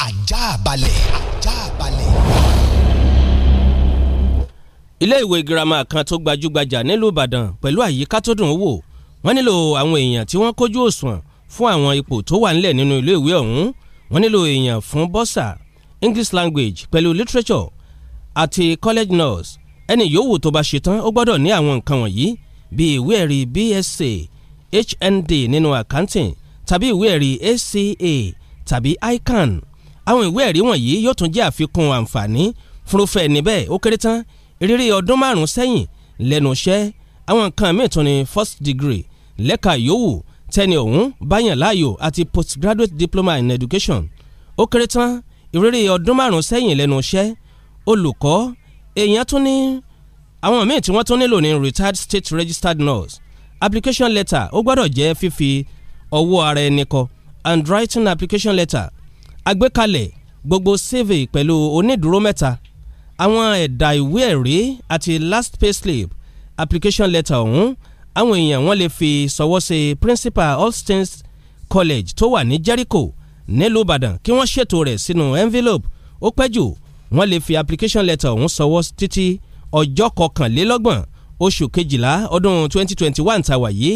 ajá balẹ̀. ajá balẹ̀. ilé ìwé girama kan tó gbajúgbajà nílùú ìbàdàn pẹ̀lú àyíká tó dùn wò wọ́n nílò àwọn èèyàn tí wọ́n kójú òṣùwọ̀n fún àwọn ipò tó wà nílẹ̀ nínú ilé ìwé ọ̀hún wọ́n nílò èèyàn fún bọ́sà english language pẹ̀lú literature àti college nurse ẹni yòówù tó bá ṣetán ó gbọ́dọ̀ ní àwọn nǹkan wọ̀nyí bíi ìwé ẹ̀rí bsc hnd nínú accounting tàbí ìwé ẹ̀rí aca tàbí ican àwọn ìwé ẹ̀rí wọ̀nyí yóò tún jẹ́ àfikún àǹfààní fúnrúfẹ́ níbẹ̀ ó kéré tán rírí ọdún márùn-ún sẹ́yìn lẹ́nu iṣẹ́ àwọn nǹkan míì tún ni first degree lẹ́ka yòówù tẹ́ni ọ̀hún báyàn láàyò àti postgraduate diploma in education ó kéré tán ìrírí ọdún márùn-ún sẹ́yìn lẹ́nu iṣẹ́ olùkọ́ èèyàn tún ní àwọn míì tí wọ́n tún nílò ní retired state registered nurse application letter ó gbọ́dọ̀ jẹ́ fífi ọwọ́ ara ẹni kọ handwriting application letter àgbékalẹ̀ gbogbo survey pẹ̀lú onídùúró mẹ́ta àwọn ẹ̀dà ìwé ẹ̀rí àti last payslip application letter ọ̀hún àwọn èèyàn wọn lè fi sọwọ́ sí principal Holstein College tó wà ní Jericho nílùú Ìbàdàn kí wọ́n ṣètò rẹ̀ sínú envelope ó pẹ́ jù wọ́n lè fi application letter ọ̀hún sọwọ́ títí ọjọ́ kọkànlélọ́gbọ̀n oṣù kejìlá ọdún 2021 tàwa yìí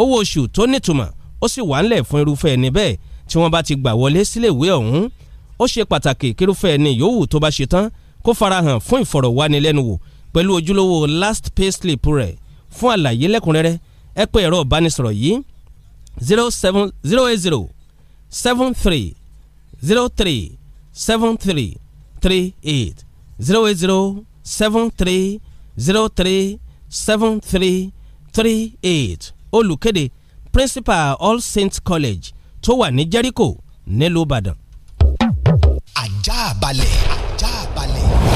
owó oṣù tó nítumọ̀ ó sì wà ńlẹ̀ fún irúfẹ́ ẹni bẹ́ẹ̀ tí wọ́n bá ti gbà wọlé síléèwé ọ̀hún ó ṣe pàtàkì kírúfẹ́ ẹni yòówù tó bá ṣe tán kó farahàn fún ìfọ̀rọ̀wánilẹ́nuwò pẹ̀lú ojúlówó last pay slip rẹ̀ fún àlàyé lẹ́kùnrẹ́rẹ́ ẹ pé ẹ̀rọ ìbánisọ̀rọ̀ yìí zero seven zero eight zero seven three zero three seven three three eight zero eight zero seven three zero three seven three three eight olùkéde principal All Saints College tó wà ní Jericho nílùú Ìbàdàn. ajá balẹ̀ ajá balẹ̀.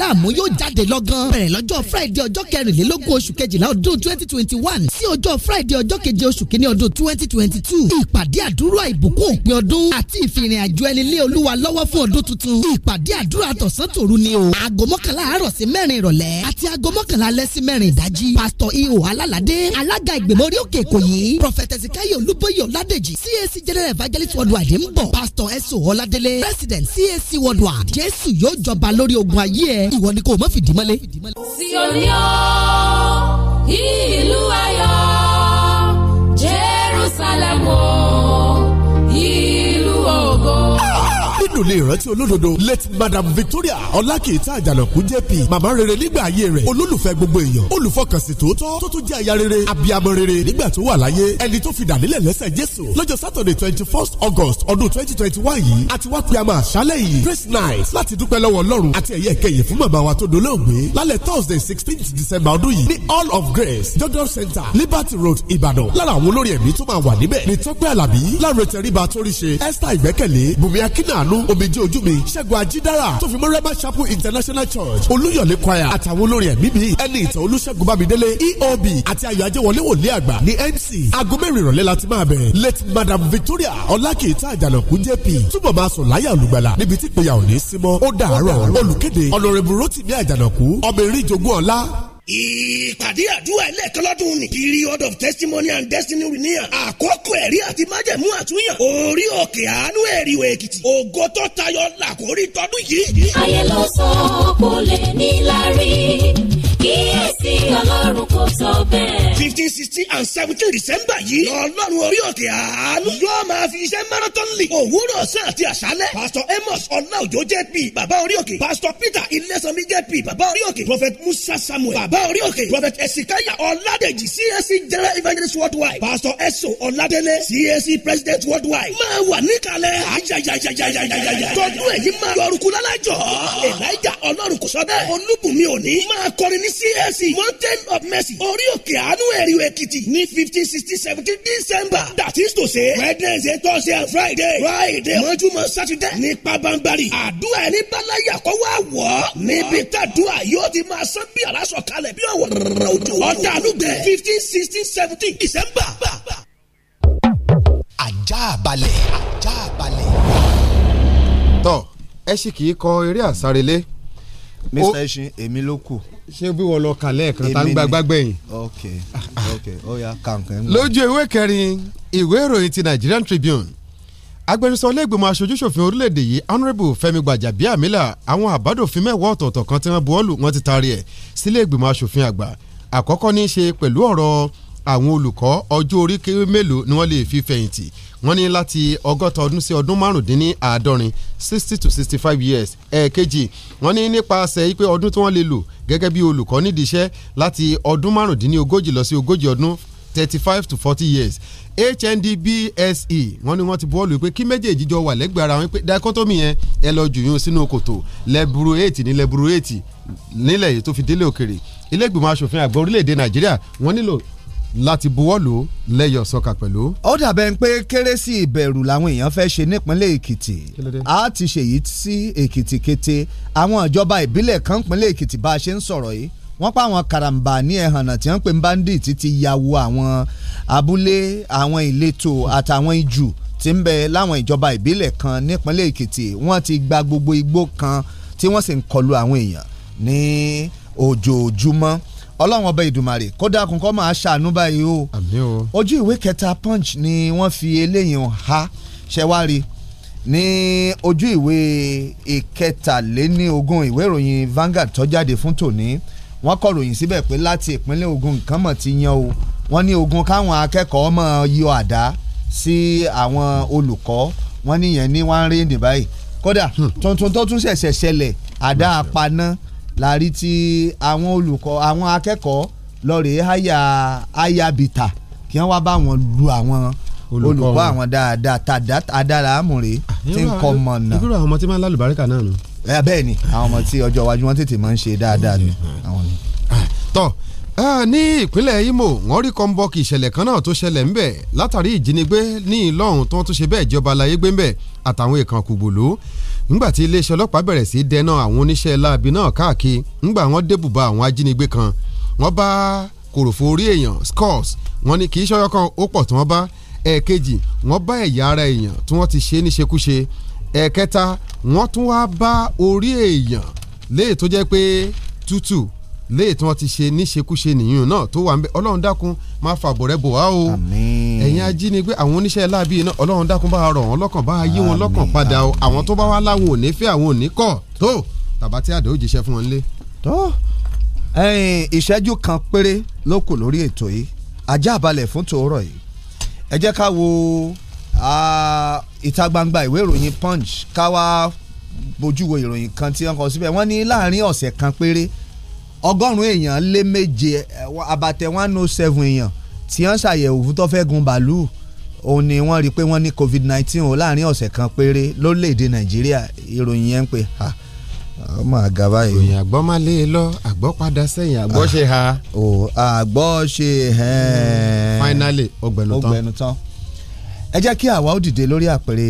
láàmú yóò jáde lọ́gán bẹ̀rẹ̀ lọ́jọ́ friday ọjọ́ kẹrìnlélógún oṣù kejìlá ọdún twenty twenty one sí ọjọ́ friday ọjọ́ keje oṣù kínní ọdún twenty twenty two ìpàdé àdúrà ìbùkún òpin ọdún àti ìfìrìn àjò ẹni lé olúwa lọ́wọ́ fún ọdún tuntun ìpàdé àdúrà tọ̀sán tòru ni o aago mọ́kànlá àárọ̀ sí mẹ́rin ìrọ̀lẹ́ àti aago mọ́kànlá alẹ́ sí mẹ́rin ìdájí pásítọ̀ ihò e alálàdé alága ìgbìmọ̀ orí cac general evangelist worldwide ń bọ̀ pásítọ̀ ẹ̀sùn president cac worldwide jésù yóò jọba lórí ogun ìwọ ni kò mọ̀ fìdí mọ́lé. sí o ní ìlú ẹ̀. gbádùn lè rántí olódodo late madam victoria ọlákìíta àjànàkú jp màmá rere nígbà ayé rẹ̀ olólùfẹ́ gbogbo èèyàn olùfọkànsìn tòótọ́ tó tún jẹ́ aya rere abiyamọ rere nígbà tó wà láyé ẹni tó fi dànílẹ̀ lẹ́sẹ̀ jésù lọ́jọ́ saturday twenty first august ọdún twenty twenty one yìí àti wá pe àmà àṣálẹ̀ yìí praise night láti dúpẹ́ lọ́wọ́ ọlọ́run àti ẹ̀yẹ ìkẹyẹ fún màmá wa tó dolóògbé lálẹ́ thursday sixteenth december ọdún yìí ní of grace jọjọ center liberty road ìbàdàn lára àwọn olórí ẹ̀mí tó máa wà níbẹ̀ ní tọ́pẹ́ alábí láre tẹríba tó ríṣe esther ìgbẹ́kẹ̀lé bùnmi omijé ojú mi ṣẹ́gun ajídára tó fi mọ́ rema chapel international church olúyọ̀lé choir àtàwọn olórin ẹ̀mí mi ẹni ìtàn olúṣẹ́gun bámidélé eob àti ayọ̀ ajẹ́wọlé wòlé àgbà ní mc aago mẹ́rin ìrọ̀lẹ́ la ti máa bẹ̀rẹ̀ late madam victoria ọlákìíta àjànàkú jp túbọ̀ máa sùn láyà olùgbàlà níbi tí ìpéyà ò ní í símọ́ ó dàárọ̀ olùkéde ọ̀nàrẹ̀bù rotimi àjànàkú ọmọ ìrìnjogún ìpàdé àdúrà ẹlẹ́ẹ̀kan lọ́dún ni period of testimony and destiny renewal àkókò ẹ̀rí àti májẹ̀mú àtúnyàn orí òkè àánú ẹ̀rìwẹ̀ èkìtì ògo tó tayọ làkórí tọdún yìí. ayé ló sọ kó lè ní láárí kíyèsí ọlọ́run kò tó bẹ́ẹ̀. fifteen sixteen and seventeen december yìí ọlọ́run orí òkè àánú yóò máa fi iṣẹ́ marathon league òwúrọ̀ ọ̀sẹ̀ àti àṣálẹ̀ pastor amos ọ̀làòjò jp bàbá orí òkè pastor peter ilẹ̀sánmi jp bàbá orí òkè prophet musa samuel bàbá orí òkè prophet esikaya ọ̀làdèjì csc general evangelist worldwide pastor eso ọ̀làdélé csc president worldwide máa wà níkàlẹ̀ àjàjàjàjàjàjàjà tọdún èyí máa yọrùkú lálàjọ elijah ọlọ́run kò sọ bẹ́ẹ̀ olúbùnmi òní máa kọrin ní CAC e, mountain of mercy orí òkè àánú ẹ̀rìwò èkìtì ní fifteen sixteen seventeen december that is to say wednesday thursday and friday friday mọ́júmọ́ saturday ní pabambari àdúrà ẹni bálayà kọ́ wá wọ̀ ọ́ níbi tàdúrà yóò ti máa sán bí aláṣọ kalẹ̀ bí ọ̀wọ̀ rẹ̀ òjò ọ̀dà àlùbẹ̀ fifteen sixteen seventeen december. ajá balẹ̀ ajá balẹ̀. tọ́ ẹ sì kì í kọ eré àsárelé. mr eshin èmi ló kù ṣé bí wọ́n lọ kà lẹ́ẹ̀kan tá ń gba gbàgbẹ́yìn. ok ok ó yà kàǹkàn. lójú ìwé kẹrin ìwé ìròyìn ti Nigerian Tribune agbẹnusọ iléègbèmọ̀ aṣojúṣòfin orílẹ̀-èdè yìí honourable Fẹ́mi Gbàjàbíàmílà àwọn àbádòfin mẹ́wàá ọ̀tọ̀ọ̀tọ̀ kan tí wọ́n buwọ́lù wọ́n ti taari ẹ̀ sílé ìgbìmọ̀ aṣòfin àgbà àkọ́kọ́ ní í ṣe pẹ̀lú ọ̀rọ̀ àwọn olùkọ́ ọjọ́ orí mélòó ni wọ́n lè fi fẹ̀yìntì wọ́n ní láti ọgọ́ta ọdún sí ọdún márùndínní sixty to sixty five years ẹ̀ẹ̀kejì wọ́n ní nípasẹ̀ pé ọdún tí wọ́n lè lò gẹ́gẹ́ bí olùkọ́ nídìí iṣẹ́ láti ọdún márùndínní lọ sí ogójì ọdún thirty five to forty years HNDBSE wọ́n ní wọ́n ti buwọ́lù pé kí méjèèjì jọ wà lẹ́gbẹ̀ẹ́ ara wọn pé dichotomy yẹn ẹ lọ jù yún sínú kòtò lẹ́bùrú eight ní lẹ́bùrú eight nílẹ̀ yìí tó fi délé òkèrè ilé ìgbìmọ̀ asòfin àgbà orílẹ̀-èdè Nàìjíríà wọ́n nílò láti buwọ́lù lẹ́yọ̀ sọ́ka pẹ̀lú. ó dàbẹ̀ ń pé kérésì ìbẹ̀rù làwọn èèyàn fẹ́ ṣe nípínlẹ̀ èkìtì a ti ṣèyí sí èkìtì kété àwọn ìjọba ìbílẹ̀ kan pínlẹ̀ èkìtì bá a ṣe ń sọ̀rọ̀ yìí wọ́n pa àwọn karambà ní ẹ̀hànà tí wọ́n pè ń bandit ti ya wo àwọn abúlé àwọn ìletò àtàwọn ijù tí ń bẹ láwọn ìjọba ìbílẹ̀ kan nípínlẹ̀ èkìtì wọ́n ti gba gbogbo igbó kan tí wọ́n sì ń kọlu àwọn èèyàn ní ojoojúmọ́ ọlọ́run ọba ìdùmarè kó dákun kó máa ṣàánú báyìí o ojú ìwé kẹta punch ni wọ́n fi eléyìí ha ṣẹwárí ní ojú ìwé ìkẹtàléníogún ìwé ìròyìn Vanguard tó jáde fún tòní wọ́n kọ ròyìn síbẹ̀ pé láti ìpínlẹ̀ Ògùn nǹkan mọ̀ ti yan o wọ́n ní ogun káwọn akẹ́kọ̀ọ́ mọ̀ yọ àdá sí àwọn olùkọ́ wọ́n níyẹn ní wọ́n rí ní kódà hmm. tuntun tó tún ṣẹ̀ṣẹ̀ ṣẹlẹ̀ àdá apaná. Hmm láàrí tí àwọn olùkọ́ àwọn akẹ́kọ̀ọ́ lọ́ọ̀rẹ́ àyà àyà bìtà kí wọ́n wá bá wọn lu àwọn olùkọ́ àwọn dáadáa tàdá àdàrà àmúre tí ń kọ́ mọ̀ náà. ìgbéró àwọn ọmọ tí máa ń lálùbáríkà náà nù. bẹ́ẹ̀ ni àwọn ọmọ tí ọjọ́ iwájú wọn tètè máa ń ṣe dáadáa ni àwọn ni. Ah, tọ́ ní ìpínlẹ̀ Imo wọ́n rí kọ́ńbọ́ọ̀kì ìṣẹ̀lẹ̀ kan náà tó ṣẹlẹ̀ ńbẹ̀ látàrí ìjínigbé ní ìlọ́run tó ń tún ṣe bẹ́ẹ̀ ìjọba aláyé gbé ńbẹ̀ àtàwọn èèkàn kùgbòló ńgbà tí iléeṣẹ́ ọlọ́pàá bẹ̀rẹ̀ sí í dẹná àwọn oníṣẹ́ láabi náà káàkiri ńgbà wọ́n débùbà àwọn ajínigbé kan wọ́n bá kòròfo orí èèyàn scores wọ́n ní kì í ṣọyọ́ kan ó pọ̀ tí wọ́n bá ẹ̀ẹ̀kejì wọ́n bá ẹ̀yà ara èèyàn tí wọ́n ti ṣe níṣekúṣe ẹ̀ẹ̀kẹta wọ́n tún wá bá orí èèyàn léè tó jẹ́ pé tútù léyìí tí wọ́n ti ṣe níṣekúṣe nìyún náà tó wà ń bẹ ọlọ́run dákun máa fa àbọ̀rẹ́ bò wá o ẹ̀yin ajínigbé àwọn oníṣẹ́ láabi náà ọlọ́run dákun bá rọ̀ wọ́n lọ́kàn bá yí wọn lọ́kàn padà o àwọn tó bá wá láwọn ò ní àwọn ò ní tó tàbá tí àdéhùn jíṣẹ́ fún wọn lé. tó ìṣẹ́jú kan péré ló kù lórí ètò yìí ajá balẹ̀ fún tòórọ̀ yìí ẹ jẹ́ ká wo ìta gbangba ìwé ìròyìn punch ká wá bójú wo ìròyìn kan tí wọ́n kọ síbẹ̀ wọ́n ní láàrin ọ̀sẹ̀ kan ọgọ́rùn-ún èèyàn lé méje abatẹ one oh seven èèyàn tí wọ́n ṣàyẹ̀wò fún tó gun bàálù òun ni wọ́n rí i pé wọ́n ní covid nineteen o láàrin ọ̀sẹ̀ kan péré lórílẹ̀‐èdè nàìjíríà ìròyìn yẹn ń pè ha ọmọ àga báyìí. ìròyìn àgbọ̀ máa lé e lọ àgbọ̀ padà sẹ́yìn àgbọ̀ ah. ṣe ha. o àgbọ̀ ṣe hẹ́ẹ́. Hmm, finally ọgbẹ̀nu tán. ọgbẹ̀nu tán. ẹ jẹ́ kí àwa ó dìde lórí àpèrè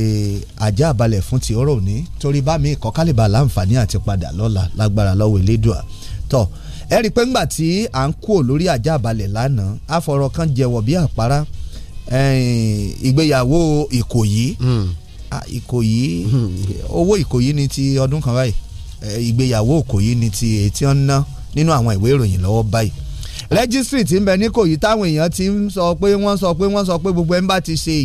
ajá balẹ̀ fún ti ọ̀rọ̀ òní torí bá mi ìkọ́kálẹ̀ bá láǹfààní àti padà lọ́la lágbára lọ́wọ́ elédùà. La tọ̀ ẹ rí i pé ńgbà tí à ń kúrò lórí ajá balẹ̀ lánàá àfọ̀rọ̀ kan jẹ̀wọ̀ bí àpárá ìgbéyàwó ìkòyí hmm. ah, ìkòyí owó ìkòyí ni ti ọdún kan báyìí ìgbéyàwó ìkòyí ni ti ètí ọ̀n ná nínú àwọn ìwé ìròyìn lọ́wọ́ báyìí rẹ́gísírì tí ń bẹ ní kòyí táwọn èèyàn ti ń sọ pé wọ́n sọ pé wọ́n sọ pé gbogbo ẹ̀ ń bá ti ṣe ìgbéyàwó